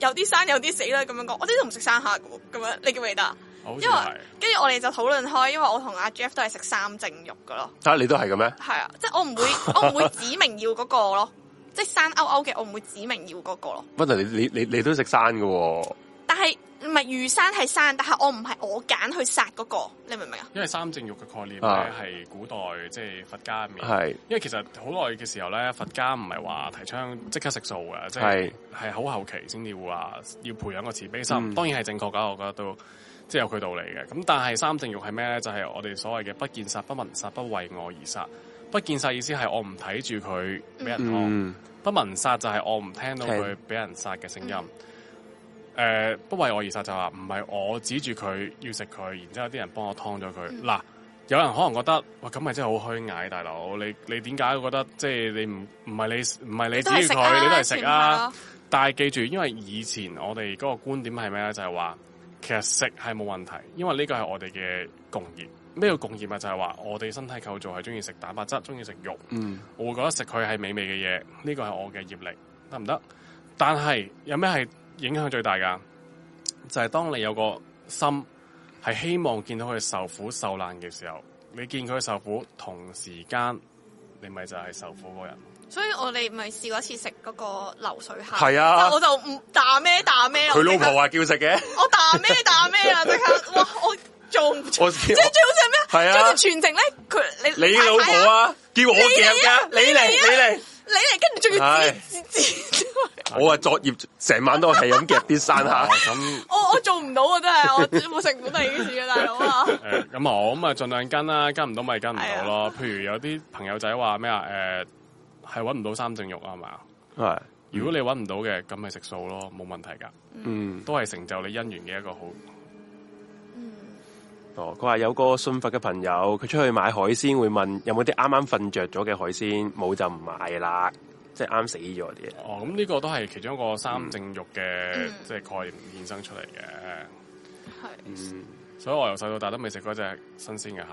有啲生有啲死啦咁樣講。我哋都唔食生蝦喎，咁樣你記唔記得？好，因為跟住我哋就討論開，因為我同阿 Jeff 都係食三正肉嘅、啊啊、咯。嚇， [laughs] 你都係咁咩？係啊，即係我唔會我唔會指明要嗰個咯，即係生勾勾嘅我唔會指明要嗰個咯。乜？你你你都食生嘅喎？但係唔係如山係山，但係我唔係我揀去殺嗰、那個，你明唔明啊？因為三淨肉嘅概念咧係古代即係、啊、佛家面，係是因為其實好耐嘅時候咧，佛家唔係話提倡即刻食素嘅，即係係好後期先至會話要培養個慈悲心，嗯、當然係正確噶，我覺得都即係、就是、有佢道理嘅。咁但係三淨肉係咩咧？就係、是、我哋所謂嘅不見殺、不聞殺、不為我而殺。不見殺意思係我唔睇住佢俾人殺，嗯、不聞殺就係我唔聽到佢俾人殺嘅聲音。誒、呃、不為我而殺就話唔係我指住佢要食佢，然之後有啲人幫我劏咗佢嗱。有人可能覺得哇，咁咪真係好虛偽，大佬你你點解覺得即係你唔唔係你唔係你指住佢，你都係食啊？啊後但係記住，因為以前我哋嗰個觀點係咩啊？就係、是、話其實食係冇問題，因為個、嗯、呢個係我哋嘅共業，咩叫共業啊？就係、是、話我哋身體構造係中意食蛋白質，中意食肉，嗯，我會覺得食佢係美味嘅嘢，呢個係我嘅業力得唔得？但係有咩係？影響最大噶就係當你有個心係希望見到佢受苦受難嘅時候，你見佢受苦，同時間你咪就係受苦嗰人。所以我哋咪試過一次食嗰個流水蟹，係啊，我就唔打咩打咩，佢老婆話叫食嘅，我打咩打咩啊，即刻哇，我仲即係最好食咩？係啊，全程咧佢，你你老婆啊，叫我夾噶你嚟，你嚟。你嚟跟住仲要自自對自，自自我話作業成晚都係咁夾啲山下，咁 [laughs] 那我我做唔到啊，真係我冇食本係呢啲嘅大佬哥啊。誒、呃，咁我咁啊盡量跟啦，跟唔到咪跟唔到咯。是啊、譬如有啲朋友仔話咩啊？誒、呃，係搵唔到三正肉啊嘛？係，是如果你搵唔到嘅，咁咪食素咯，冇問題噶。嗯，都係成就你姻緣嘅一個好。哦，佢話有個信佛嘅朋友，佢出去買海鮮會問有冇啲啱啱瞓着咗嘅海鮮，冇就唔買啦，即係啱死咗啲。哦，咁呢個都係其中一個三正肉嘅即係概念衍生出嚟嘅。係、嗯，所以我由細到大都未食過一隻新鮮嘅蟹。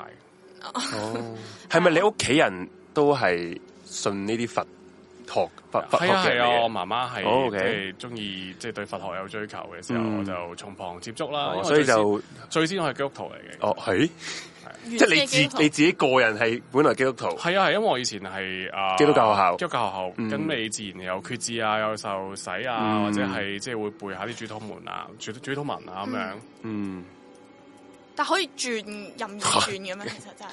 哦，係咪 [laughs] 你屋企人都係信呢啲佛？佛佛，係啊係啊，我媽媽係即係中意即係對佛學有追求嘅時候，我就從旁接觸啦。所以就最先我係基督徒嚟嘅。哦，係，即係你自你自己個人係本來基督徒。係啊係，因為我以前係啊基督教學校，基督教學校咁你自然有決志啊，有受洗啊，或者係即係會背下啲主禱文啊，主主禱文啊咁樣。嗯。但可以轉任意轉咁樣，其實真係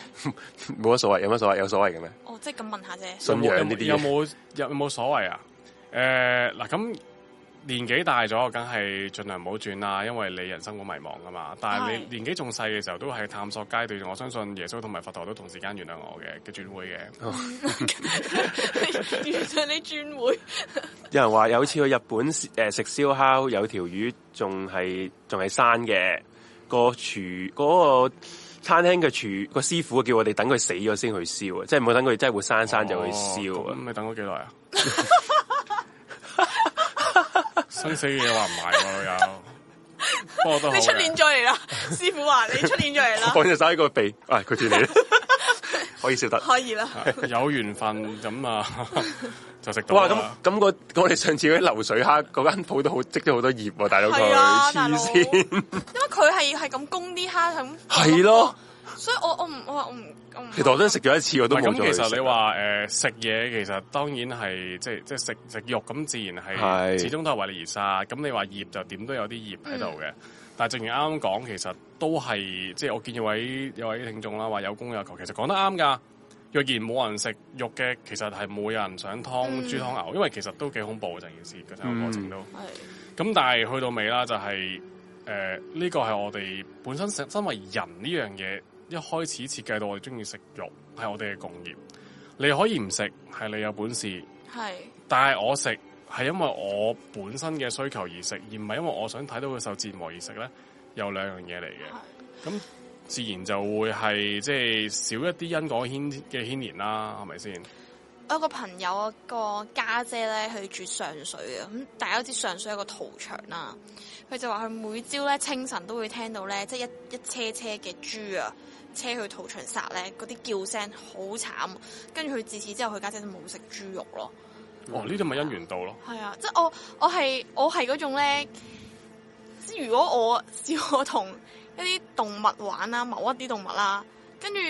冇乜所謂。有乜所謂？有所謂嘅咩？哦，即係咁問下啫。信仰呢啲嘢有冇有冇所謂啊？誒、呃、嗱，咁年紀大咗，梗係盡量唔好轉啦，因為你人生好迷茫噶嘛。但係你年紀仲細嘅時候，都係探索階段。我相信耶穌同埋佛陀都同時間原諒我嘅嘅轉會嘅，原諒、哦、 [laughs] [laughs] 你轉會。 [laughs] 有人話有次去日本誒、呃、食燒烤，有條魚仲係仲係生嘅。個廚嗰、嗰個餐廳嘅廚個師傅叫我哋等佢死咗先去燒啊，即係唔好等佢真係會生生就去燒、哦、 [laughs] [laughs] 啊。咁 [laughs] 你等咗幾耐啊？生死嘅嘢話唔埋喎，有。你出年再嚟啦，師傅話、啊、你出年再嚟啦。 [laughs] 我隻手喺個鼻，啊佢斷你可以食得是的， [laughs] 可以啦。有緣分咁啊，就食到。哇，咁咁、嗰個、我哋上次嗰啲流水蝦嗰間鋪都好積咗好多葉啊，大佬。係黐線。因為佢係係咁供啲蝦，咁係咯。的所以我我唔我唔我唔。其實我都食咗一次，我都冇再食。其實你話誒、呃、食嘢，其實當然係即係即係食食肉，咁自然係的始終都係為你而殺。咁你話葉就點都有啲葉喺度嘅。但係，正如啱啱講，其實都係，即係我見有位有位聽眾啦，話有供有求，其實講得啱㗎。若然冇人食肉嘅，其實係冇有人想劏豬劏牛，牛，嗯、因為其實都幾恐怖嘅，整件事嘅整個過程都。咁、嗯、但係去到尾啦、就係，就係誒呢個係我哋本身身為人呢樣嘢一開始設計到我哋中意食肉，係我哋嘅共業。你可以唔食，係你有本事。係是。但係我食。係因為我本身嘅需求而食，而唔係因為我想睇到佢受折磨而食咧，有兩樣嘢嚟嘅。咁、啊、自然就會係即係少一啲因果牽嘅牽連啦，係咪先？我有個朋友個家姐咧，佢住上水嘅，咁大家都知上水有一個屠場啦。佢就話佢每朝咧清晨都會聽到咧，即係一一車車嘅豬啊，車去屠場殺咧，嗰啲叫聲好慘。跟住佢自此之後，佢家姐都冇食豬肉咯。哦，呢啲咪姻緣道咯？係啊，即係我我係我係嗰種咧，即係如果我試我同一啲動物玩啦，某一啲動物啦，跟住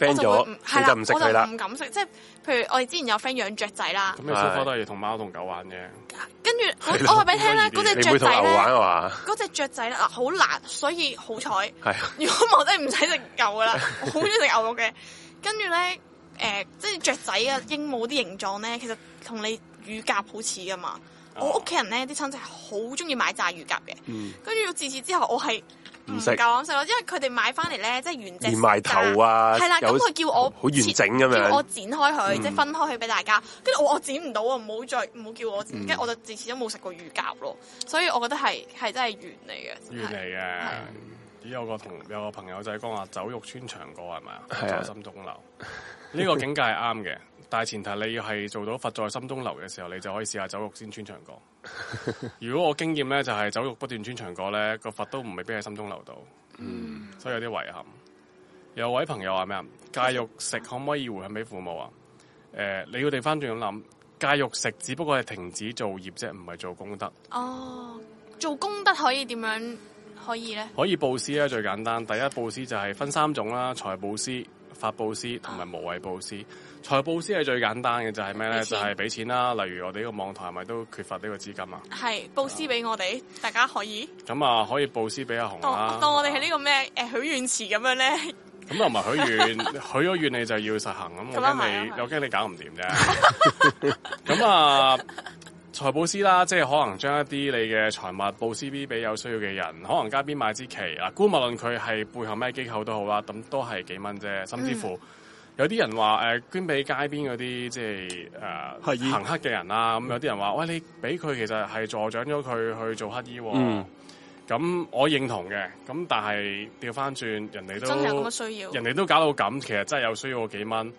我就會唔係啦，唔識佢啦，唔敢食。即係譬如我哋之前有 friend 養雀仔啦，咁、嗯、你小可都要同貓同狗玩嘅。跟住我話俾你聽啦，嗰隻雀仔咧，嗰隻雀仔啊好難，所以好彩。係、啊、如果我真係唔使食牛噶啦，我好中意食牛肉嘅。跟住咧。誒，即係雀仔啊、鸚鵡啲形狀咧，其實同你乳鴿好似噶嘛。我屋企人咧啲親戚好中意買炸乳鴿嘅，跟住自此之後我係唔食，夠膽食咯。因為佢哋買翻嚟咧，即係完整連埋頭啊，係啦。咁佢叫我好完整咁樣，叫我剪開佢，即係分開佢俾大家。跟住我我剪唔到啊，唔好再唔好叫我，跟住我就自此都冇食過乳鴿咯。所以我覺得係係真係原嚟嘅，原嚟嘅。咦？有個同有個朋友仔講話酒肉穿腸過係咪啊？心中流。呢 [laughs] 個境界係啱嘅，但係前提你要係做到佛在心中留嘅時候，你就可以試下走肉先穿牆過 [laughs] 如果我經驗咧，就係、是、走肉不斷穿牆過咧，個佛都唔未必喺心中留到。嗯，所以有啲遺憾。有位朋友話咩啊？戒肉食可唔可以回向俾父母啊？呃、你要哋翻轉去諗，戒肉食只不過係停止造業啫，唔係做功德。哦，做功德可以點樣可以咧？可以布施咧，最簡單。第一布施就係分三種啦，財布施。法布施同埋無畏布施財、啊、布施係最簡單嘅就係咩咧？就係、是、俾錢，錢啦。例如我哋個網台係咪都缺乏呢個資金啊？係布施俾、啊、我哋，大家可以。咁啊，可以布施俾阿紅啦，當當我哋係嗎、啊、呢個咩誒許願池咁樣咧？咁又唔係許願，許咗願你就要實行，咁我驚你，啊、我驚你搞唔掂啫。咁 [laughs] [laughs] 啊。財布師啦，即係可能將一啲你嘅財物布 C B 俾有需要嘅人，可能街邊買支旗啊，估無論佢係背後咩機構都好啦，咁都係幾蚊啫，甚至乎有啲人話誒捐俾街邊嗰啲即係誒行乞嘅人啦，咁、嗯、有啲人話喂你俾佢其實係助長咗佢去做乞衣，咁、嗯、我認同嘅，咁但係調翻轉人哋都咁需要，人哋都搞到咁，其實真係有需要幾蚊。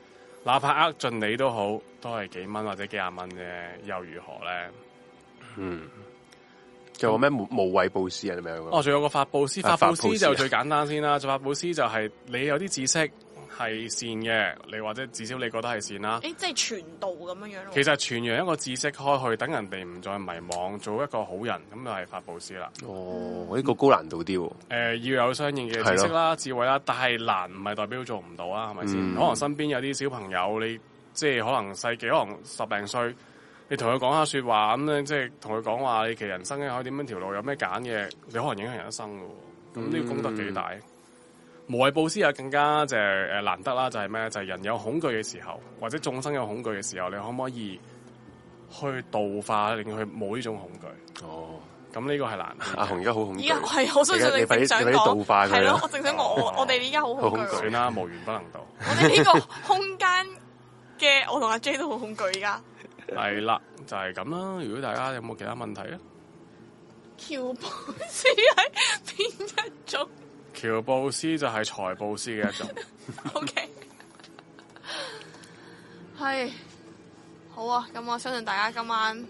哪怕呃盡你都好，都係幾蚊或者幾廿蚊啫，又如何咧？嗯，仲有咩無畏布施啊？你明唔明啊？哦，仲有個法布施，法布施就最簡單先啦。做、啊、法布施就係你有啲知識。係善嘅，你或者至少你覺得係善啦。誒，即係傳道咁樣樣。其實傳揚一個知識開去，等人哋唔再迷惘，做一個好人，咁就係發佈師啦。哦，呢個高難度啲喎。呃，要有相應嘅知識啦、智慧啦，但係難唔係代表做唔到啦，係咪先？可能身邊有啲小朋友，你即係可能細幾，可能十零歲，你同佢講下説話咁樣，即係同佢講話，你其實人生咧可以點樣條路有咩揀嘅，你可能影響人生噶喎。咁呢個功德幾大？嗯無畏布施又更加就係誒難得啦，就係咩？就係人有恐懼嘅時候，或者眾生有恐懼嘅時候，你可唔可以去度化，令佢冇呢種恐懼？哦，咁呢個係難的。阿紅而家好恐懼，而家係我相信你正想講，係咯？我正想講，我我哋而家好恐懼。斷啦，無緣不能度。我哋呢個空間嘅，我同阿 J 都好恐懼而家。係啦，就係咁啦。如果大家有冇其他問題咧？喬布斯喺邊一種？喬布斯就係財布斯嘅一種 [laughs] Okay . [laughs] 是。O K，係好啊！咁我相信大家今晚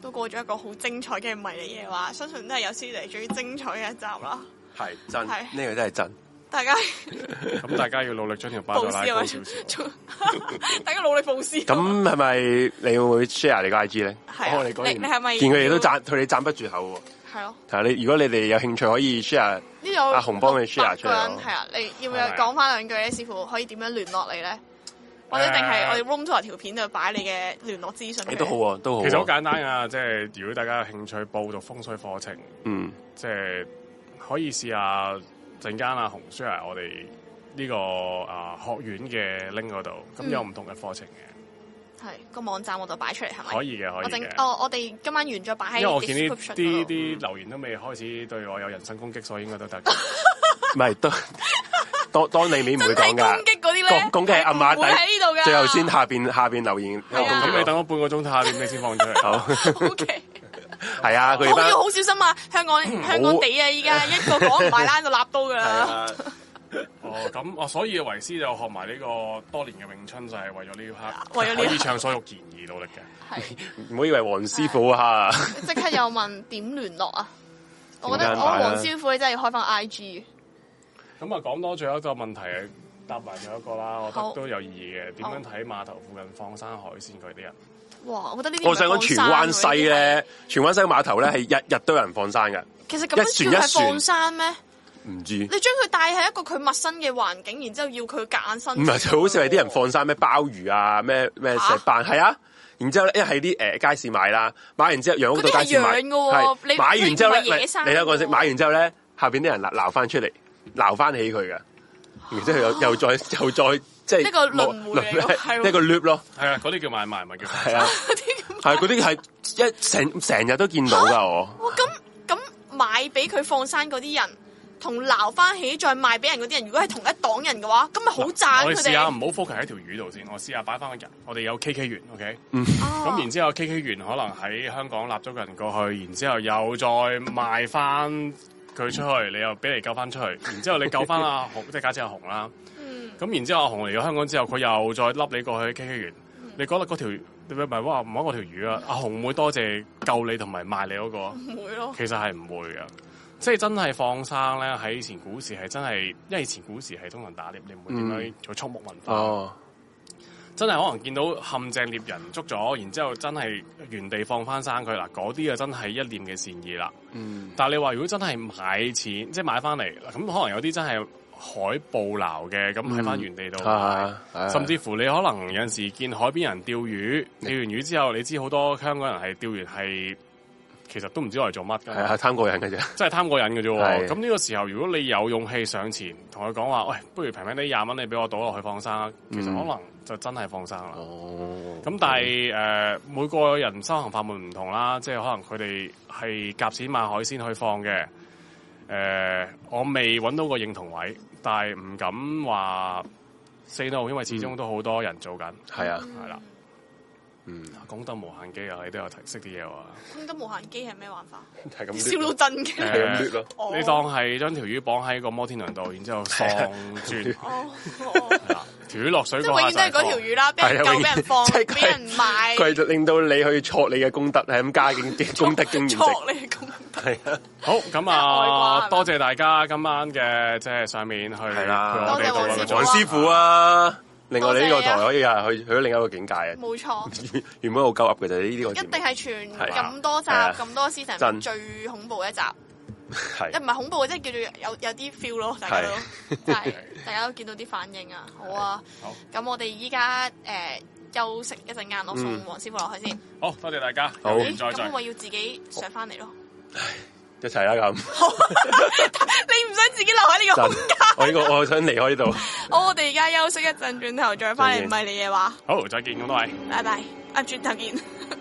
都過咗一個好精彩嘅迷離夜話，相信都係有史以嚟最精彩嘅一集啦。係真，呢個真係真。大家咁， [laughs] 大家要努力將條把再布斯 拉高點點 [laughs] 大家努力布斯、啊，咁係咪你會 share 你個 I G 咧？你嚟講完，你你係咪見佢哋都讚，佢哋讚不住口、啊。係咯，嗱你如果你哋有興趣可以 share，呢度阿紅幫你 share 出咯，係啊，你要唔要講翻兩句呢？的師傅可以點樣聯絡你咧？或者定係我哋 room tour 條片度擺你嘅聯絡資訊？你、欸、都好啊，都好、啊。其實好簡單噶、啊，即、就、係、是、如果大家有興趣報讀風水課程，嗯，即係、就是、可以試下陣間阿紅 share 我哋呢、這個啊、呃、學院嘅 link 嗰度，咁有唔同嘅課程嘅。嗯係個網站我就擺出嚟係咪？可以嘅，可以嘅。哦，我哋今晚完咗擺喺。因為我見呢啲啲留言都未開始對我有人身攻擊，所以應該都得。唔係都當當你面唔會講噶。攻擊嗰啲咧，攻擊係阿馬喺呢度噶。最後先下邊下邊留言。咁你等我半個鐘下面你先放咗嚟。好。O K。係啊，佢。我要好小心啊！香港香港地啊，依家一個講壞爛就立刀噶啦。 [laughs] 哦，咁我、哦、所以維斯就學埋呢個多年嘅詠春，就係為咗呢一刻，為咗呢，可以暢所欲言而努力嘅。唔好 [laughs] 以為王師傅吓，即 [laughs] [laughs] 刻又問點聯絡啊？ [laughs] 我覺得我王師傅你真係要開翻 I G。咁啊、嗯，講多最後一個問題，答埋咗一個啦，我覺得都有意義嘅。點好樣睇碼頭附近放生海鮮嗰啲人？哇，我覺得我呢，我想講荃灣西咧，荃灣西碼頭咧係日日都有人放生嘅。其實咁樣一船一船叫係放生咩一船？唔知你將佢帶喺一個佢陌生嘅環境，然之後要佢夾硬生，唔係就好似係啲人放生咩鮑魚啊，咩咩石斑係啊。然之後一喺啲誒街市買啦，買完之後養屋度街市買嘅喎。你買完之後你睇我識買完之後咧，下邊啲人撈翻出嚟，撈翻起佢㗎。然之後又又再又再即係一個輪回咯，個 loop 咯。係啊，嗰啲叫買賣咪叫係啊，係嗰啲係一成成日都見到噶喎。咁咁買俾佢放生嗰啲人。同撈翻起再賣俾人嗰啲人，如果係同一黨人嘅話，咁咪好賺佢哋。我試下唔好 focus 喺條魚度先，我試下擺翻個人。我哋有 K K 園，O K，咁然之後 K K 園可能喺香港笠咗個人過去，然之後又再賣翻佢出去，你又俾你救翻出去，然之後你救翻阿紅， [laughs] 即係假設阿紅啦。咁、嗯、然之後阿紅嚟咗香港之後，佢又再笠你過去 K K 園、嗯，你覺得嗰條你咪話唔係我條魚啊？阿紅會多謝，謝救你同埋賣你嗰、那個？唔會咯，其實係唔會嘅。即係真係放生咧，喺以前古時係真係，因為以前古時係通常打獵，你唔會點樣做畜牧文化、嗯。哦，真係可能見到陷阱獵人捉咗，然之後真係原地放翻生佢嗱，嗰啲啊真係一念嘅善意啦。嗯、但係你話如果真係買錢，即係買翻嚟咁，可能有啲真係海捕撈嘅，咁喺翻原地度，嗯、甚至乎你可能有陣時見海邊人釣魚，嗯、釣完魚之後，你知好多香港人係釣完係。其實都唔知我嚟做乜噶、啊，係貪過癮嘅啫，真係貪過癮嘅啫。咁呢個時候，如果你有勇氣上前同佢講話，喂，不如平平啲廿蚊你俾我倒落去放生啦。其實可能就真係放生啦、嗯但。咁但係誒，每個人修行法門唔同啦，即係可能佢哋係夾錢買海鮮去放嘅。誒、呃，我未揾到個認同位，但係唔敢話四路，因為始終都好多人做緊。係、嗯、是啊，係啦。嗯，功德無限機呀，你都有識啲嘢喎。功德無限機係咩玩法？係咁樣燒到震嘅。係咁亂你當係將條魚綁喺個摩天輪度，然之後放轉。條魚落水。即係永遠都係嗰條魚啦，俾人救，俾人放，俾人賣。佢令到你去錯你嘅功德，係咁加啲功德經驗值。錯你嘅功德。係呀，好，咁啊，多謝大家今晚嘅即係上面去。係啦。多謝王師傅啊！另外你呢個台可以啊，去去到另一個境界啊！冇錯，原本好夠噏嘅就呢啲一定係全咁多集咁多師承最恐怖一集，係，唔係恐怖嘅，即係叫做有有啲 feel 咯，大家都係，大家都見到啲反應啊！好啊，咁我哋依家，誒，休息一陣間，我送黃師傅落去先。好，多謝大家，好，咁我要自己上翻嚟咯。一齊啦，咁好，你唔想自己留喺呢個空間？ [laughs] 我呢、呢個，我想離開呢度。好，我哋而家休息一陣，轉頭再翻嚟唔係你嘅話。好，再見咁多位，拜拜，轉頭見。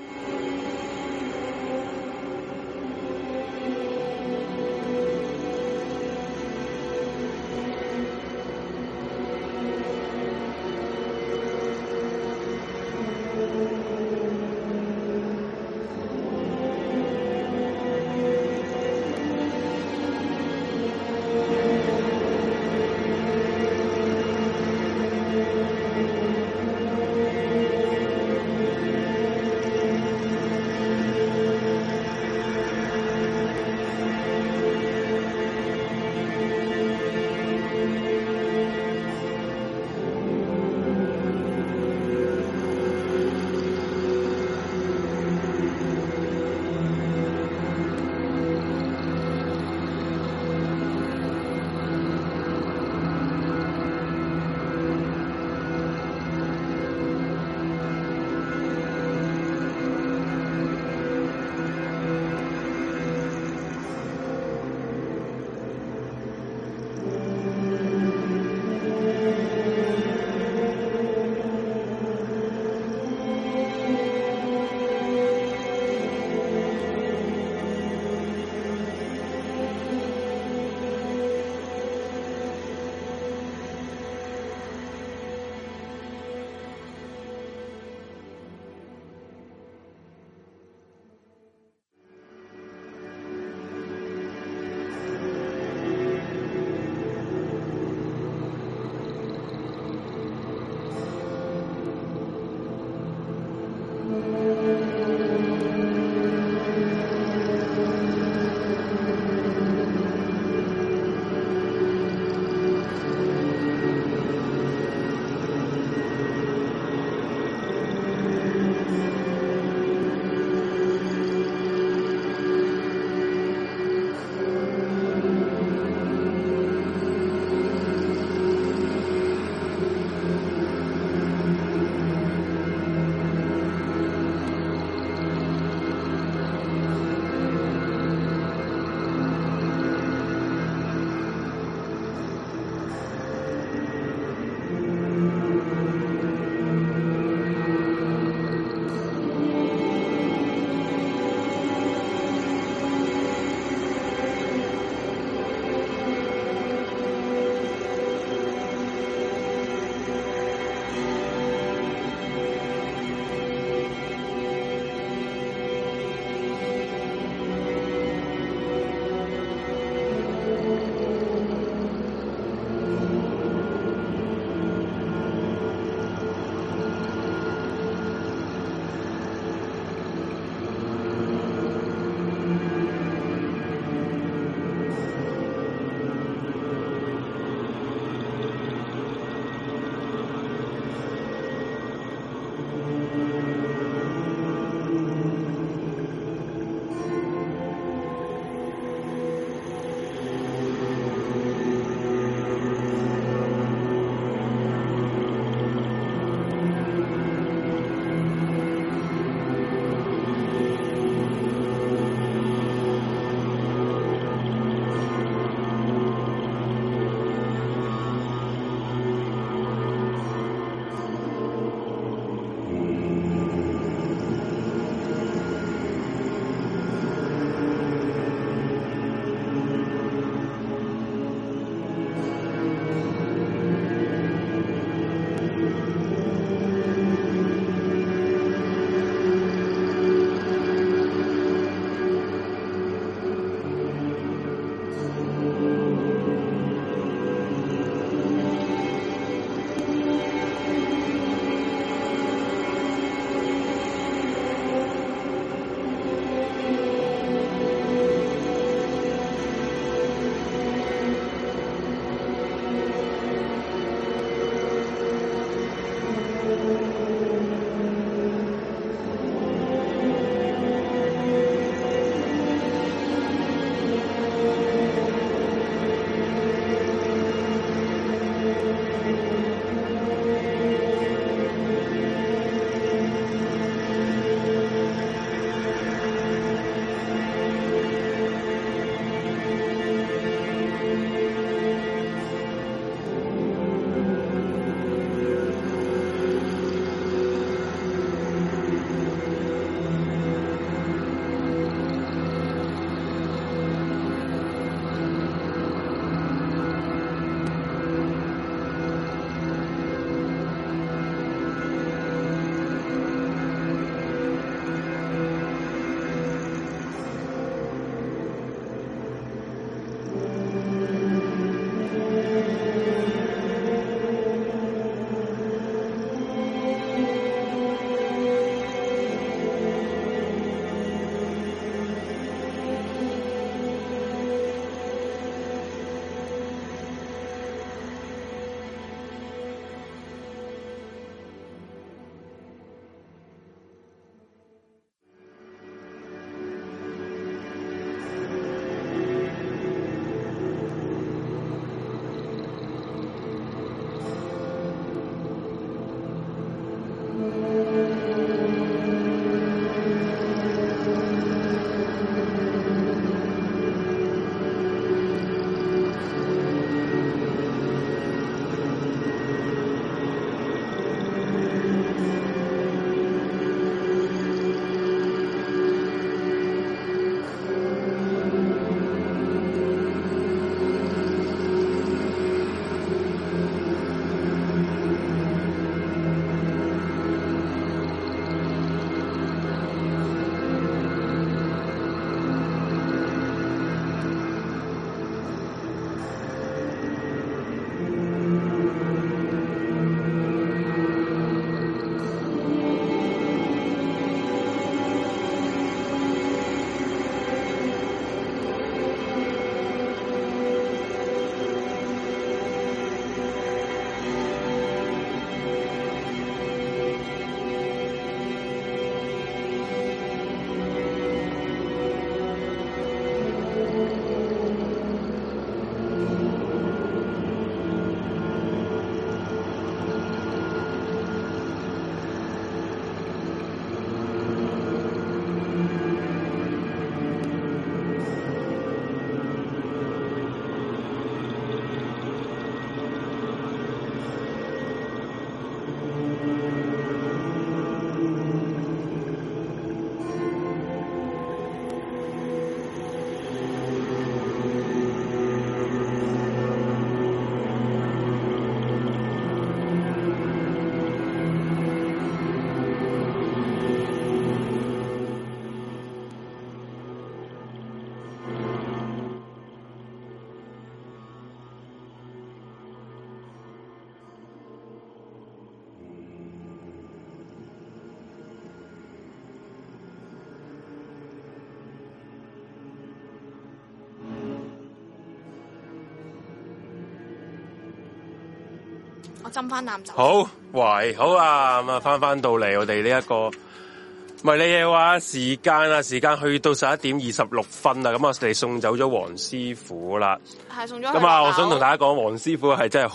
浸翻南酒。好，喂，好啊，咁、嗯、啊，翻翻到嚟我哋呢一個，唔係你嘅話時間啊，時間去到十一點二十六分啊，咁我哋送走咗王師傅啦，係送咗。咁啊，我想同大家講，王師傅係真係，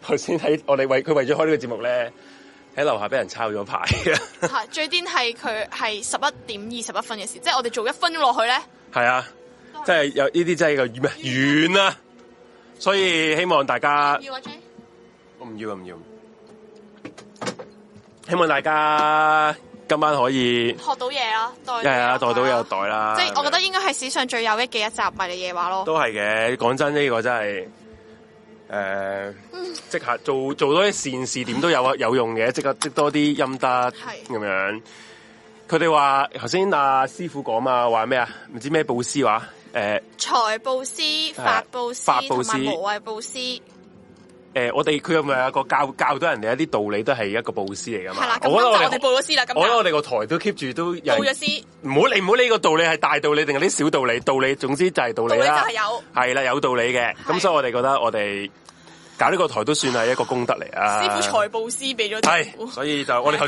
頭先喺我哋為佢為咗開這個節呢個節目咧，喺樓下俾人抄咗牌、就是、了啊。係最癲係佢係十一點二十一分嘅事，即係我哋做一分落去咧。係啊了，即係有呢啲真係個咩遠啊，所以希望大家。我唔要啊！唔要。希望大家今晚可以學到嘢啦，代袋係啊，代袋到有代啦。即係我覺得應該係史上最有益嘅一集迷離夜話咯。都係嘅，講真呢、這個真係誒、呃嗯，即係做做多啲善事點都有啊有用嘅，即係積多啲陰德係咁樣。佢哋話頭先阿師傅講啊，說什麼不什麼話咩啊？唔知咩布施話誒，財布施、法布施、啊、法布施、無畏布施。誒，我哋佢有唔有個教教到人哋一啲道理都係一個布施嚟噶嘛？係啦，我覺得我哋布咗施啦。我覺得我哋個台都 keep 住都布咗施。唔好理，唔好理個道理係大道理定係啲小道理？道理總之就係道理啦。有係啦，有道理嘅。咁所以我哋覺得我哋搞呢個台都算係一個功德嚟啊。師傅財布施俾咗，所以就我哋頭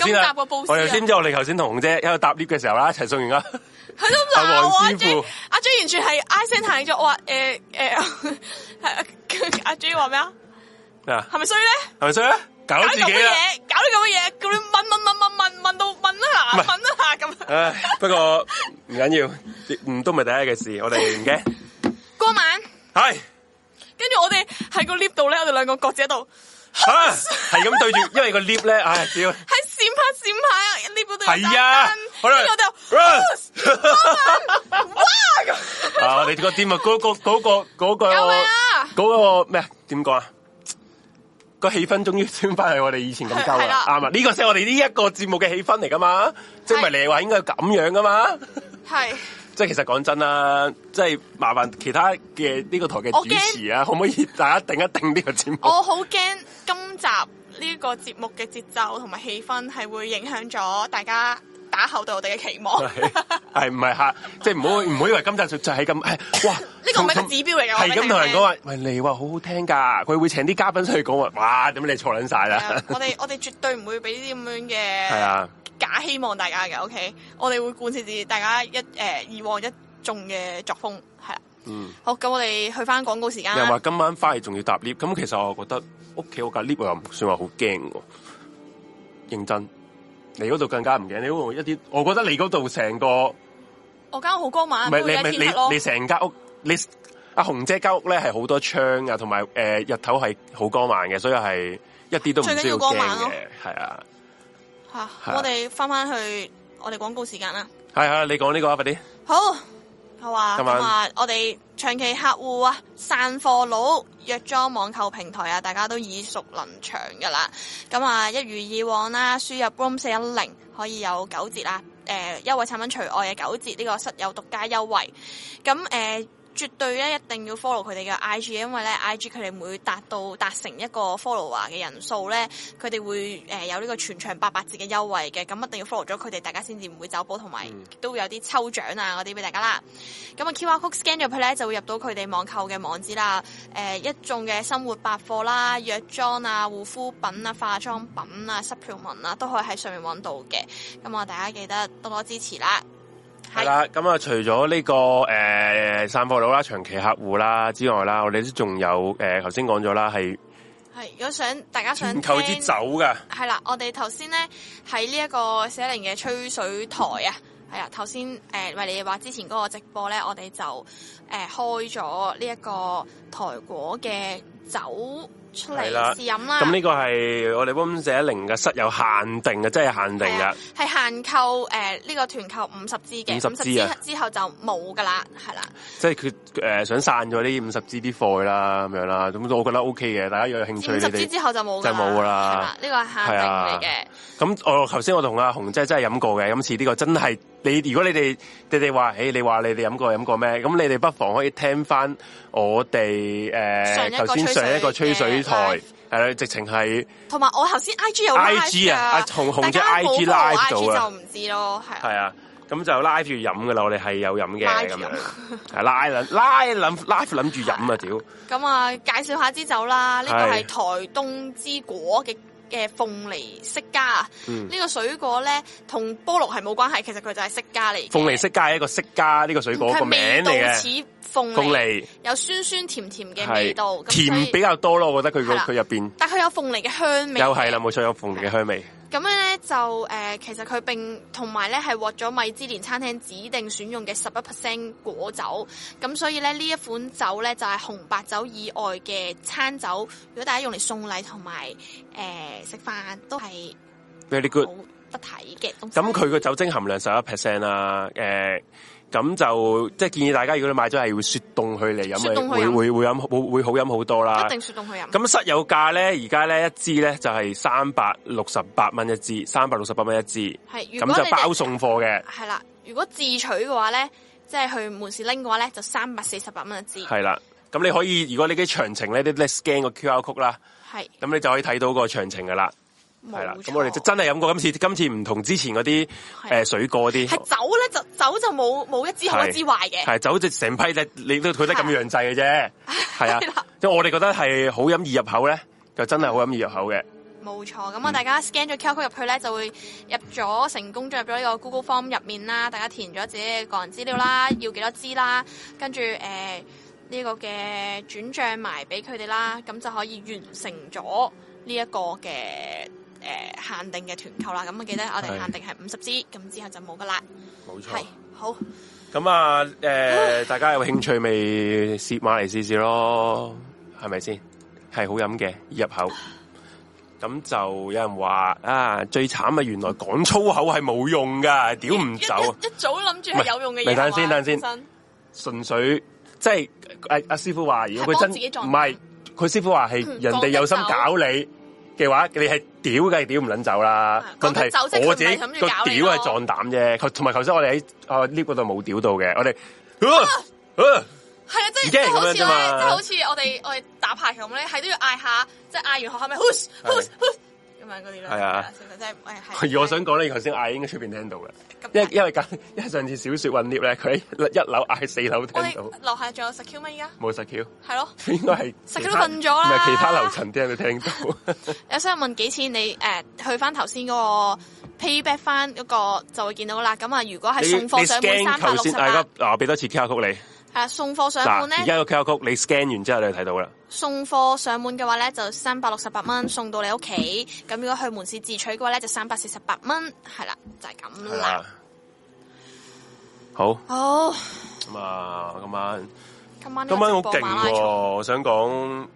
先先知我哋頭先同紅姐一度搭 lift 嘅時候啦，一齊送完啦。佢都鬧阿阿完全係挨聲喊咗。話：「話誒誒，係阿阿話咩啊？係咪衰咧？係咪衰咧？搞啲咁嘅嘢，搞啲咁嘅嘢，叫你問問問問問問到問一下，問一下咁。唉，不過唔緊要，唔都唔係第一嘅事，我哋唔驚。過晚係，跟住我哋喺個 lift 度咧，我哋兩個各自喺度。係係咁對住，因為個 lift 咧，唉，主要係閃拍閃拍啊！lift 部對係啊，跟住我哋。光敏哇！啊，你個點啊？嗰個嗰個嗰個有未啊？嗰個咩？點講啊？個氣氛終於轉翻去我哋以前咁舊啦，啱、啱啦、嘛？呢個先係我哋呢一個節目嘅氣氛嚟噶嘛，即唔係你話應該咁樣噶嘛？係，即係其實講真啦，即係麻煩其他嘅呢個台嘅主持啊，怕可唔可以大家定一定呢個節目？我好驚今集呢個節目嘅節奏同埋氣氛係會影響咗大家。打後對我哋嘅期望係唔係吓，即係唔好唔好以為金澤叔就係咁係哇！呢、 [coughs] 唔係個指標嚟㗎？係咁同人講話， [coughs] 喂，你話好好聽㗎。佢會請啲嘉賓出去講話，哇！咁你錯撚晒啦！我哋我哋絕對唔會俾啲咁樣嘅係啊假希望大家嘅、啊、OK，我哋會貫徹住大家一誒、呃、以往一眾嘅作風係啦。啊、嗯，好咁，我哋去翻廣告時間。又話今晚花兒仲要搭 lift，咁其實我覺得屋企我架 lift 又唔算話好驚喎，認真。你嗰度更加唔驚，你用一啲，我覺得你嗰度成個，我間屋好光猛，唔係不你不你你成間你你屋，你阿紅、啊、姐間屋咧係好多窗啊，同埋誒日頭係好光猛嘅，所以係一啲都唔需要驚嘅，係啊。吓、啊，我哋翻翻去我哋廣告時間啦。係係、啊，你講呢個啊，快啲。好，我話晚我話我哋。長期客戶啊，散貨佬、藥妝網購平台啊，大家都耳熟能詳㗎喇。咁啊，一如以往啦，輸入 room 四一零可以有九折啊。誒、呃，優惠產品除外嘅九折呢、這個室友獨家優惠。咁誒。呃絕對咧一定要 follow 佢哋嘅 IG，因為咧 IG 佢哋每達到達成一個 follower 嘅人數咧，佢哋會誒有呢個全場八百折嘅優惠嘅，咁一定要 follow 咗佢哋，大家先至唔會走寶，同埋都會有啲抽獎啊嗰啲俾大家啦。咁啊 QR code scan 入去咧就會入到佢哋網購嘅網址啦，誒一眾嘅生活百貨啦、藥妝啊、護膚品啊、化妝品啊、supplement 啊都可以喺上面揾到嘅，咁啊大家記得多多支持啦。係啦，咁啊，除咗呢、這個誒、呃、散貨佬啦、長期客戶啦之外啦，我哋都仲有誒頭先講咗啦，係、呃、係，如果想大家想購啲酒噶，係啦，我哋頭先咧喺呢一個寫靈嘅吹水台啊，係啊，頭先誒，喂、呃、你話之前嗰個直播咧，我哋就誒、呃、開咗呢一個台果嘅。走出嚟試飲啦！咁呢個係我哋 Room410 嘅室友限定嘅，真係限定嘅，係限購誒呢、呃呢個團購五十支嘅，五十支之後就冇噶啦，係啦。即係佢誒想散咗呢五十支啲貨啦，咁樣啦。咁我覺得 OK 嘅，大家如有興趣，五十支之後就冇，就冇啦。係啦，呢、呢個限定嚟嘅。咁我頭先我同阿紅姐真係飲過嘅，今次呢個真係你，如果你哋哋哋話，誒你話你哋飲過飲過咩？咁你哋不妨可以聽翻我哋誒頭先。呃第一個吹水台，係啦，直情係。同埋我頭先 I G 有拉 I G 啊，同紅隻 I G 拉酒啊，大家冇放 I G 就唔知咯，係。係啊，咁就拉住飲㗎啦，我哋係有飲嘅咁樣，係拉諗拉諗拉諗住飲啊屌！咁啊，介紹下支酒啦，呢個係台東之果嘅。嘅鳳梨釋迦啊，呢、嗯、個水果咧同菠蘿係冇關係，其實佢就係釋迦嚟。鳳梨釋迦係一個釋迦呢個水果個名嚟嘅。味道似鳳鳳梨，鳳梨有酸酸甜甜嘅味道，是甜比較多咯。我覺得佢佢入邊，的它面但佢有鳳梨嘅香味又。又係啦，冇錯，有鳳梨嘅香味。咁咧就誒、呃，其實佢並同埋咧係獲咗米芝蓮餐廳指定選用嘅十一 percent 果酒，咁所以咧呢一款酒咧就係、是、紅白酒以外嘅餐酒，如果大家用嚟送禮同埋誒食飯都係 very good 得體嘅。咁佢個酒精含量十一 percent 啦，誒、啊。呃咁就即係、就是、建議大家如果你買咗係會雪凍佢嚟飲，會會會飲會會好飲好多啦。一定雪凍佢飲。咁室友價咧，而家咧一支咧就係三百六十八蚊一支，三百六十八蚊一支係，咁就包們送貨嘅。係啦，如果自取嘅話咧，即、就、係、是、去門市拎嘅話咧就三百四十八蚊一支。係啦，咁你可以如果你啲詳情咧，你 scan 個 QR Code 啦，係咁是的 你就可以睇到個詳情噶啦。係啦，咁我哋就真係飲過今次，今次唔同之前嗰啲誒水果啲。係酒咧就酒就冇冇一支好一支壞嘅。係酒就成批你你都退得咁樣滯嘅啫。係啊，即係我哋覺得係好飲易入口咧，就真係好飲易入口嘅錯。冇錯，咁我大家 scan 咗 QR code 入去咧，就會入咗成功進入咗呢個 Google Form 入面啦。大家填咗自己個人資料啦， [laughs] 要幾多支啦，跟住呢、呃這個嘅轉帳埋俾佢哋啦，咁就可以完成咗呢一個嘅。誒，限定嘅團購啦，咁我記得我哋限定係五十支，咁之後就冇噶啦。冇錯，係好。咁啊，誒，大家有興趣咪攝埋嚟試試咯，係咪先？係好飲嘅入口。咁就有人話啊，最慘啊，原來講粗口係冇用噶，屌唔走啊！一早諗住係有用嘅嘢，等先，等先。純粹即係阿阿師傅話，如果佢真唔係佢師傅話係人哋有心搞你嘅話，你係。屌梗係屌唔捻走啦！問題，我自己個屌係壯膽啫，同埋頭先我哋喺啊呢個度冇屌到嘅，我哋係啊即係即係好似我哋我哋打牌咁咧，係都要嗌下，即係嗌完學校咪！h s h h s h h s h 係啊，而我、哎、想講咧，頭先嗌應該出邊聽到嘅是，因為因為因上次小雪混 l i 咧，佢喺一樓嗌四樓聽到，我在樓下仲有十幾米咩而家？冇十幾，係咯的， [laughs] 應該係十幾都瞓咗啦，唔係其他樓層啲人聽到。 [laughs] [laughs] 有想要問幾錢？你誒、呃、去翻頭先嗰個 payback 翻、那、嗰個就會見到啦。咁啊，如果係送貨上門三百六十，嗱我俾多次卡曲你。你係啦，送貨上門咧。而家個卡拉曲，你 scan 完之後你就睇到啦。送貨上門嘅話咧，就三百六十八蚊送到你屋企。咁如果去門市自取嘅話咧，就三百四十八蚊。係啦，就係咁啦。係啦。好。好。咁啊，今晚今晚今晚好勁喎！我想講，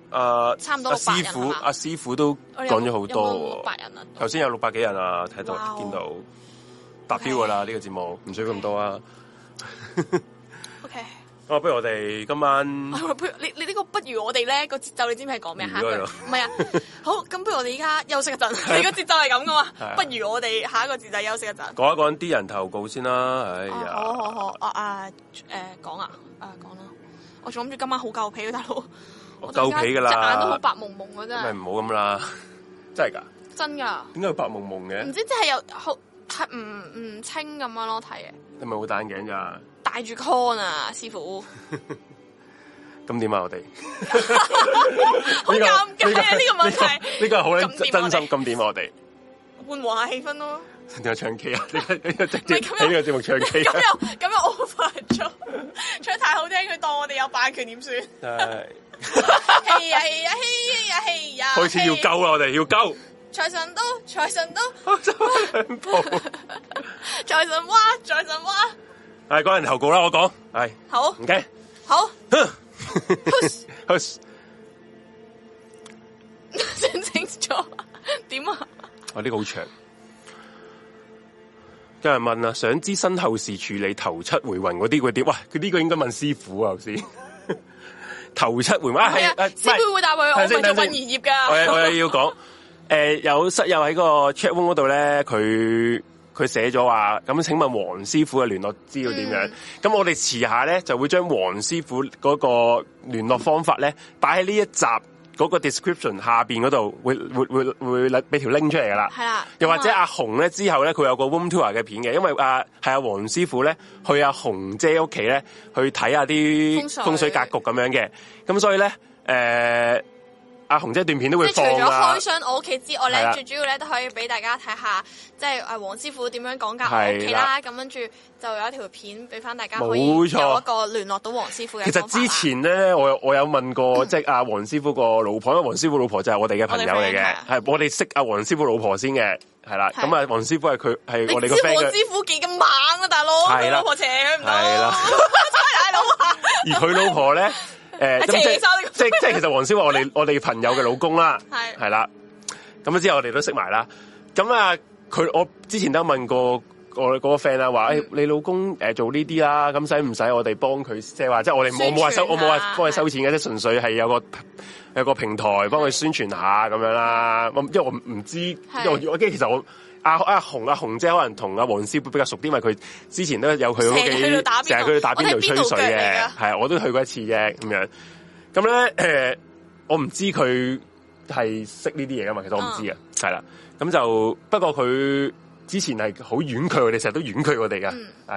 差唔多，師傅阿、啊師，啊、師傅都講咗好多、啊。有人頭先有六百幾人啊，睇到見到達標噶啦，呢個節目唔需要咁多啊。O K。哦，不如我哋今晚，你你呢個不如我哋咧個節奏，你知唔知係講咩啊？唔係啊，好，咁不如我哋而家休息一陣。你個節奏係咁噶嘛？不如我哋下一個節奏休息一陣。講一講啲人投稿先啦。哎呀，好好好，啊啊誒，講啊，啊講啦。我仲諗住今晚好夠皮嘅大佬，夠皮噶啦，隻眼都好白蒙蒙嘅啫！係。唔好咁啦，真係噶。真噶？點解會白蒙蒙嘅？唔知即係又好睇，唔唔清咁樣咯，睇嘅。你咪好戴眼鏡咋？帶住 con 啊，師傅。咁點 [laughs] 啊，我哋 [laughs] [laughs] [laughs] 好尷尬啊！呢個問題、這個，呢、這個好真心咁點 [laughs] 們、喔、啊，我哋換下氣氛咯。點唱 K 啊？呢呢個節目唱 K，咁樣咁樣 over 咗。唱太好聽，佢當我哋有版權點算？係。係啊係啊，係啊係啊。開始要勾啊，我哋要勾。財 [laughs] 神都，財神都。財神婆，財神哇！財神哇係嗰人投稿啦，我講係，好唔 k 好好，u s 整清楚，點啊？啊、哦，呢、這個好長，有人問啦，想知身後事處理頭七回魂嗰啲嗰啲，喂，佢、這、呢個應該問師傅啊，頭先頭七回魂啊，啊啊師傅會答佢，我係做殯儀業噶，我我又要講，誒，有室友喺個 check room 嗰度咧，佢。佢寫咗話，咁請問王師傅嘅聯絡資料點樣？咁、嗯、我哋遲下咧就會將王師傅嗰個聯絡方法咧，擺喺呢一集嗰個 description 下邊嗰度，會會會會俾條 link 出嚟㗎喇。係啦、啊，又或者阿紅咧之後咧，佢有個 room tour 嘅片嘅，因為阿係阿王師傅咧去阿、啊、紅姐屋企咧去睇下啲風水格局咁樣嘅，咁水所以咧誒。呃阿紅姐段片都會放啦。除咗開箱我屋企之外咧，最主要咧都可以俾大家睇下，即係阿黃師傅點樣講解我屋企啦。咁跟住就有一條片俾翻大家，冇錯，可以有一個聯絡到黃師傅嘅。其實之前咧，我我有問過即係阿黃師傅個老婆，因為黃師傅老婆就係我哋嘅朋友嚟嘅，係我哋識阿黃師傅老婆先嘅，係啦。咁啊，黃師傅係佢係我哋個。你知黃師傅幾咁猛啊，大佬，你老婆請佢唔得。係啦，大佬。啊！而佢老婆咧？誒，即即即其實王師傅我哋 [laughs] 我哋朋友嘅老公啦，係係啦，咁之後我哋都識埋啦。咁、嗯、啊，佢我之前都問過我嗰、那個 friend 啊，話、欸、誒，你老公誒做呢啲啦，咁使唔使我哋幫佢？即係話即係我哋我冇話收我冇話幫佢收錢嘅，即係純粹係有個有個平台幫佢宣傳下咁樣啦。我因為我唔知，因為我唔知因為我，我其實我。阿阿紅阿紅姐可能同阿王師傅比較熟啲，因為佢之前都有佢屋企成日去打邊爐吹水嘅，係我都去過一次啫咁樣。咁咧，誒、呃，我唔知佢係識呢啲嘢噶嘛，其實我唔知啊。係啦、嗯，咁就不過佢之前係好婉拒我哋，成日都婉拒我哋噶，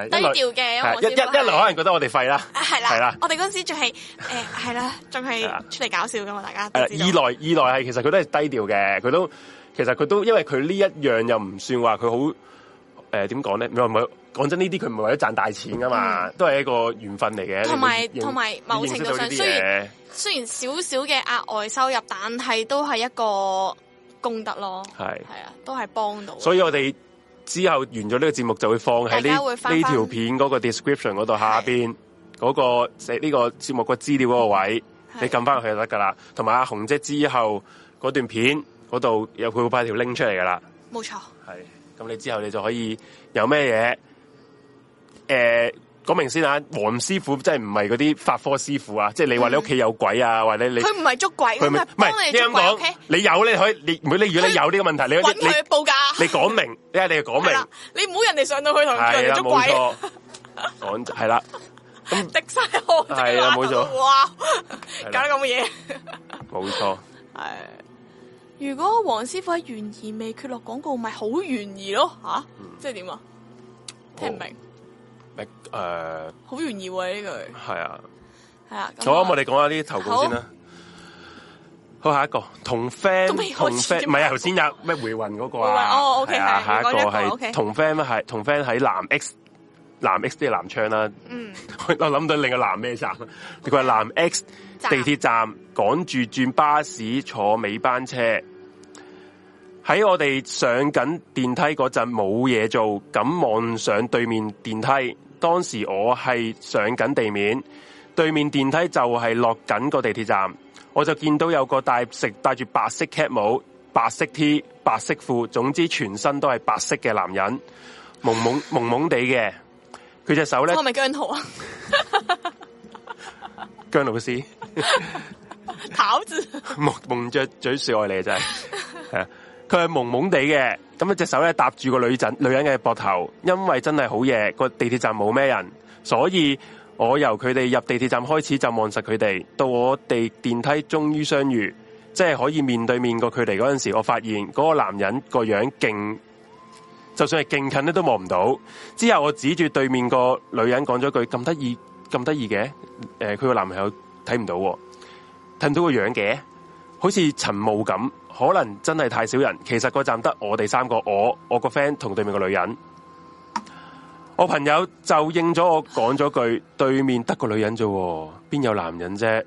低調嘅。一一一,一來可能覺得我哋廢啦，係啦、啊，係啦。我哋嗰時仲係誒係啦，仲、呃、係出嚟搞笑噶嘛，大家。二來二來係其實佢都係低調嘅，佢都。其實佢都因為佢呢一樣又唔算話佢好誒，點講咧？唔係唔係，講真呢啲佢唔係為咗賺大錢噶嘛嗯、都係一個緣分嚟嘅。同埋時沒同埋，某程度上雖然雖然少少嘅額外收入，但係都係一個功德咯。係係啊，都係幫到。所以我哋之後完咗呢個節目就會放喺呢呢條片嗰個 description 嗰度下邊嗰是、嗰個呢、呢個節目、呢個呢個資料嗰個位，嗯、你撳翻入去就得噶啦同埋阿紅姐之後嗰段片。嗰度有佢會派條拎出嚟㗎喇，冇錯。係咁，你之後你就可以有咩嘢？誒，講明先啊，黃師傅即係唔係嗰啲發科師傅啊？即係你話你屋企有鬼啊？或者你佢唔係捉鬼，佢唔係唔係啱講。你有咧，可以你唔好你如果咧有呢個問題，你揾佢報價。你講明，你係你係講明，你唔好人哋上到去同佢捉鬼。講係啦，跌晒係啦，冇錯。哇，搞啲咁嘅嘢，冇錯係。如果王師傅喺懸疑未決落廣告，咪好懸疑咯吓，即係點啊？聽唔明咩？誒，好懸疑喎呢句。係啊，係啊。好，我哋講下啲投稿先啦。好，下一個同 friend 同 friend，唔係頭先有咩回魂嗰個啊？哦，OK，係啊，下一個係同 friend 咩？係同 friend 喺南 X。南 X 即係南昌啦， [laughs] 我諗到另一個南咩站？佢話南 X 地鐵站，趕住站轉巴士坐尾班車。喺我哋上緊電梯嗰陣冇嘢做，咁望上對面電梯。當時我係上緊地面，對面電梯就係落緊個地鐵站。我就見到有個戴食戴住白色 cap 帽、白色 T、白色褲，總之全身都係白色嘅男人，蒙 [laughs] 蒙蒙蒙地嘅。佢隻手咧，我係咪姜濤啊？ [laughs] [laughs] 姜老師，桃 [laughs] 子，蒙蒙著嘴愛真笑我嚟，就係，係啊，佢係蒙蒙地嘅，咁一隻手咧搭住個女仔，女人嘅膊頭，因為真係好夜，個地鐵站冇咩人，所以我由佢哋入地鐵站開始就望實佢哋，到我哋電梯終於相遇，即係可以面對面個距離嗰陣時候，我發現嗰個男人個樣勁。就算係勁近咧都望唔到。之後我指住對面個女人講咗句，咁得意咁得意嘅，誒佢個男朋友睇唔到，睇唔到個樣嘅，好似塵霧咁。可能真係太少人。其實個站得我哋三個，我我個 friend 同對面個女人。我朋友就應咗我講咗句，對面得個女人啫，邊有男人啫？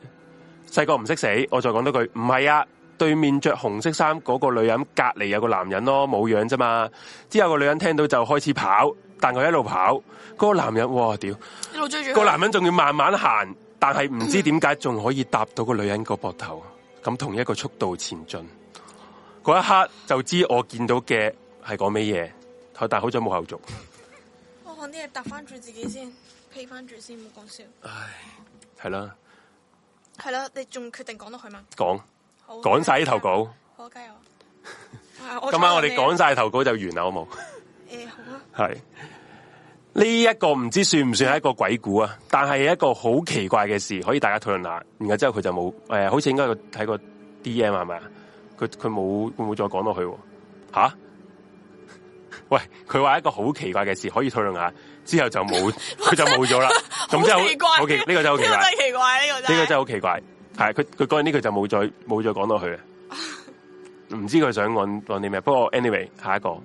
細個唔識死，我再講多句，唔係啊。對面着紅色衫嗰個女人，隔籬有個男人咯，冇樣啫嘛。之後個女人聽到就開始跑，但佢一路跑，嗰、嗰個男人哇屌，啊、一路追住，個男人仲要慢慢行，但係唔知點解仲可以搭到個女人個膊頭，咁同一個速度前進。嗰一刻就知我見到嘅係講咩嘢，但好在冇後續。我搵啲嘢搭翻住自己，自己先，披翻住先，唔好講笑。唉，係啦，係啦，你仲決定講到佢嘛？講。講晒啲投稿，好加油！ [laughs] 今晚我哋講晒投稿就完啦，好冇？誒、欸，好啊。係呢一個唔知算唔算係一個鬼故啊？但係一個好奇怪嘅事，可以大家討論下。然後之後佢就冇誒、呃，好似應該睇過 D M 係咪啊？佢佢冇，會唔會再講落去？吓、啊？喂，佢話一個好奇怪嘅事，可以討論下。之後就冇，佢 [laughs] 就冇咗啦。咁真係好奇怪，呢好個真係好奇怪，呢個真係好奇怪。係佢佢講完呢句就冇再冇再講落去嘅，唔知佢想講講啲咩。不過 anyway，下一個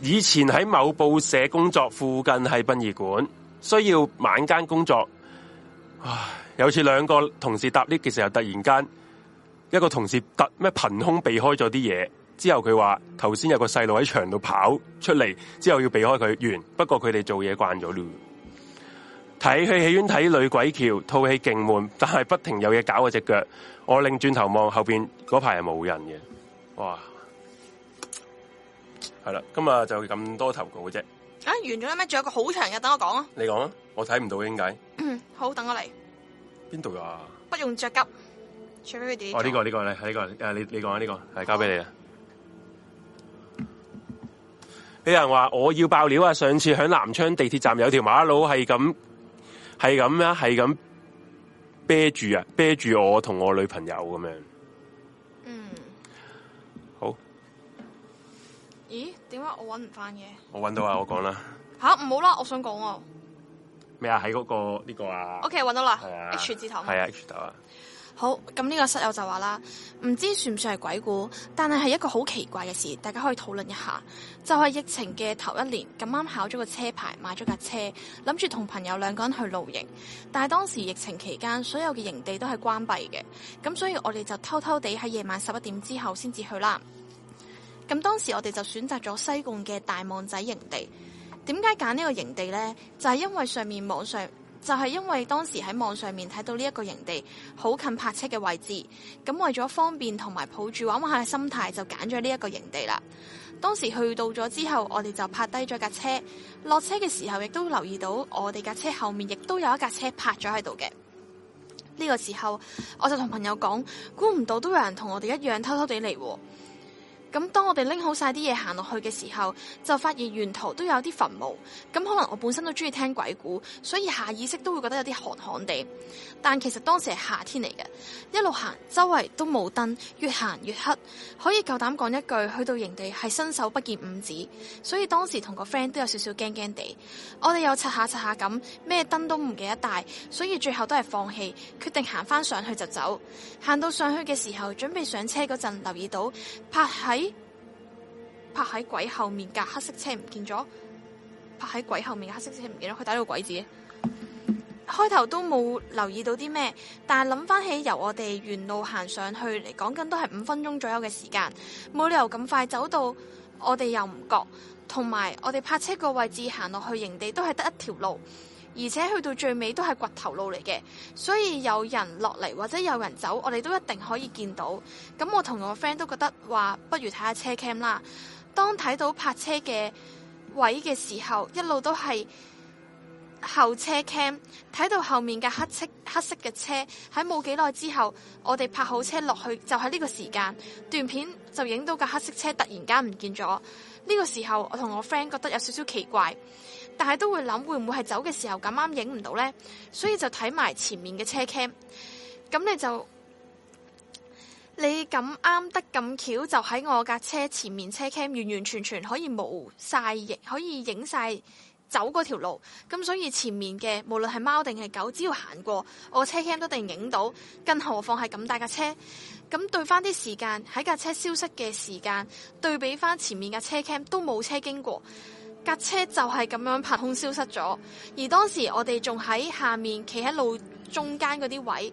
以前喺某報社工作，附近係殯儀館，需要晚間工作。唉，有次兩個同事搭 lift 嘅時候，突然間一個同事突咩憑空避開咗啲嘢。之後佢話頭先有個細路喺牆度跑出嚟，之後要避開佢，完。不過佢哋做嘢慣咗啦，睇去戲院睇《女鬼橋》，套戲勁悶，但係不停有嘢搞我隻腳。我擰轉頭望後邊嗰排係冇人嘅。哇！係啦，今日就咁多投稿啫。啊，完咗啦咩？仲有個好長嘅，等我講啊！你講啊，我睇唔到英姐，嗯。好，等我嚟。邊度呀？不用着急，除非佢哋。哦、啊，呢個呢個，你係呢個誒、啊？你你講呢個，係交俾你啊。這個啊好有人話我要爆料啊！上次喺南昌地鐵站有條馬騮係咁係咁咩？係咁啤住啊，啤住我同我女朋友咁樣。嗯，好。咦？點解我揾唔翻嘅？我揾到啊！我講啦。吓，唔好啦！我想講哦。咩、那個這個、啊？喺嗰個呢個啊？O K，揾到啦。H 字頭。係啊，H 頭啊。好，咁呢個室友就話啦，唔知算唔算係鬼故，但係係一個好奇怪嘅事，大家可以討論一下。就係疫情嘅頭一年，咁啱考咗個車牌，買咗架車，諗住同朋友兩個人去露營，但係當時疫情期間，所有嘅營地都係關閉嘅，咁所以我哋就偷偷地喺夜晚十一點之後先至去啦。咁當時我哋就選擇咗西貢嘅大網仔營地，點解揀呢個營地呢？就係因為上面網上。就係因為當時喺網上面睇到呢一個營地好近泊車嘅位置，咁為咗方便同埋抱住玩玩下嘅心態，就揀咗呢一個營地啦。當時去到咗之後，我哋就泊低咗架車，落車嘅時候亦都留意到我哋架車後面亦都有一架車泊咗喺度嘅。呢個時候，我就同朋友講：「估唔到都有人同我哋一樣偷偷地嚟。咁當我哋拎好晒啲嘢行落去嘅時候，就發現沿途都有啲墳墓。咁可能我本身都中意聽鬼故，所以下意識都會覺得有啲寒寒地。但其實當時係夏天嚟嘅，一路行周圍都冇燈，越行越黑，可以夠膽講一句去到營地係伸手不見五指。所以當時同個 friend 都有少少驚驚地。我哋又刷下刷下咁，咩燈都唔記得帶，所以最後都係放棄，決定行翻上去就走。行到上去嘅時候，準備上車嗰陣，留意到拍喺。拍泊喺鬼後面架黑色車唔見咗，拍泊喺鬼後面嘅黑色車唔見咗，佢打到鬼子，開頭都冇留意到啲咩，但係諗翻起由我哋原路行上去嚟，講緊都係五分鐘左右嘅時間，冇理由咁快走到。我哋又唔覺，同埋我哋泊車個位置行落去營地都係得一條路，而且去到最尾都係掘頭路嚟嘅，所以有人落嚟或者有人走，我哋都一定可以見到。咁我同我 friend 都覺得話，不如睇下車 cam 啦。當睇到泊車嘅位嘅時候，一路都係後車 cam 睇到後面嘅黑色黑色嘅車，喺冇幾耐之後，我哋泊好車落去，就喺呢個時間段，片就影到架黑色車突然間唔見咗。呢個時候，我同我 friend 覺得有少少奇怪，但係都會諗會唔會係走嘅時候咁啱影唔到呢？所以就睇埋前面嘅車 cam。咁你就。你咁啱得咁巧，就喺我架車前面車，車 cam 完完全全可以冇曬影，可以影曬走嗰條路。咁所以前面嘅無論係貓定係狗，只要行過我車 cam 都定影到。更何況係咁大架車，咁對翻啲時間喺架車消失嘅時間對比翻前面架車 cam 都冇車經過，架車就係咁樣憑空消失咗。而當時我哋仲喺下面企喺路中間嗰啲位，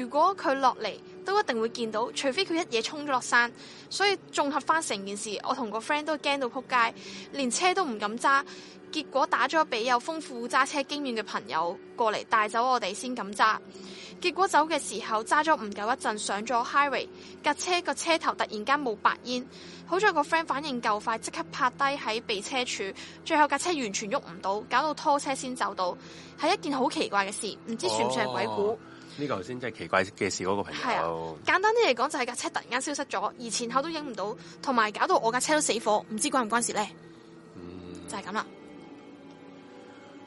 如果佢落嚟，都一定會見到，除非佢一嘢衝咗落山。所以綜合翻成件事，我同個 friend 都驚到撲街，連車都唔敢揸。結果打咗俾有豐富揸車經驗嘅朋友過嚟帶走我哋先敢揸。結果走嘅時候揸咗唔夠一陣，上咗 highway，架車個車頭突然間冇白煙，好在個 friend 反應夠快，即刻拍低喺避車處。最後架車完全喐唔到，搞到拖車先走到，係一件好奇怪嘅事，唔知算唔算係鬼故。Oh. 呢個頭先真係奇怪嘅事，嗰個朋友、啊、簡單啲嚟講，就係架車突然間消失咗，而前後都影唔到，同埋搞到我架車都死火，唔知關唔關事咧？嗯、就係咁啦。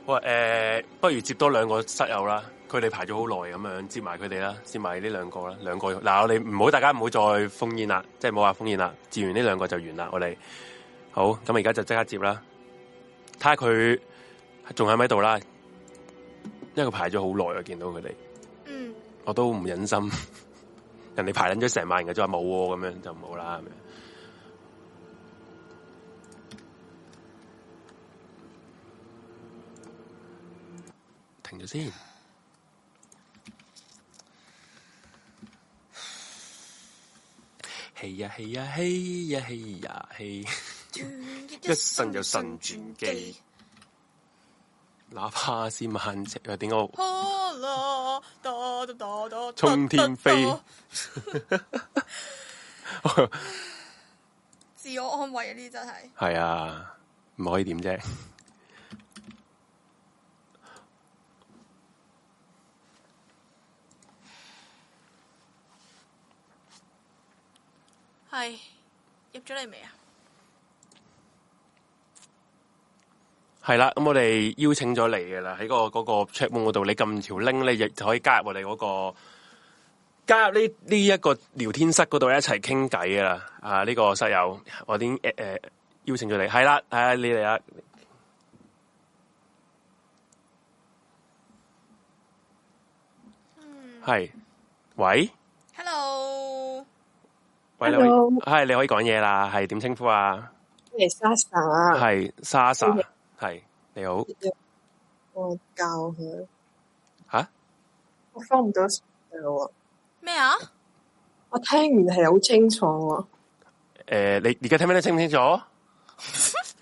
喂，誒、呃，不如接多兩個室友啦，佢哋排咗好耐咁樣接他們，接埋佢哋啦，接埋呢兩個啦，兩個嗱，我哋唔好，大家唔好再烽煙啦，即係冇話烽煙啦，接完呢兩個就完啦，我哋好，咁而家就即刻接啦，睇下佢仲喺唔喺度啦，因為佢排咗好耐啊，見到佢哋。我都唔忍心，人哋排撚咗成萬人嘅，再冇咁樣就冇啦。停咗先。氣呀氣呀氣呀氣呀氣，一生有神轉機。哪怕是萬尺，點解衝天飛？自我安慰啊，呢真係係啊，唔可以點啫。係入咗嚟未啊？係啦，咁我哋邀請咗你嘅啦，喺、個嗰、個 chat room 嗰度，你撳條 link 咧，亦就可以加入我哋嗰、個加入呢呢一個聊天室嗰度一齊傾偈啊！啊，呢、個室友我已經誒、呃呃、邀請咗你？係啦，誒，你嚟啦，係，喂，Hello，喂，你好，係 Hello，你可以講嘢啦，係點稱呼啊？係 Sasha 係 Sasha。係你好，我教佢吓，我收唔到咩啊？我，麼我聽完係好清楚喎。誒，你而家聽唔聽得清唔清楚？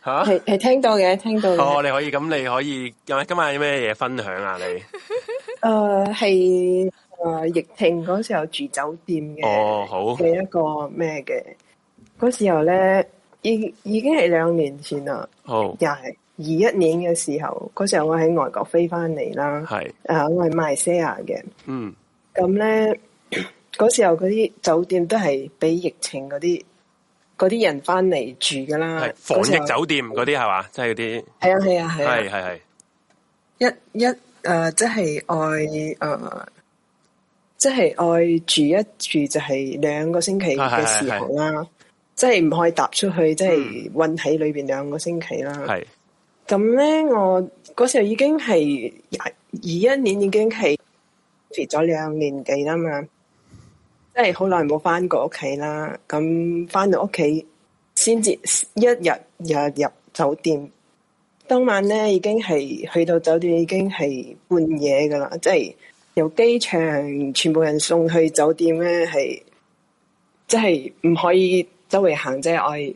吓係係聽到嘅，聽到嘅。哦，你可以咁，你可以今今晚有咩嘢分享啊？你誒，係誒、 [laughs] 呃啊，疫情嗰時候住酒店嘅。哦，好係一個咩嘅？嗰時候咧，已經已經係兩年前啦。好，又係。二一年嘅時候，嗰時候我喺外國飛翻嚟啦。係是，啊，我係馬來西亞嘅。嗯。咁咧，嗰時候嗰啲酒店都係俾疫情嗰啲嗰啲人翻嚟住噶啦。係防疫酒店嗰啲係嘛，即係啲。係啊，係啊，係啊，係係、啊啊。一一，誒、呃，即、就、係、是、愛，誒、呃，即、就、係、是、愛住一住就係兩個星期嘅時候啦。即係唔可以踏出去，即係困喺裏邊兩個星期啦。係、嗯。咁咧，我嗰時候已經係二,二一年，已經係住咗兩年幾啦嘛，即係好耐冇翻過屋企啦。咁翻到屋企先至一日日入酒店，當晚咧已經係去到酒店已經係半夜噶啦，即係由機場全部人送去酒店咧，係即係唔可以周圍行，即係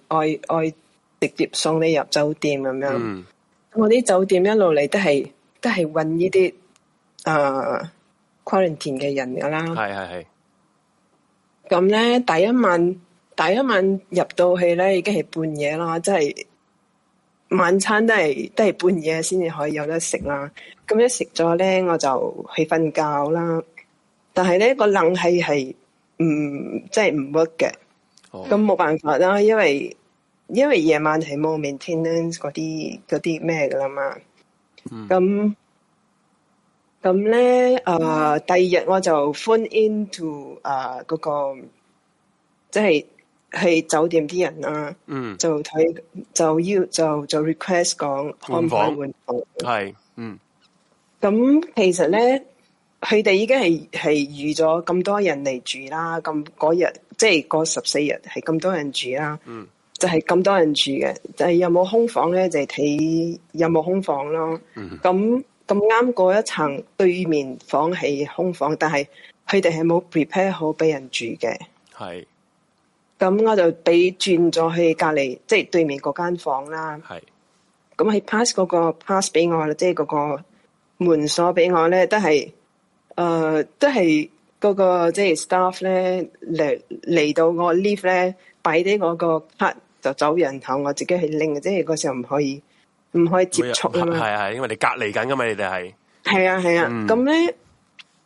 愛愛愛直接送你入酒店咁樣。嗯我啲酒店一路嚟都係都係搵呢啲誒、呃、quarantine 嘅人噶啦，係係係。咁咧第一晚第一晚入到去咧已經係半夜啦，即、就、係、是、晚餐都係都係半夜先至可以有得食啦。咁一食咗咧我就去瞓覺啦。但係咧、那個冷氣係唔即係唔 work 嘅，咁、就、冇、是嗯、辦法啦，因為。因為夜晚係冇 maintenance 嗰啲啲咩噶啦嘛，咁咁咧，啊、呃，第二日我就 phone into 啊、呃、嗰、那個，即係係酒店啲人啦，嗯，就睇就要就就 request 講可唔可以換房，係，嗯，咁其實咧，佢哋已經係係預咗咁多人嚟住啦，咁、那、嗰、個、日即係嗰十四日係咁多人住啦，嗯。就係咁多人住嘅，就係、是、有冇空房咧？就係、是、睇有冇空房咯。咁咁啱嗰一層對面房係空房，但係佢哋係冇 prepare 好俾人住嘅。係是，咁我就俾轉咗去隔籬，即、就、係、是、對面嗰間房啦。係是，咁喺 pass 嗰個 pass 俾我啦，即係嗰個門鎖俾我咧，都係誒、呃，都係嗰、那個即係、就是、staff 咧嚟嚟到我 lift 咧，擺啲我個 card, 就走人頭，我自己去拎，即係嗰時候唔可以，唔可以接觸啊嘛。係係、嗯，因為你隔離緊噶嘛，你哋係。係啊係啊，咁咧、啊嗯、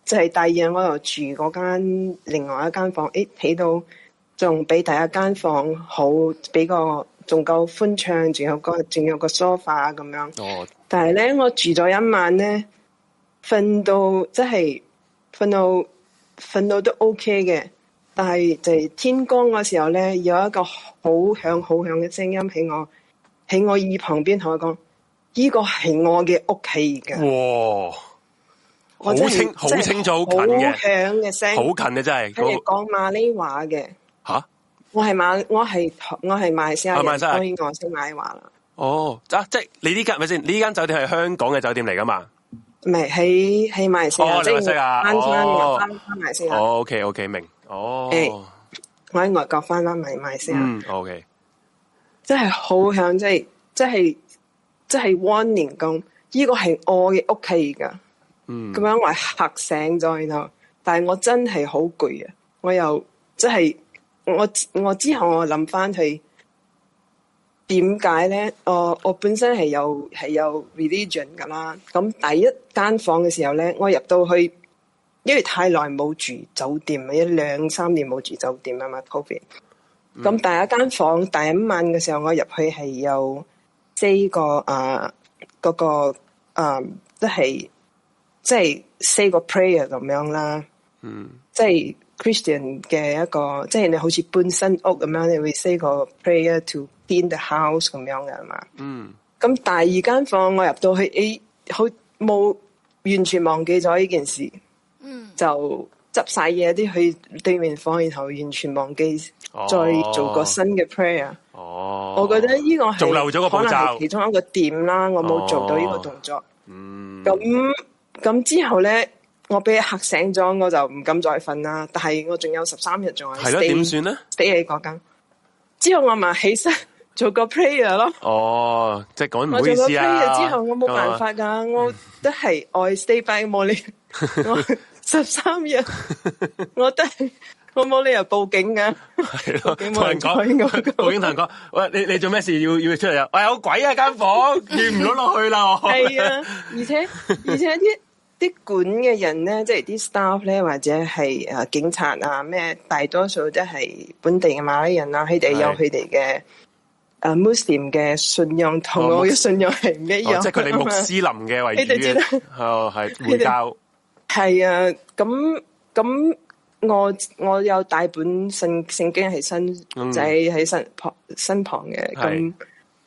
就係、是、第二日我又住嗰間另外一間房，誒、欸，起到仲比第一間房好，比個仲夠寬敞，仲有個仲有個梳化咁樣。哦。但係咧，我住咗一晚咧，瞓到即係瞓到瞓到都 OK 嘅。但係就係天光嘅時候咧，有一個好響好響嘅聲音喺我喺我耳旁邊同我講：呢個係我嘅屋企嘅。哇！好清好清楚好近嘅，好響嘅聲，好近嘅真係。聽你講馬來話嘅吓，我係馬，我係我係馬來西亞，所以我識馬來話啦。哦，即係你呢間咪先？你呢間酒店係香港嘅酒店嚟噶嘛？唔係喺喺馬來西亞，即係。我識啊，哦，ok ok 明。哦、oh 欸，我喺外國翻翻埋埋先啊。Mm, OK. 真係好響，真係，真係，真係 one 年工，呢個係我嘅屋企噶。嗯，咁樣我係吓醒咗，然後，但係我真係好攰啊，我又真係，我我之後我諗翻去點解咧？我我本身係有係有 religion 噶啦，咁第一間房嘅時候咧，我入到去。因為太耐冇住酒店，一兩三年冇住酒店啊嘛，Covid 咁第一間房第一晚嘅時候，我入去係有四個啊，嗰、呃、個啊、呃，即係即係四個 prayer 咁樣啦，嗯，即係 Christian 嘅一個，即係你好似搬新屋咁樣，你會 say 個 prayer to clean the house 咁樣噶嘛，嗯，咁第二間房我入到去 A，、哎、好冇完全忘記咗呢件事。Mm. 就執晒嘢，啲去對面房，然後完全忘記，oh. 再做個新嘅 prayer。哦，oh. 我覺得呢個係做漏咗個步驟其中一個點啦。我冇做到呢個動作。嗯、oh. mm.，咁咁之後咧，我俾佢嚇醒咗，我就唔敢再瞓啦。但係我仲有十三日仲係，係咯？點算咧？死你嗰間！之後我咪起身做個 prayer 咯。哦，即係講唔做個 prayer 之後我冇辦法噶、啊，我都係愛 stay by morning。 [laughs] [laughs] 十三日，我都係我冇理由報警噶、啊。係咯 [laughs] 的，報警冇人講，報警同人講，喂， [laughs] 你你做咩事要要出嚟啊？喂、哎，有鬼啊！間房住唔到落去啦。係啊， [laughs] 而且而且啲啲管嘅人咧，即係啲 staff 咧，或者係誒警察啊咩，大多數都係本地嘅馬拉人啦，佢哋有佢哋嘅誒穆斯林嘅信用，同我嘅信用係唔一樣，即係佢哋穆斯林嘅為主嘅，哦係回教。 [laughs] 係啊，咁咁我我有大本聖聖經喺身，就喺喺身旁身旁嘅。咁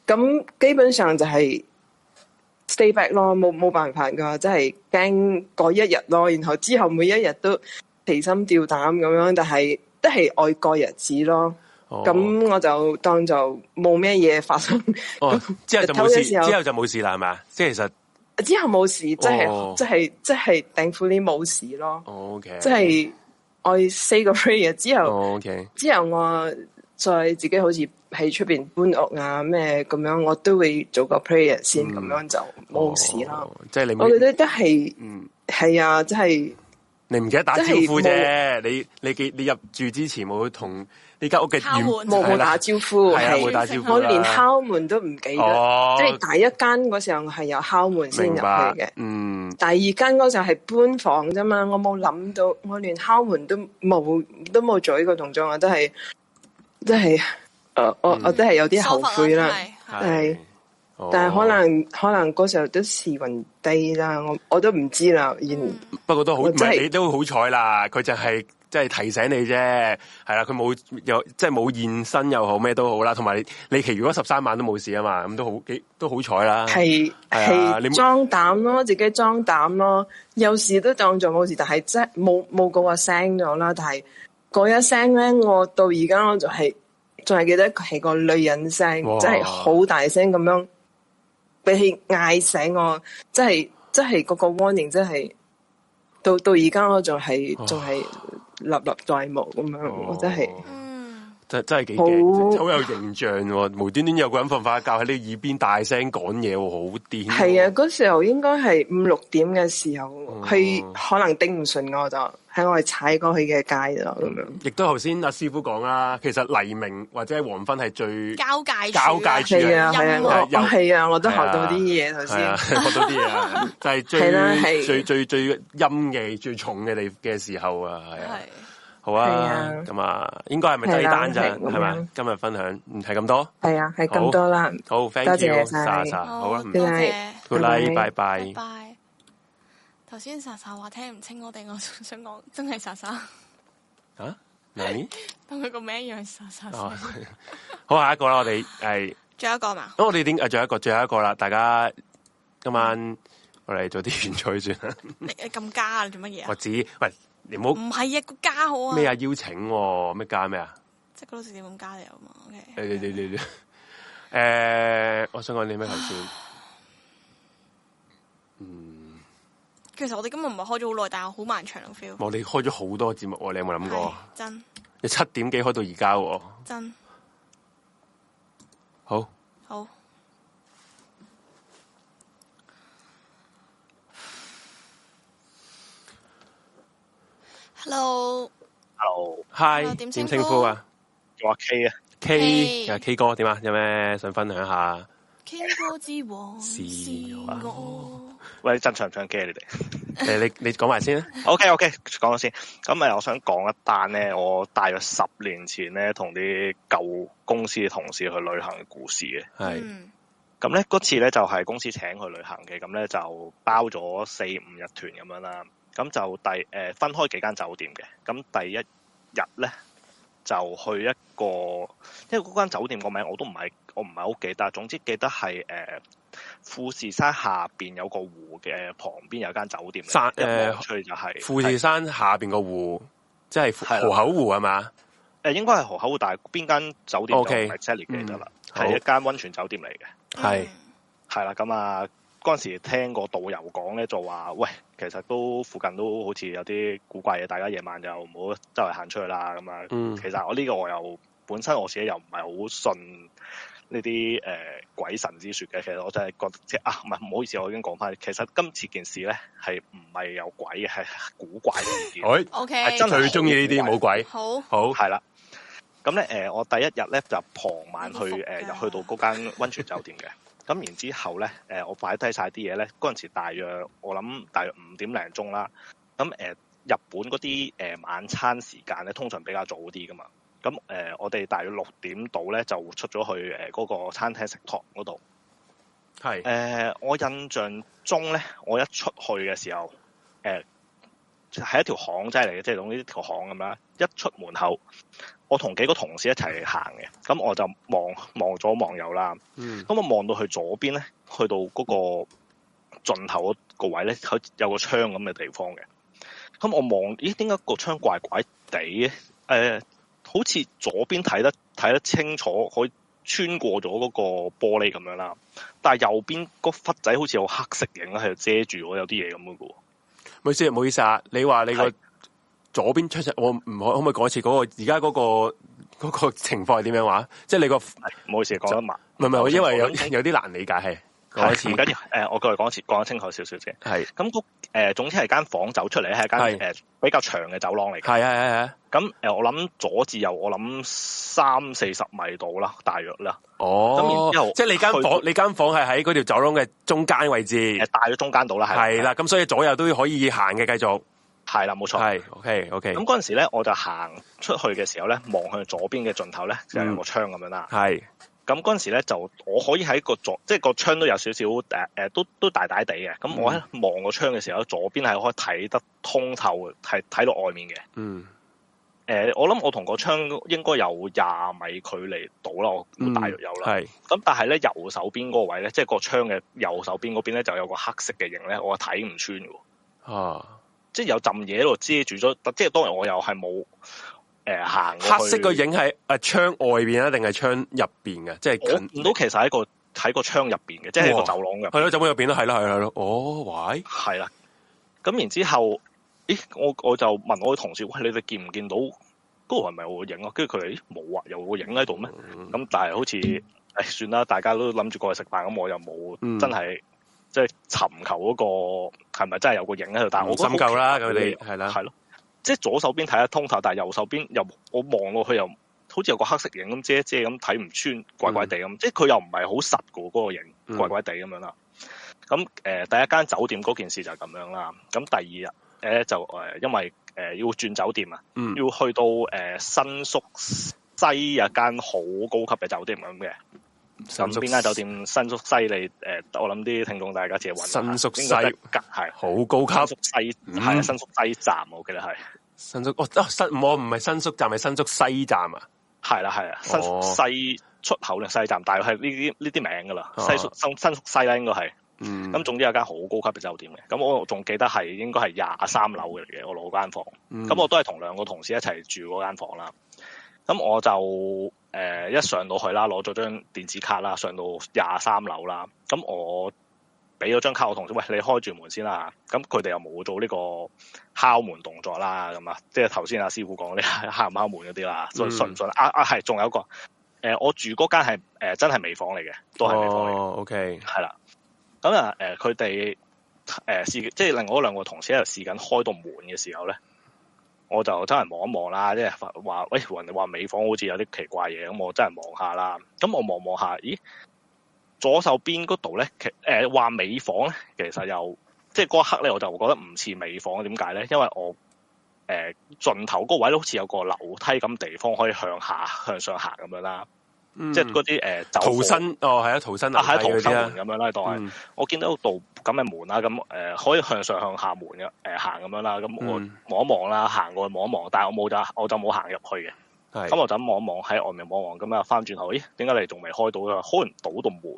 咁是基本上就係 stay back 咯，冇冇辦法噶，即係驚嗰一日咯。然後之後每一日都提心吊膽咁樣，但係都係捱過日子咯。咁、哦、我就當就冇咩嘢發生。哦、 [laughs] 那之後就冇事，之後就冇事啦，係嘛？即係其實。之後冇事，即係即係即係訂房啲冇事咯。即係、哦 okay, 我 say 個 prayer 之後，哦、okay, 之後我再自己好似喺出邊搬屋啊咩咁樣，我都會做個 prayer 先，咁、嗯、樣就冇事啦、哦。即係你我覺得係，嗯，係啊是，即係你唔記得打招呼啫。你你記你入住之前冇同。呢間屋嘅敲門，冇冇打招呼，係。我連敲門都唔記得，即係第一間嗰時候係有敲門先入去嘅。嗯，第二間嗰時候係搬房啫嘛，我冇諗到，我連敲門都冇，都冇做呢個動作，我都係，都係，誒，我我都係有啲後悔啦，係，但係可能可能嗰時候都時運低啦，我我都唔知啦。然不過都好，唔係你都好彩啦，佢就係。即係提醒你啫，係啦，佢冇有即係冇現身又好咩都好啦，同埋、哎、呀你其奇如果十三晚都冇事啊嘛，咁都好幾都好彩啦。係係裝膽咯，自己裝膽咯，有事都當作冇事，但係即冇冇嗰個聲咗啦。但係嗰一聲咧，我到而家我就係仲係記得係個女人聲，真係好大聲咁樣俾佢嗌醒我，真係真係嗰個 warning，真係到到而家我仲係仲係。哇 立立在目咁樣，我真係，真真係幾驚，好有形象。無端端有個人瞓快覺喺你耳邊大聲講嘢，好癲。係啊，嗰時候應該係五六點嘅時候，佢可能頂唔順我就。喺我哋踩過去嘅街咯，咁樣。亦都頭先阿師傅講啦，其實黎明或者係黃昏係最交界交界處啊，係啊，我係啊，我都學到啲嘢，頭先學到啲嘢，就係最最最最陰嘅、最重嘅地嘅時候啊，係。好啊，咁啊，應該係咪第一單咋？係咪？今日分享係咁多，係啊，係咁多啦。好，多謝晒，好，唔該，唔該，拜拜。頭先莎莎話聽唔清我哋，我想講真係莎莎。啊，你當佢個名一樣莎莎，哦。好，下一個啦，我哋係。 [laughs] 是最後一個嘛。咁，哦，我哋點啊？最後一個，最後一個啦！大家今晚我哋做啲圓趣算啦。 [laughs] 你，啊，你咁加做乜嘢？我指喂，你唔好。唔係啊，個加好啊。咩啊？邀請？咩加咩啊？即係嗰個老師點樣咁加你啊嘛。O K。誒誒誒誒誒，我想講你咩頭先？嗯。其實我哋今日唔係開咗好耐，但係好漫長嘅 feel。我哋開咗好多節目，你有冇諗過？真。你七點幾開到而家喎？真。好。好。Hello。Hello Hi。Hi。點稱呼啊？叫阿 K 啊？K 係 K 哥點啊？有咩想分享下？K 歌之王是我。是我。喂，你真唱唔唱 game 你哋？誒，你你講埋、okay, okay, 先啦。OK，OK，講咗先。咁誒，我想講一單咧，我大約十年前咧，同啲舊公司嘅同事去旅行嘅故事嘅。係是。咁咧，嗰次咧就係、是、公司請去旅行嘅，咁咧就包咗四五日團咁樣啦。咁就第誒、呃、分開幾間酒店嘅。咁第一日咧就去一個，因為嗰間酒店個名我都唔係，我唔係好記得。係總之記得係誒。呃富士山下邊有個湖嘅旁邊有間酒店。山呃、一望出去就係、是、富士山下邊個湖，即係河口湖係嘛？誒，應該係河口湖，但係邊間酒店？O K，我唔記得啦，係、嗯、一間温泉酒店嚟嘅，係係啦。咁啊，嗰陣時聽個導遊講咧，就話喂，其實都附近都好似有啲古怪嘅，大家夜晚就唔好周圍行出去啦。咁啊，嗯、其實我呢個我又本身我自己又唔係好信。呢啲誒鬼神之説嘅，其實我真係覺得即啊，唔係唔好意思，我已經講翻。其實今次件事咧係唔係有鬼嘅，係古怪嘅事件。O K，係真係佢中意呢啲冇鬼。好，好，係啦。咁咧、呃、我第一日咧就傍晚去入、呃、去到嗰間温泉酒店嘅。咁 [laughs] 然之後咧誒、呃，我擺低晒啲嘢咧，嗰陣時大約我諗大約五點零鐘啦。咁、呃、日本嗰啲、呃、晚餐時間咧，通常比較早啲噶嘛。咁誒、呃，我哋大約六點到咧，就出咗去誒嗰個餐廳食堂嗰度係誒。我印象中咧，我一出去嘅時候，誒、呃，係一條巷仔嚟嘅，即係總之條巷咁啦。一出門口，我同幾個同事一齊行嘅。咁我就望望左望右啦，咁、嗯、我望到去左邊咧，去到嗰個盡頭嗰個位咧，有有個窗咁嘅地方嘅。咁我望，咦，點解個窗怪怪地嘅？誒、呃。好似左邊睇得睇得清楚，佢穿過咗嗰個玻璃咁樣啦。但係右邊個窟仔好似有黑色影，係遮住我有啲嘢咁嘅。唔好意思，唔好意思啊。你話你個左邊出實，係。我唔可可唔可以講一次嗰、嗰個，而家嗰個、嗰個情況係點樣話？即係你個唔好意思講得埋，唔係唔係，因為有有啲難理解係。是開始，跟住，誒，我過嚟講一次，講得清楚少少先。係。咁，誒，總之係間房走出嚟咧，係間誒比較長嘅走廊嚟嘅。係係係。咁，誒，我諗左至右，我諗三四十米度啦，大約啦。哦。咁然之後，即係你間房，你間房係喺嗰條走廊嘅中間位置，係大咗中間度啦，係。係啦，咁所以左右都可以行嘅，繼續。係啦，冇錯。係。OK，OK。咁嗰陣時咧，我就行出去嘅時候咧，望向左邊嘅盡頭咧，就有個窗咁樣啦。係。咁嗰陣時咧，就我可以喺個左，即係個窗都有少少誒誒都都大大地嘅。咁我喺望個窗嘅時候，左邊係可以睇得通透，係睇到外面嘅。嗯。誒、呃，我諗我同個窗應該有廿米距離到啦，我大約有啦。係、嗯。咁但係咧，右手邊嗰位咧，即係個窗嘅右手邊嗰邊咧，就有個黑色嘅形咧，我係睇唔穿嘅喎。啊！即係有浸嘢喺度遮住咗，即係當然我又係冇。誒，行、呃、黑色個影係誒窗外邊啊，定係窗入邊嘅？即係近唔到，其實喺個喺個窗入邊嘅，哇即係個走廊嘅。係咯，走廊入邊都係啦，係啦，哦，喂，係啦。咁然後之後，咦？我我就問我啲同事，喂，你哋見唔見到嗰個係咪我個影啊？跟住佢哋冇啊，有個影喺度咩？咁、嗯、但係好似誒、哎，算啦，大家都諗住過去食飯，咁我又冇真係、嗯、即係尋求嗰、那個係咪真係有個影喺度？但係我心夠啦，佢哋係啦，係咯。即係左手邊睇得通透，但係右手邊又我望落去又好似有個黑色影咁遮遮咁睇唔穿，怪怪地咁。嗯、即係佢又唔係好實嘅嗰、嗰個影，怪怪地咁樣啦。咁、嗯呃、第一間酒店嗰件事就係咁樣啦。咁第二日、呃、就、呃、因為、呃、要轉酒店啊，嗯、要去到誒、呃、新宿西一間好高級嘅酒店咁嘅。邊間酒店？新宿西你、呃、我諗啲聽眾大家自己揾。新宿西係好、就是、高級。新宿西係啊，嗯、新宿西站我記得係。新宿，我、哦、得新，我唔係新宿站，係新宿西站啊，係啦係啊，新宿西出口咧，西站，但係呢啲呢啲名噶啦，新宿新新宿西啦，應該係，咁、嗯、總之有間好高級嘅酒店嘅，咁我仲記得係應該係廿三樓嘅嚟嘅，我攞間房間，咁、嗯、我都係同兩個同事一齊住嗰間房啦，咁我就誒、呃、一上到去啦，攞咗張電子卡啦，上到廿三樓啦，咁我。俾咗張卡我同事，喂你開住門先啦。咁佢哋又冇做呢個敲門動作啦。咁啊，即係頭先阿師傅講啲敲唔敲門嗰啲啦，嗯、信唔信？啊啊，係，仲有個個、呃，我住嗰間係、呃、真係美房嚟嘅，都係美房。哦，OK，係啦。咁啊，佢哋誒試、即係另外兩個同事喺度試緊開到門嘅時候咧，我就真係望一望啦，即係話喂，人哋話美房好似有啲奇怪嘢，咁我真係望下啦。咁我望望下，咦？左手邊嗰度咧，其誒話尾房咧，其實又即係嗰一刻咧，我就覺得唔似尾房，點解咧？因為我誒盡頭嗰位都好似有個樓梯咁地方，可以向下向上行咁樣啦，嗯、即係嗰啲誒逃生哦，係啊，逃生啊，喺逃生門咁樣啦，當係、嗯、我見到度咁嘅門啦，咁誒可以向上向下門嘅誒行咁樣啦，咁我望一望啦，行過去望一望，但係我冇就我就冇行入去嘅。咁、嗯、我就咁望一望，喺外面望望咁啊，翻轉頭，咦？點解你仲未開到嘅？開唔到道門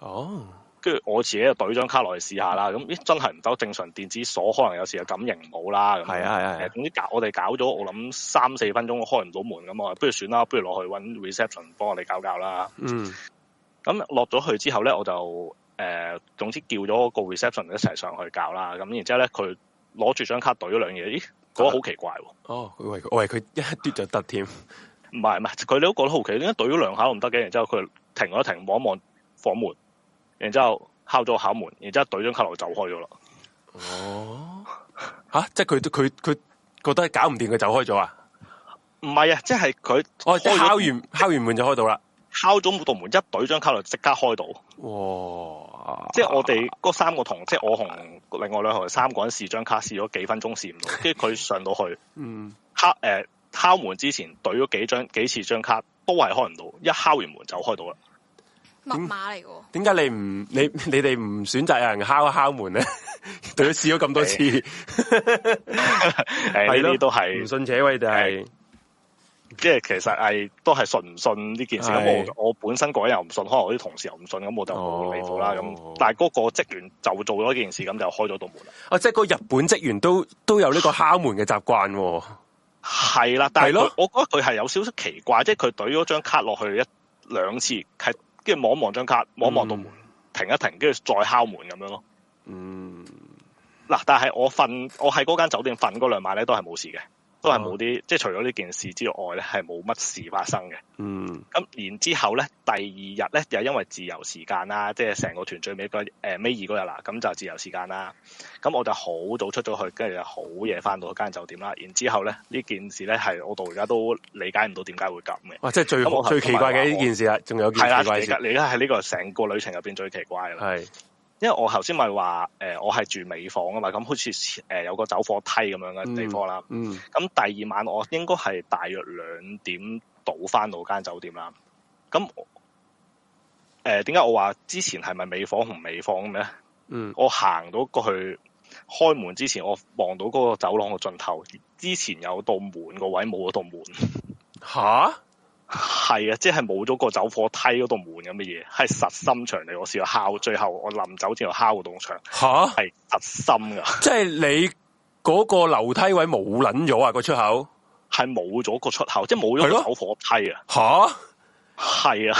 哦。跟住我自己就懟張卡落去試下啦。咁咦，真係唔得，正常電子鎖可能有時就感應唔好啦。係啊係啊。總之搞我哋搞咗，我諗三四分鐘開唔到門咁啊，不如算啦，不如落去搵 reception 幫我哋搞搞啦。嗯。咁落咗去之後咧，我就誒、呃，總之叫咗個 reception 一齊上去搞啦。咁然之後咧，佢攞住張卡懟咗兩嘢，咦？得好奇怪喎、哦啊！哦，喂喂佢一啲就得添，唔係唔係，佢哋都覺得好奇，點解懟咗兩下都唔得嘅？然之後佢停咗停，望一望房門，然之後敲咗下門，然之後懟咗卡樓走開咗啦。哦，吓，即係佢佢佢覺得係搞唔掂佢走開咗啊？唔係啊，即係佢我敲完敲完門就開到啦。敲咗每道門一懟張卡就即刻開到，哇！即係我哋嗰三個同，哇即係我同另外兩同，三個人試張卡試咗幾分鐘試唔到，跟住佢上到去， [laughs] 嗯，敲誒敲門之前懟咗幾張幾次張卡都係開唔到，一敲完門就開到啦。密碼嚟嘅，點解你唔你你哋唔選擇有人敲一敲門咧？ [laughs] 對佢試咗咁多次，係咯的，唔 [laughs] 的信且位就係、是。即係其實係都係信唔信呢件事咁，是我我本身嗰日又唔信，可能我啲同事又唔信，咁我就冇理佢啦。咁、哦、但係嗰個職員就做咗呢件事，咁就開咗道門了。哦、啊，即係個日本職員都都有呢個敲門嘅習慣。係啦， [laughs] 係咯，的我覺得佢係有少少奇怪，即係佢懟咗張卡落去一兩次，係跟住望一望張卡，望一望道門，嗯、停一停，跟住再敲門咁樣咯。嗯，嗱，但係我瞓，我喺嗰間酒店瞓嗰兩晚咧，都係冇事嘅。都係冇啲，oh. 即係除咗呢件事之外咧，係冇乜事發生嘅。嗯、mm.，咁然之後咧，第二日咧又因為自由時間啦，即係成個團最尾嗰誒尾二嗰日啦，咁就自由時間啦。咁我就好早出咗去，跟住就好夜翻到間酒店啦。然之後咧呢件事咧係我到而家都理解唔到點解會咁嘅。哇、啊，即係最最奇怪嘅呢件事啦、啊，仲有，有件、啊、奇怪事、啊，你而家喺呢個成個旅程入邊最奇怪啦，係。因為我頭先咪話，誒、呃，我係住美房啊嘛，咁好似誒、呃、有個走火梯咁樣嘅地方啦。咁、嗯嗯、第二晚我應該係大約兩點倒翻老間酒店啦。咁誒，點、呃、解我話之前係咪美房同美房嘅咧？嗯，我行到過去開門之前，我望到嗰個走廊嘅盡頭，之前有道門個位冇咗道門。吓？係啊，即係冇咗個走火梯嗰度門咁嘅嘢，係實心牆嚟。我試過敲，最後我臨走之後敲嗰棟牆，吓係哈實心噶。即係你嗰個樓梯位冇捻咗啊？個出口係冇咗個出口，即係冇咗個走火梯啊咯？吓係啊？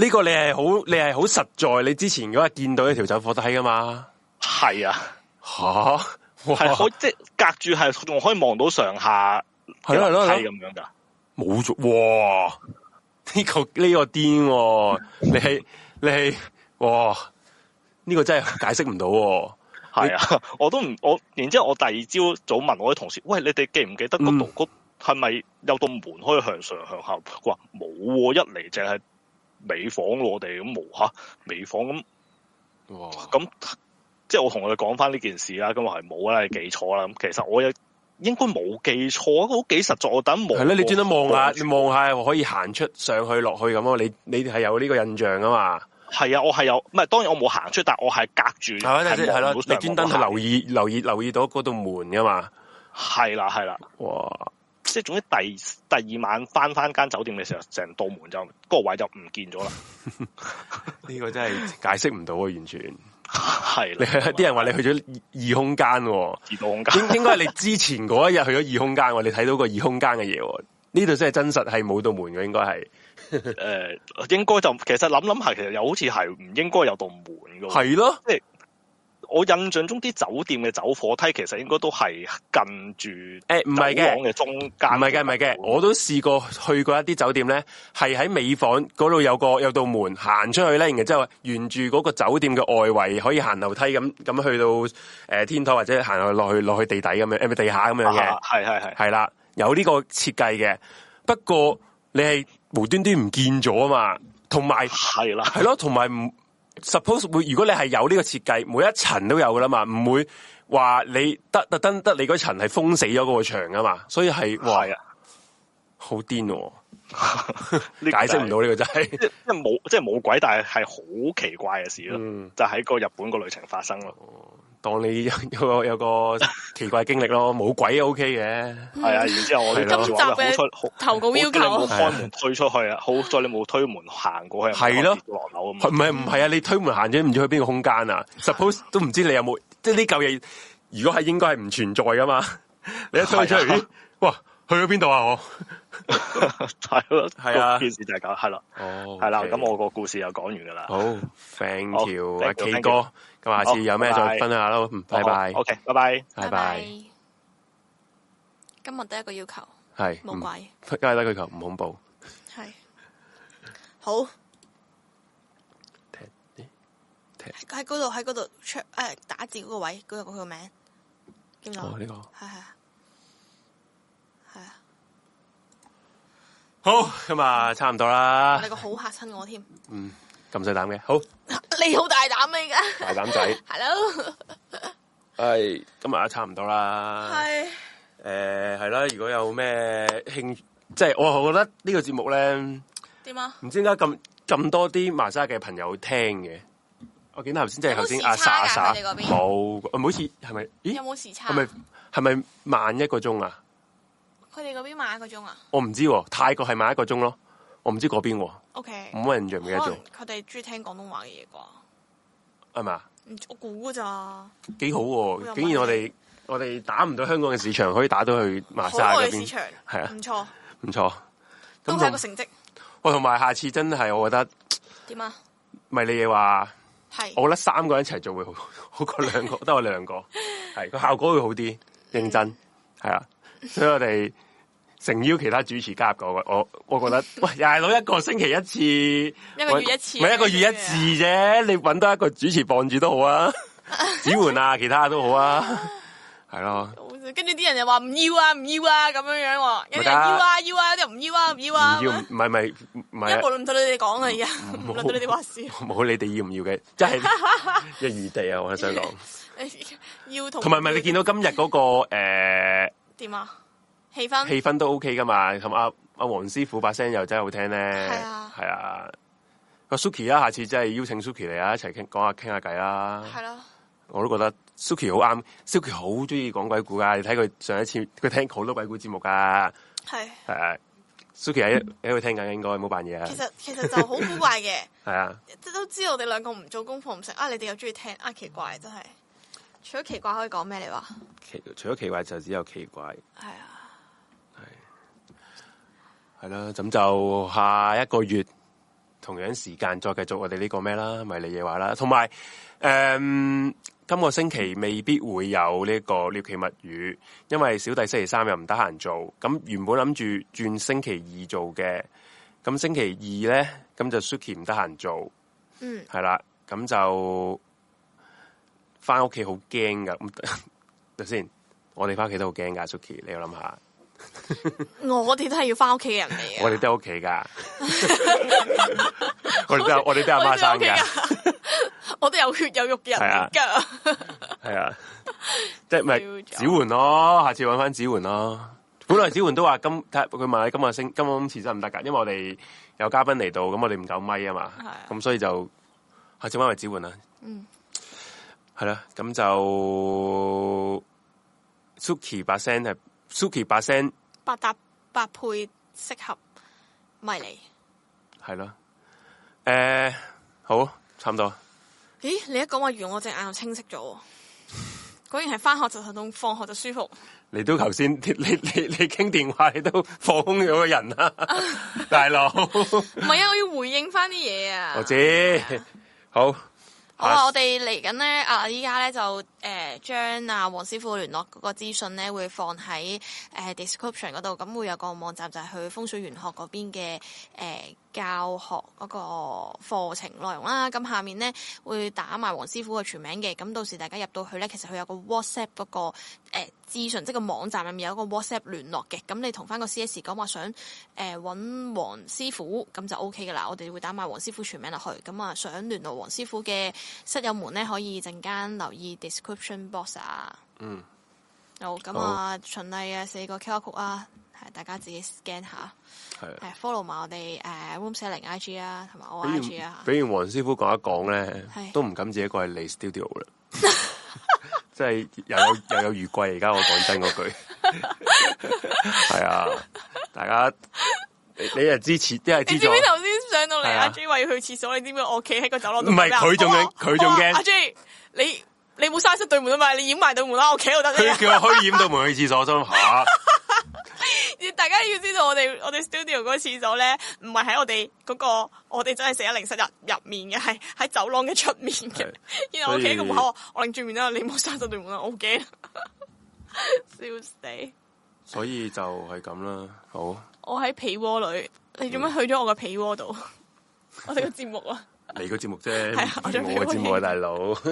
呢是的 個你係好，你係好實在。你之前嗰日見到一條走火梯噶嘛是的？係啊。吓係可即係隔住係仲可以望到上下樓梯係咯係咯，咁樣噶。冇咗哇！呢、這個呢、這個癲喎、啊，你係你係哇！呢、這個真係解釋唔到喎。係啊，我都唔我，然之後我第二朝早問我啲同事，喂，你哋記唔記得個道骨係咪有道門可以向上向下？嘩，冇、啊、一嚟淨係尾房我哋咁冇吓尾房咁。咁哇即係我同佢哋講翻呢件事啦。咁話係冇啦，你記錯啦。咁其實我有。應該冇記錯，好幾實在。我等望係咧，你專登望下，你望下我可以行出上去落去咁咯。你你哋係有呢個印象噶嘛？係啊，我係有，唔係當然我冇行出，但我係隔住。係係咯，你專登去留意留意留意到嗰度門噶嘛？係啦，係啦。哇！即係總之，第第二晚翻翻間酒店嘅時候，成道門就嗰個位就唔見咗啦。呢個真係解釋唔到啊，完全。係，啲人話你去咗異空間，異度空間，應應該係你之前嗰一日去咗異空間，哦，你睇到個異空間嘅嘢，呢度真係真實係冇道門嘅，應該係，誒，應該就其實諗諗下，其實又好似係唔應該有道門嘅，係咯，即係。我印象中啲酒店嘅走火梯其實應該都係近住誒、欸，唔係嘅，中間唔係嘅，唔係嘅。我都試過去過一啲酒店咧，係喺尾房嗰度有個有道道門行出去咧，然之後沿住嗰個酒店嘅外圍可以行樓梯咁咁去到誒、呃、天台或者行落去落去去地底咁樣，誒，地下咁樣嘅，係係係，係啦，有呢個設計嘅。不過你係無端端唔見咗啊嘛，同埋係啦，係咯的，同埋唔。suppose 會，如果你係有呢個設計，每一層都有噶啦嘛，唔會話你得特登得，得，得你嗰層係封死咗個牆噶嘛，所以係係啊，好癲、 [laughs] 就係， [laughs] 解釋唔到呢個真、就、係、係，即係即係冇即係冇鬼，但係係好奇怪嘅事咯，嗯、就喺個日本個旅程發生咯。當你有個有個奇怪經歷咯，冇鬼啊 OK 嘅，係啊，然之後我哋急集咩？出投稿要求，開門推出去啊，好在你冇推門行過去，係咯，唔係唔係啊？你推門行咗唔知去邊個空間啊？Suppose 都唔知你有冇，即係呢嚿嘢，如果係應該係唔存在噶嘛？你一推出去哇，去咗邊度啊？我係咯，係啊，故事就係咁，係啦，哦，係啦，咁我個故事又講完噶啦，好，thank you K 哥。咁下次有咩再分享下咯，拜拜，OK，拜拜，好拜拜。今日第一個要求係冇鬼，今日第一個要求唔恐怖，係好。喺喺嗰度喺嗰度出誒、呃、打字嗰個位，嗰個佢個名字。到哦，呢、這個係係係啊，好咁啊，差唔多啦。你 [laughs] 個好吓親我添。嗯。咁細膽嘅，好你好大膽嚟噶，大膽仔，Hello，係今日啊，差唔多啦，係，誒，係啦，如果有咩興趣，即係我，我覺得呢個節目咧，點啊？唔知點解咁咁多啲馬來西亞嘅朋友聽嘅，我見頭先即係頭先阿莎莎，冇，唔好似係咪？有冇時差？係咪係咪慢一個鐘啊？佢哋嗰邊慢一個鐘啊？我唔知，泰國係慢一個鐘咯。我唔知嗰邊，OK，冇乜印象，唔記得做。佢哋中意聽廣東話嘅嘢啩？係咪啊？我估咋？幾好，竟然我哋我哋打唔到香港嘅市場，可以打到去馬來西亞嗰邊，係啊，唔錯，唔錯，都係一個成績。我同埋下次真係，我覺得點啊？咪你嘢話係？我覺得三個人一齊做會好，好過兩個，得我哋兩個係個效果會好啲，認真係啊，所以我哋。誠邀其他主持加入過嘅，我我覺得，喂，又係攞一個星期一次，一個月一次，唔係一個月一次啫。你揾多一個主持傍住都好啊，支援啊，其他都好啊，係咯。跟住啲人又話唔要啊，唔要啊，咁樣樣，有人要啊，要啊，有人唔要啊，唔要啊，要唔係唔係。一輪到同你哋講啊，而家輪到你哋話事，冇你哋要唔要嘅，真係一遇地啊，我想講。要同。同埋咪你見到今日嗰個誒點啊？氣氛氣氛都 OK 噶嘛，同阿阿黃師傅把聲又真係好聽咧。係啊，係啊。阿 Suki 啊，下次真係邀請 Suki 嚟啊，一齊傾講下傾下偈啦。係咯、啊。我都覺得 Suki 好啱，Suki、啊、好中意講鬼故噶、啊。你睇佢上一次佢聽好多鬼故節目噶。係、啊。係 Suki 喺喺度聽緊，應該冇扮嘢。其實其實就好古怪嘅。係 [laughs] 啊。即都知道我哋兩個唔做功課唔識啊，你哋又中意聽啊，奇怪真係。除咗奇怪可以講咩嚟話？奇除咗奇怪就只有奇怪。係啊。係啦，咁就下一個月同樣時間再繼續我哋呢個咩啦，迷離夜話啦。同埋，誒、呃，今、這個星期未必會有呢、這個撩奇物語，因為小弟星期三又唔得閒做。咁原本諗住轉星期二做嘅，咁星期二咧，咁就 Suki 唔得閒做。嗯，係啦，咁就翻屋企好驚噶。咁，頭先，我哋翻屋企都好驚噶，Suki，你要諗下。我哋都係要翻屋企嘅人嚟，我哋都喺屋企噶，我哋都我哋都係阿媽生嘅，我哋有血有肉嘅人。係啊，係啊，即係咪指煥咯？下次揾翻指煥咯。本來指煥都話今，佢買今日星，今日咁遲真唔得噶，因為我哋有嘉賓嚟到，咁我哋唔夠咪啊嘛，咁所以就下次翻嚟指煥啦。嗯，係啦，咁就 Suki 把聲係 Suki 把聲百搭百配，適合迷你，係咯，誒、呃，好，差唔多。咦，你一講話完，我隻眼又清晰咗， [laughs] 果然係翻學就頭痛，放學就舒服。你都頭先，你你你傾電話，你都放空咗個人啦，大佬。唔係啊，我要回應翻啲嘢啊。我知， [laughs] [laughs] 好。好啦，我哋嚟緊咧，啊，依家咧就誒將啊王師傅聯絡嗰個資訊咧會放喺誒、呃、description 嗰度，咁、嗯、會有一個網站就係、是、去風水玄學嗰邊嘅誒。呃教學嗰個課程內容啦，咁下面呢，會打埋王師傅嘅全名嘅，咁到時大家入到去呢，其實佢有個 WhatsApp 嗰個誒資訊，即係個網站入面有個 WhatsApp 聯絡嘅，咁你同翻個 CS 講話想搵揾王師傅，咁就 OK 噶啦，我哋會打埋王師傅全名落去，咁啊想聯絡王師傅嘅室友們呢，可以陣間留意 description box 啊。嗯。好。咁啊，循例嘅四個 QR Code 啊。大家自己 scan 下，係 follow 埋我哋誒 room setting IG 啊，同埋我 IG 啊。比如王師傅講一講咧，都唔敢自己過嚟 studio 啦。即係又有又有遇鬼，而家我講真嗰句，係啊，大家你又支持，即係資助。頭先上到嚟，阿 J 話要去廁所，你知唔知我企喺個走廊都唔係佢仲驚，佢仲驚。阿 J，你你冇閂實對門啊嘛？你掩埋對門啦，我企就得。佢叫我可以掩對門去廁所，真吓。你大家要知道我們，我哋我哋 studio 嗰個廁所咧，唔係喺我哋嗰個，我哋真係四一零室入入面嘅，係喺走廊嘅出面嘅。然後我企喺個門口，我擰住面啦，你唔好閂咗對門啦，我驚，。 [laughs] 笑死！所以就係咁啦。好，我喺被窩裏，你做乜去咗我嘅被窩度？嗯、我哋個節目啊， [laughs] 你個節目啫、啊，我嘅節目啊，大佬。 [laughs]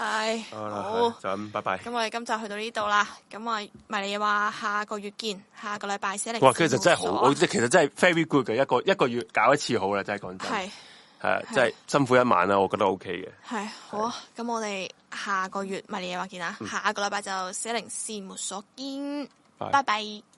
係唉好,好就咁，拜拜。咁我哋今集去到呢度啦，咁啊，迷離夜話下個月見，下個禮拜四零。其實真係好，即其實真係 very good 嘅，一個一個月搞一次好啦，真係講真。係係是啊，是真係辛苦一晚啦，我覺得 OK 嘅。係好啊，咁是我哋下個月迷離夜話見啦，嗯、下個禮拜就四零事務所見，拜拜。拜拜